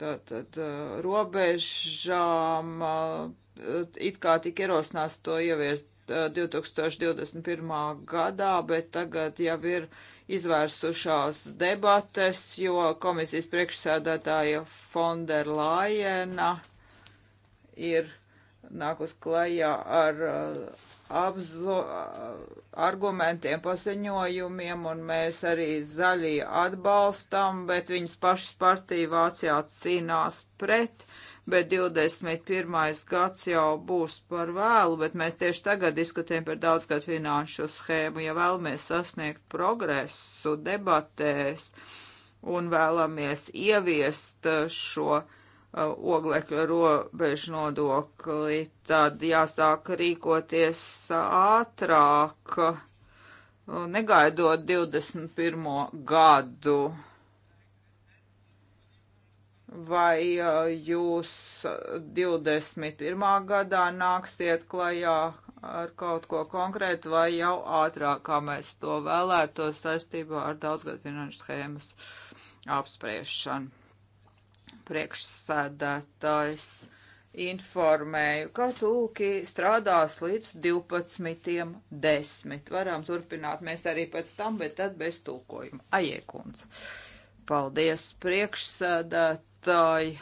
tātad uh, robežām uh, it kā tik ierosināts to ieviest 2021. gadā, bet tagad jau ir izvērsušās debates, jo komisijas priekšsēdētāja Fonderlajena ir nākus klajā ar apzo, argumentiem, paziņojumiem, un mēs arī zaļie atbalstam, bet viņas pašas partija Vācijā cīnās pret. Uh, bet 21. gads jau būs par vēlu, bet mēs tieši tagad diskutējam par daudzgad finanšu schēmu, ja vēlamies sasniegt progresu debatēs un vēlamies ieviest šo uh, oglekļa robežu nodokli, tad jāsāk rīkoties ātrāk, negaidot 21. gadu vai uh, jūs 21. Uh, gadā nāksiet klajā ar kaut ko konkrētu, vai jau ātrāk, kā mēs to vēlētos saistībā ar daudzgad finanšu schēmas apspriešanu. Priekšsēdētājs informēju, ka tulki strādās līdz 12.10. Varam turpināt mēs arī pēc tam, bet tad bez tulkojuma. Aiekums. Paldies priekšsēdētājiem nostāja.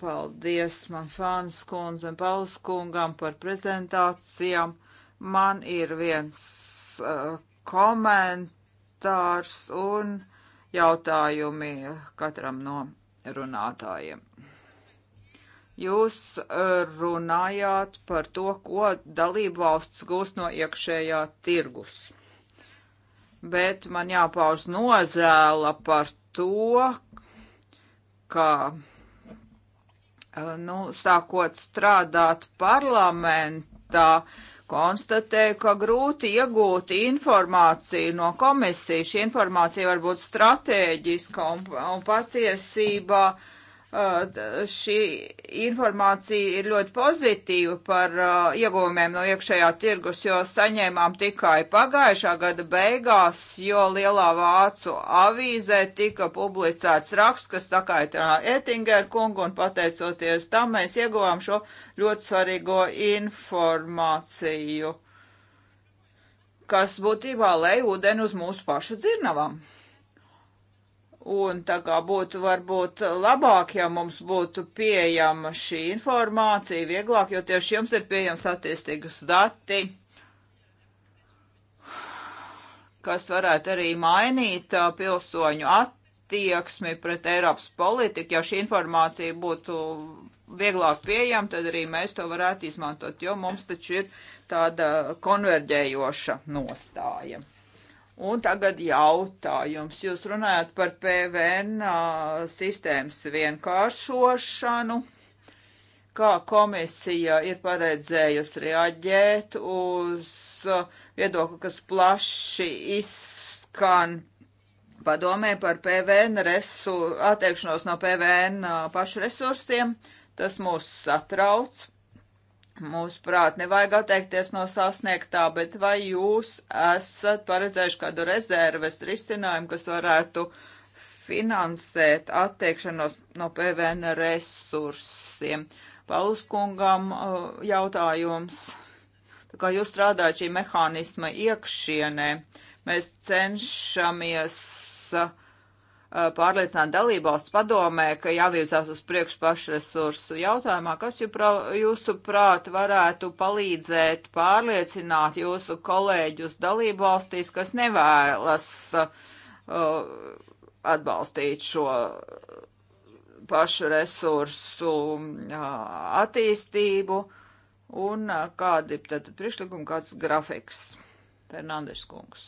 Paldies man Fānas kundze un Paulus kungam par prezentācijām. Man ir viens uh, komentārs un jautājumi katram no runātājiem. Jūs uh, runājāt par to, ko dalību valsts gūs no iekšējā tirgus. Bet man jāpauž nozēla par to, ka eh, nu, sākot strādāt parlamentā, konstatēju, ka grūti iegūt informāciju no komisijas. Šī informācija var būt strateģiska un, un patiesībā uh, šī informācija ir ļoti pozitīva par uh, ieguvumiem no iekšējā tirgus, jo saņēmām tikai pagājušā gada beigās, jo lielā vācu avīzē tika publicēts raksts, kas sakaitināja Ettingeru kungu, un pateicoties tam mēs ieguvām šo ļoti svarīgo informāciju, kas būtībā lej ūdeni uz mūsu pašu dzirnavām. Un tā kā būtu varbūt labāk, ja mums būtu pieejama šī informācija, vieglāk, jo tieši jums ir pieejams attiestīgus dati, kas varētu arī mainīt pilsoņu attieksmi pret Eiropas politiku. Ja šī informācija būtu vieglāk pieejama, tad arī mēs to varētu izmantot, jo mums taču ir tāda konverģējoša nostāja. Un tagad jautājums. Jūs runājat par PVN sistēmas vienkāršošanu. Kā komisija ir paredzējusi reaģēt uz viedokli, kas plaši izskan padomē par PVN resursu, atteikšanos no PVN pašu resursiem? Tas mūs satrauc. Mūsu prāt, nevajag atteikties no sasniegtā, bet vai jūs esat paredzējuši kādu rezerves risinājumu, kas varētu finansēt atteikšanos no PVN resursiem? Paulus kungam jautājums. Tā kā jūs strādājat šī mehānisma iekšienē, mēs cenšamies uh, Uh, pārliecināt dalībvalsts padomē, ka jāvirzās uz priekšu pašresursu jautājumā, kas jūsuprāt varētu palīdzēt pārliecināt jūsu kolēģus dalībvalstīs, kas nevēlas uh, atbalstīt šo pašu resursu uh, attīstību un uh, kādi tad priekšlikumi, kāds grafiks. Fernandes kungs.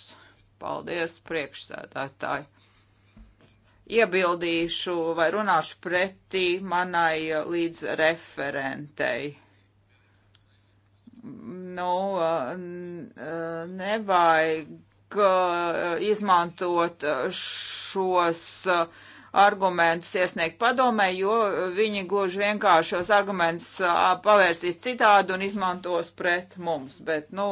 Paldies, priekšsēdētāji iebildīšu vai runāšu pretī manai uh, līdz referentei. Nu, uh, uh, nevajag izmantot šos argumentus iesniegt padomē, jo viņi gluži vienkārši šos argumentus pavērsīs citādi un izmantos pret mums. Bet, nu,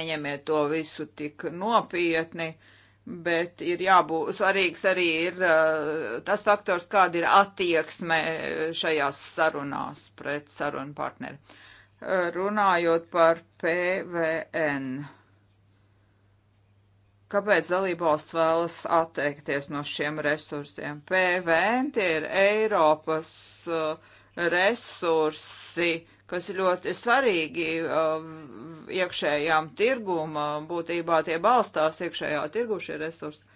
neņemiet to visu tik nopietni. Uh, Bet ir jābūt svarīgs arī ir eh, tas faktors, kāda ir attieksme eh, šajās sarunās pret sarunu partneri. Eh, runājot par PVN. Kāpēc dalībvalsts vēlas atteikties no šiem resursiem? PVN tie ir Eiropas uh, resursi, uh, kas ļoti svarīgi um, iekšējām tirgum, um, būtībā tie balstās iekšējā tirgu šie resursi.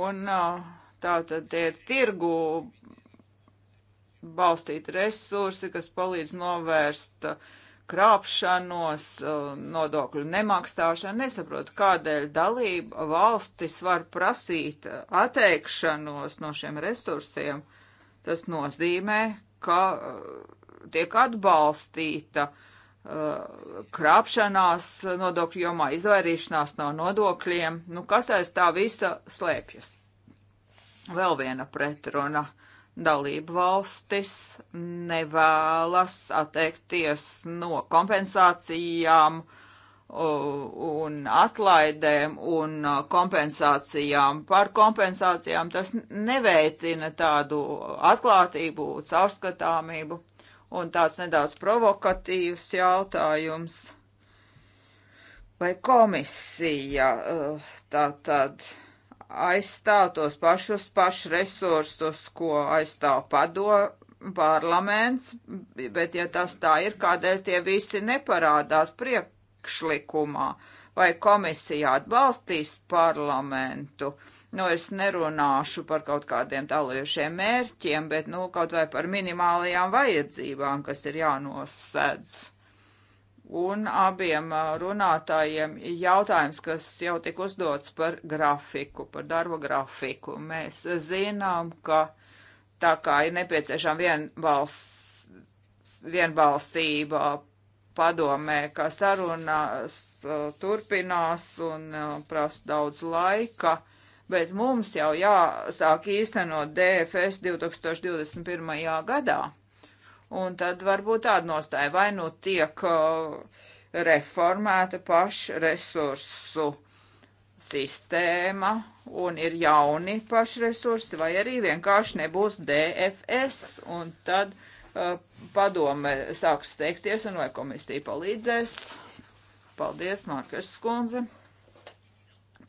Un uh, tā tad tie ir tirgu balstīti resursi, kas palīdz novērst uh, krāpšanos, eh, nodokļu nemaksāšanu. Nesaprotu, kādēļ dalība valstis var prasīt eh, atteikšanos no šiem resursiem. Tas nozīmē, ka eh, tiek atbalstīta krāpšanās nodokļu jomā, izvairīšanās no nodokļiem. Nu, kas aiz tā visa slēpjas? Vēl viena pretruna. Uh, dalību valstis nevēlas atteikties no kompensācijām un atlaidēm un kompensācijām par kompensācijām. Tas neveicina tādu atklātību, caurskatāmību un tāds nedaudz provokatīvs jautājums. Vai komisija tā tad. Uh, aizstāv tos pašus pašresursus, ko aizstāv padomu parlaments, bet ja tas tā ir, kādēļ tie visi neparādās priekšlikumā vai komisija atbalstīs parlamentu. Nu, es nerunāšu par kaut kādiem tālojušiem mērķiem, bet, nu, kaut vai par minimālajām vajadzībām, kas ir jānosedz. Un abiem runātājiem jautājums, kas jau tika uzdots par grafiku, par darba grafiku. Mēs zinām, ka tā kā ir nepieciešama vienbalss, vienbalsība padomē, ka sarunās turpinās un prasa daudz laika, bet mums jau jāsāk īstenot DFS 2021. gadā. Un tad varbūt tāda nostāja vai nu tiek uh, reformēta pašresursu sistēma un ir jauni pašresursi, vai arī vienkārši nebūs DFS, un tad uh, padome sāks steigties, un vai komisija palīdzēs. Paldies, Markas skundze.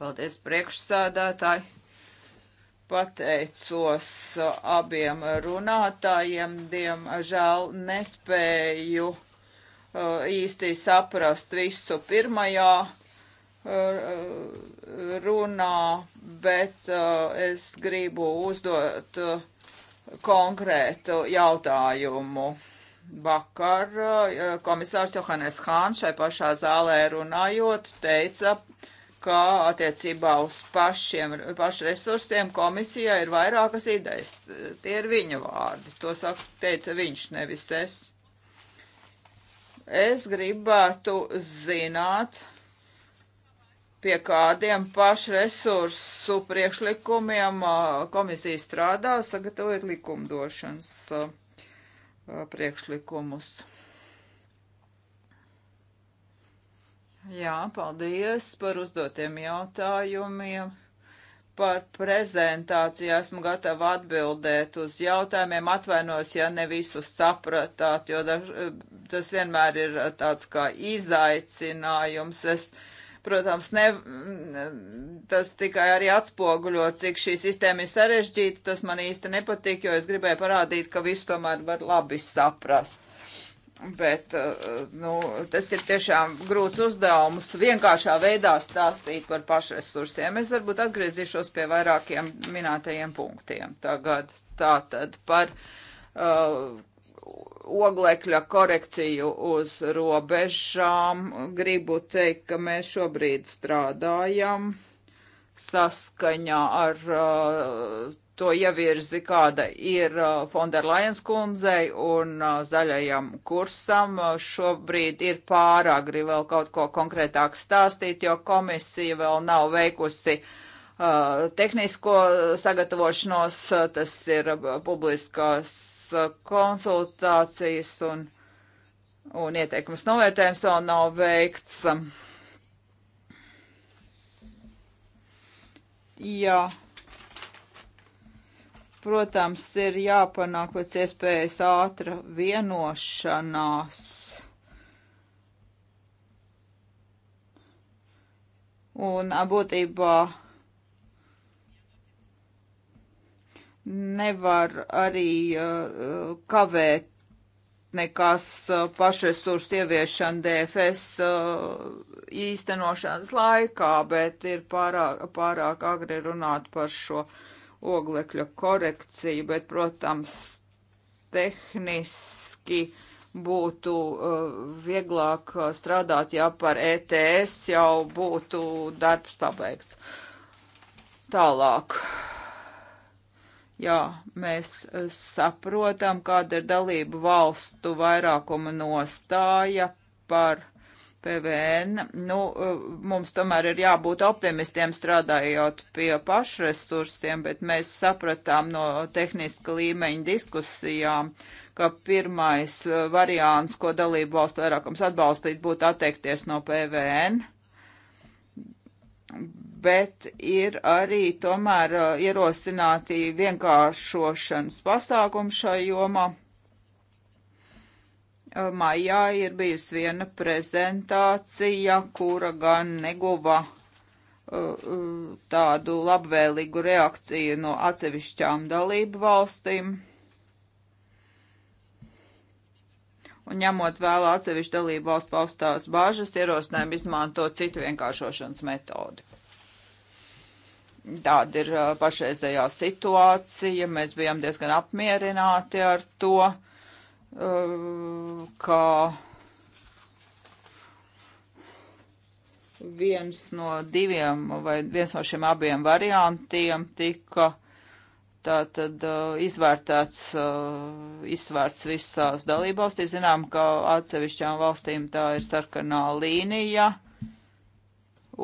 Paldies, priekšsādātāji pateicos uh, abiem runātājiem. Diemžēl nespēju uh, īsti saprast visu pirmajā uh, runā, bet es gribu uzdot konkrētu jautājumu. Vakar komisārs Johannes Hāns šai pašā zālē runājot teica, uh, kā attiecībā uz pašiem, pašu resursiem komisijā ir vairākas idejas. Tie ir viņa vārdi. To saka, teica viņš, nevis es. Es gribētu zināt, pie kādiem pašresursu priekšlikumiem uh, komisija strādā, sagatavojot likumdošanas uh, priekšlikumus. Jā, paldies par uzdotiem jautājumiem. Par prezentāciju esmu gatava atbildēt uz jautājumiem. Atvainos, ja ne visus sapratāt, jo daž, tas vienmēr ir tāds kā izaicinājums. Es, protams, ne, tas tikai arī atspoguļo, cik šī sistēma ir sarežģīta. Tas man īsti nepatīk, jo es gribēju parādīt, ka visu tomēr var labi saprast Bet uh, nu, tas ir tiešām grūts uzdevums vienkāršā veidā stāstīt par pašresursiem. Es varbūt atgriezīšos pie vairākiem minētajiem punktiem. Tagad tā tad par uh, oglekļa korekciju uz robežām. Gribu teikt, ka mēs šobrīd strādājam saskaņā ar uh, to ievirzi, kāda ir Fonderlajens uh, kundzei un uh, zaļajam kursam. Uh, šobrīd ir pāragri vēl kaut ko konkrētāk stāstīt, jo komisija vēl nav veikusi uh, tehnisko sagatavošanos, tas ir publiskās konsultācijas un, un ieteikums novērtējums vēl nav veikts. Jā. Yeah protams, ir jāpanāk pēc iespējas ātra vienošanās. Un būtībā nevar arī uh, kavēt nekas uh, pašresursu ieviešana DFS uh, īstenošanas laikā, bet ir pārāk, pārāk agri runāt par šo uh, oglekļa korekciju, bet, protams, tehniski būtu uh, vieglāk uh, strādāt, ja par ETS jau būtu darbs pabeigts. Tālāk. Jā, mēs uh, saprotam, kāda ir dalību valstu vairākuma nostāja par PVN. Nu, mums tomēr ir jābūt optimistiem strādājot pie pašresursiem, bet mēs sapratām no tehniska līmeņa diskusijām, ka pirmais eh, variants, ko dalību valstu vairākums atbalstīt, būtu atteikties no PVN. Bet ir arī tomēr eh, ierosināti vienkāršošanas pasākumi šai jomā Eh, maijā ir bijusi viena prezentācija, kura gan neguva uh, tādu labvēlīgu reakciju no atsevišķām dalību valstīm. Un ņemot vērā atsevišķu dalību valstu paustās bāžas, ierosinājumi izmanto citu vienkāršošanas metodi. Tāda ir uh, pašreizējā situācija. Mēs bijām diezgan apmierināti ar to Uh, kā viens no diviem vai viens no šiem abiem variantiem tika tātad uh, izvērtēts, uh, izvērts visās dalībvalstīs. Zinām, ka atsevišķām valstīm tā ir sarkanā līnija,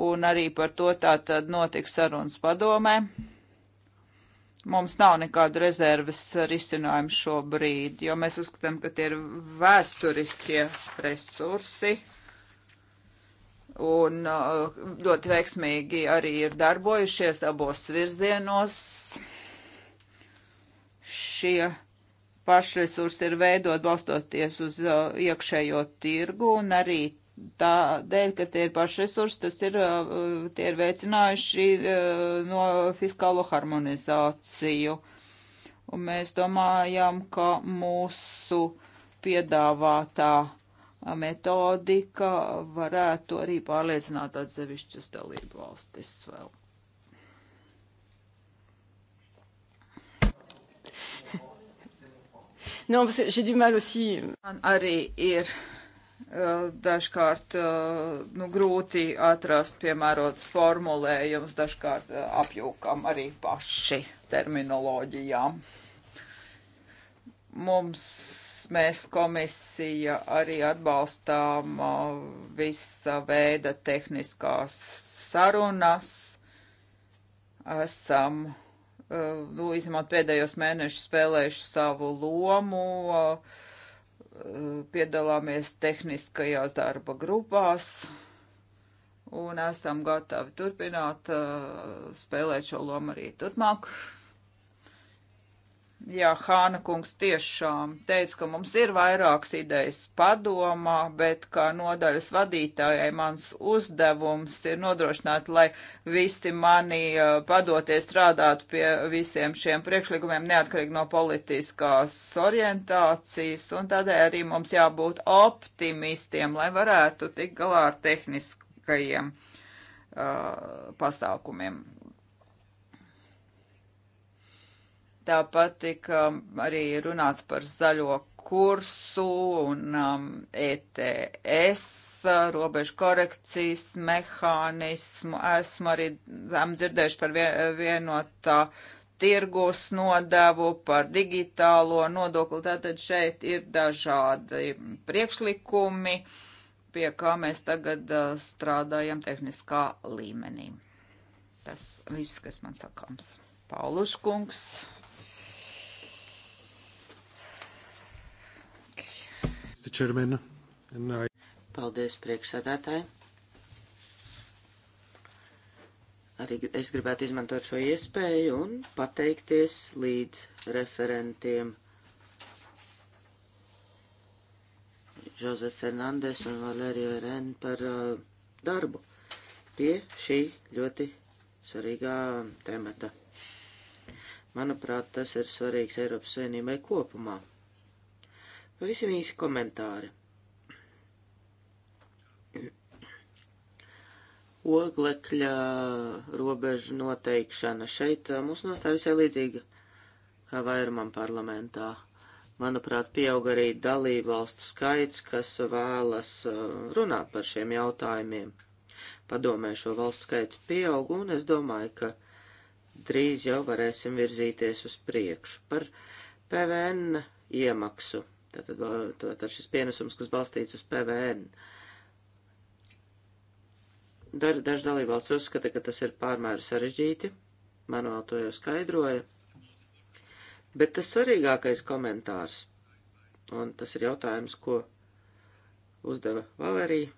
un arī par to tātad notiks sarunas padomē. Mums nav nekāda rezerves risinājuma šobrīd, jo mēs uzskatām, ka tie ir vēsturiskie resursi un uh, ļoti veiksmīgi arī ir darbojušies abos virzienos. Šie pašresursi ir veidot balstoties uz uh, iekšējo tirgu un arī tādēļ, ka tie ir pašresursi, tas ir, uh, tie ir veicinājuši uh, no fiskālo harmonizāciju. Un mēs domājam, ka mūsu piedāvātā metodika varētu arī pārliecināt atsevišķas dalību valstis vēl. Non, parce que j'ai du mal aussi. Arī ir Eh, dažkārt eh, nu, grūti atrast piemērotus formulējumus, dažkārt eh, apjūkam arī paši terminoloģijām. Mums mēs komisija arī atbalstām visa veida tehniskās sarunas. Esam, nu, izņemot pēdējos mēnešus, spēlējuši savu lomu. Uh, piedalāmies tehniskajās darba grupās un esam gatavi turpināt eh, spēlēt šo lomu arī turpmāk. Jā, Hāna kungs tiešām teica, ka mums ir vairākas idejas padomā, bet kā nodaļas vadītājai mans uzdevums ir nodrošināt, lai visi mani padotie strādātu pie visiem šiem priekšlikumiem neatkarīgi no politiskās orientācijas, un tādēļ arī mums jābūt optimistiem, lai varētu tikt galā ar tehniskajiem uh, pasākumiem. Tāpat tika um, arī runāts par zaļo kursu un um, ETS, uh, robežu korekcijas mehānismu. Esmu arī esmu dzirdējuši par vienotā tirgus nodevu, par digitālo nodokli. Tātad šeit ir dažādi priekšlikumi, pie kā mēs tagad uh, strādājam tehniskā līmenī. Tas viss, kas man sakāms. Pauluškungs. kungs. Mr. Chairman. And I... Paldies, priekšsēdētāji. Arī es gribētu izmantot šo iespēju un pateikties līdz referentiem Jose Fernandes un Valerio Ren par uh, darbu pie šī ļoti svarīgā temata. Manuprāt, tas ir svarīgs Eiropas Savienībai kopumā. Pavisam īsi komentāri. Oglekļa robežu noteikšana šeit mūsu nostāja visai līdzīga kā vairumam parlamentā. Manuprāt, pieaug arī dalību valstu skaits, kas vēlas runāt par šiem jautājumiem. Padomē šo valstu skaits pieaug, un es domāju, ka drīz jau varēsim virzīties uz priekšu par PVN iemaksu. Tātad, tātad šis pienesums, kas balstīts uz PVN. Dar, daži dalībvalsts uzskata, ka tas ir pārmēru sarežģīti, manuāli to jau skaidroja, bet tas svarīgākais komentārs, un tas ir jautājums, ko uzdeva Valērija.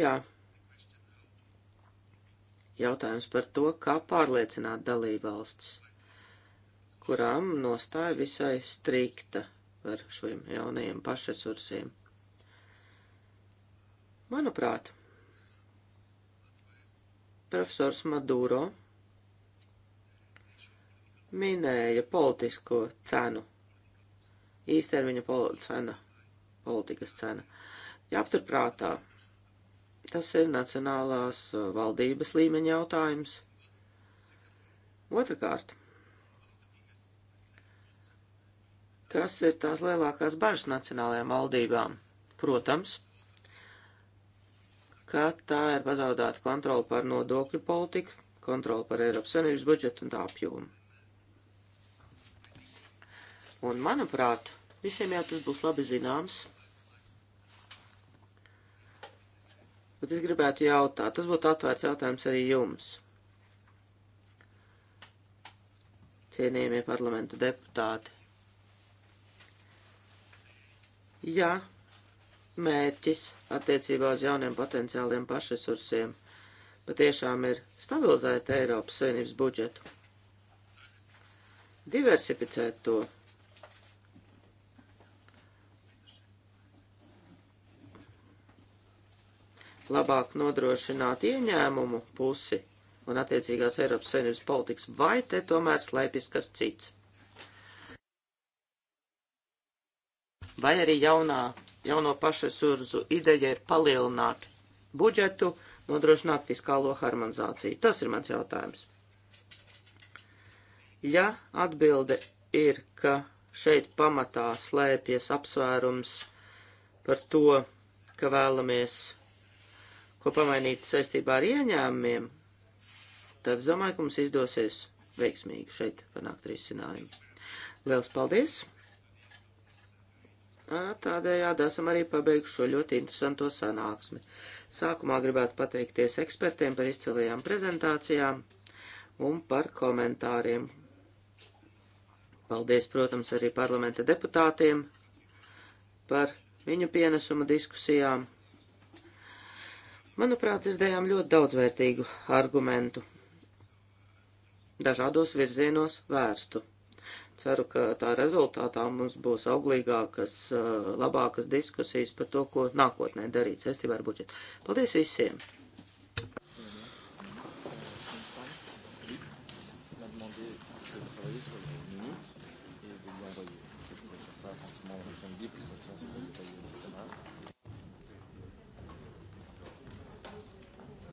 Jā, jautājums par to, kā pārliecināt dalībvalsts kurām nostāja visai strikta par šiem jaunajiem pašresursiem. Manuprāt, profesors Maduro minēja politisko cenu, īstermiņa pol cena, politikas cena. Jāpaturprātā, tas ir nacionālās valdības līmeņa jautājums. Otrakārt, Kas ir tās lielākās bažas nacionālajām valdībām? Protams, ka tā ir pazaudēta kontrola pār nodokļu politiku, kontrola pār Eiropas Savienības budžetu un tā apjomu. Un, manuprāt, visiem jau tas būs labi zināms. Bet es gribētu jautāt, tas būtu atvērts jautājums arī jums. Cienījamie parlamenta deputāti, ja mērķis attiecībā uz jauniem potenciāliem pašresursiem patiešām ir stabilizēt Eiropas Savienības budžetu, diversificēt to. Labāk nodrošināt ieņēmumu pusi un attiecīgās Eiropas Savienības politikas, vai te tomēr slēpjas kas cits. vai arī jaunā, jauno pašresursu ideja ir palielināt budžetu, nodrošināt fiskālo harmonizāciju? Tas ir mans jautājums. Ja atbilde ir, ka šeit pamatā slēpjas apsvērums par to, ka vēlamies ko pamainīt saistībā ar ieņēmumiem, tad es domāju, ka mums izdosies veiksmīgi šeit panākt risinājumu. Liels paldies! Tādējādi esam arī pabeiguši šo ļoti interesanto sanāksmi. Sākumā gribētu pateikties ekspertiem par izcilajām prezentācijām un par komentāriem. Paldies, protams, arī parlamenta deputātiem par viņu pienesumu diskusijām. Manuprāt, dzirdējām ļoti daudzvērtīgu argumentu, dažādos virzienos vērstu. Ceru, ka tā rezultātā mums būs auglīgākas, labākas diskusijas par to, ko nākotnē darīt saistībā ar budžetu. Paldies visiem!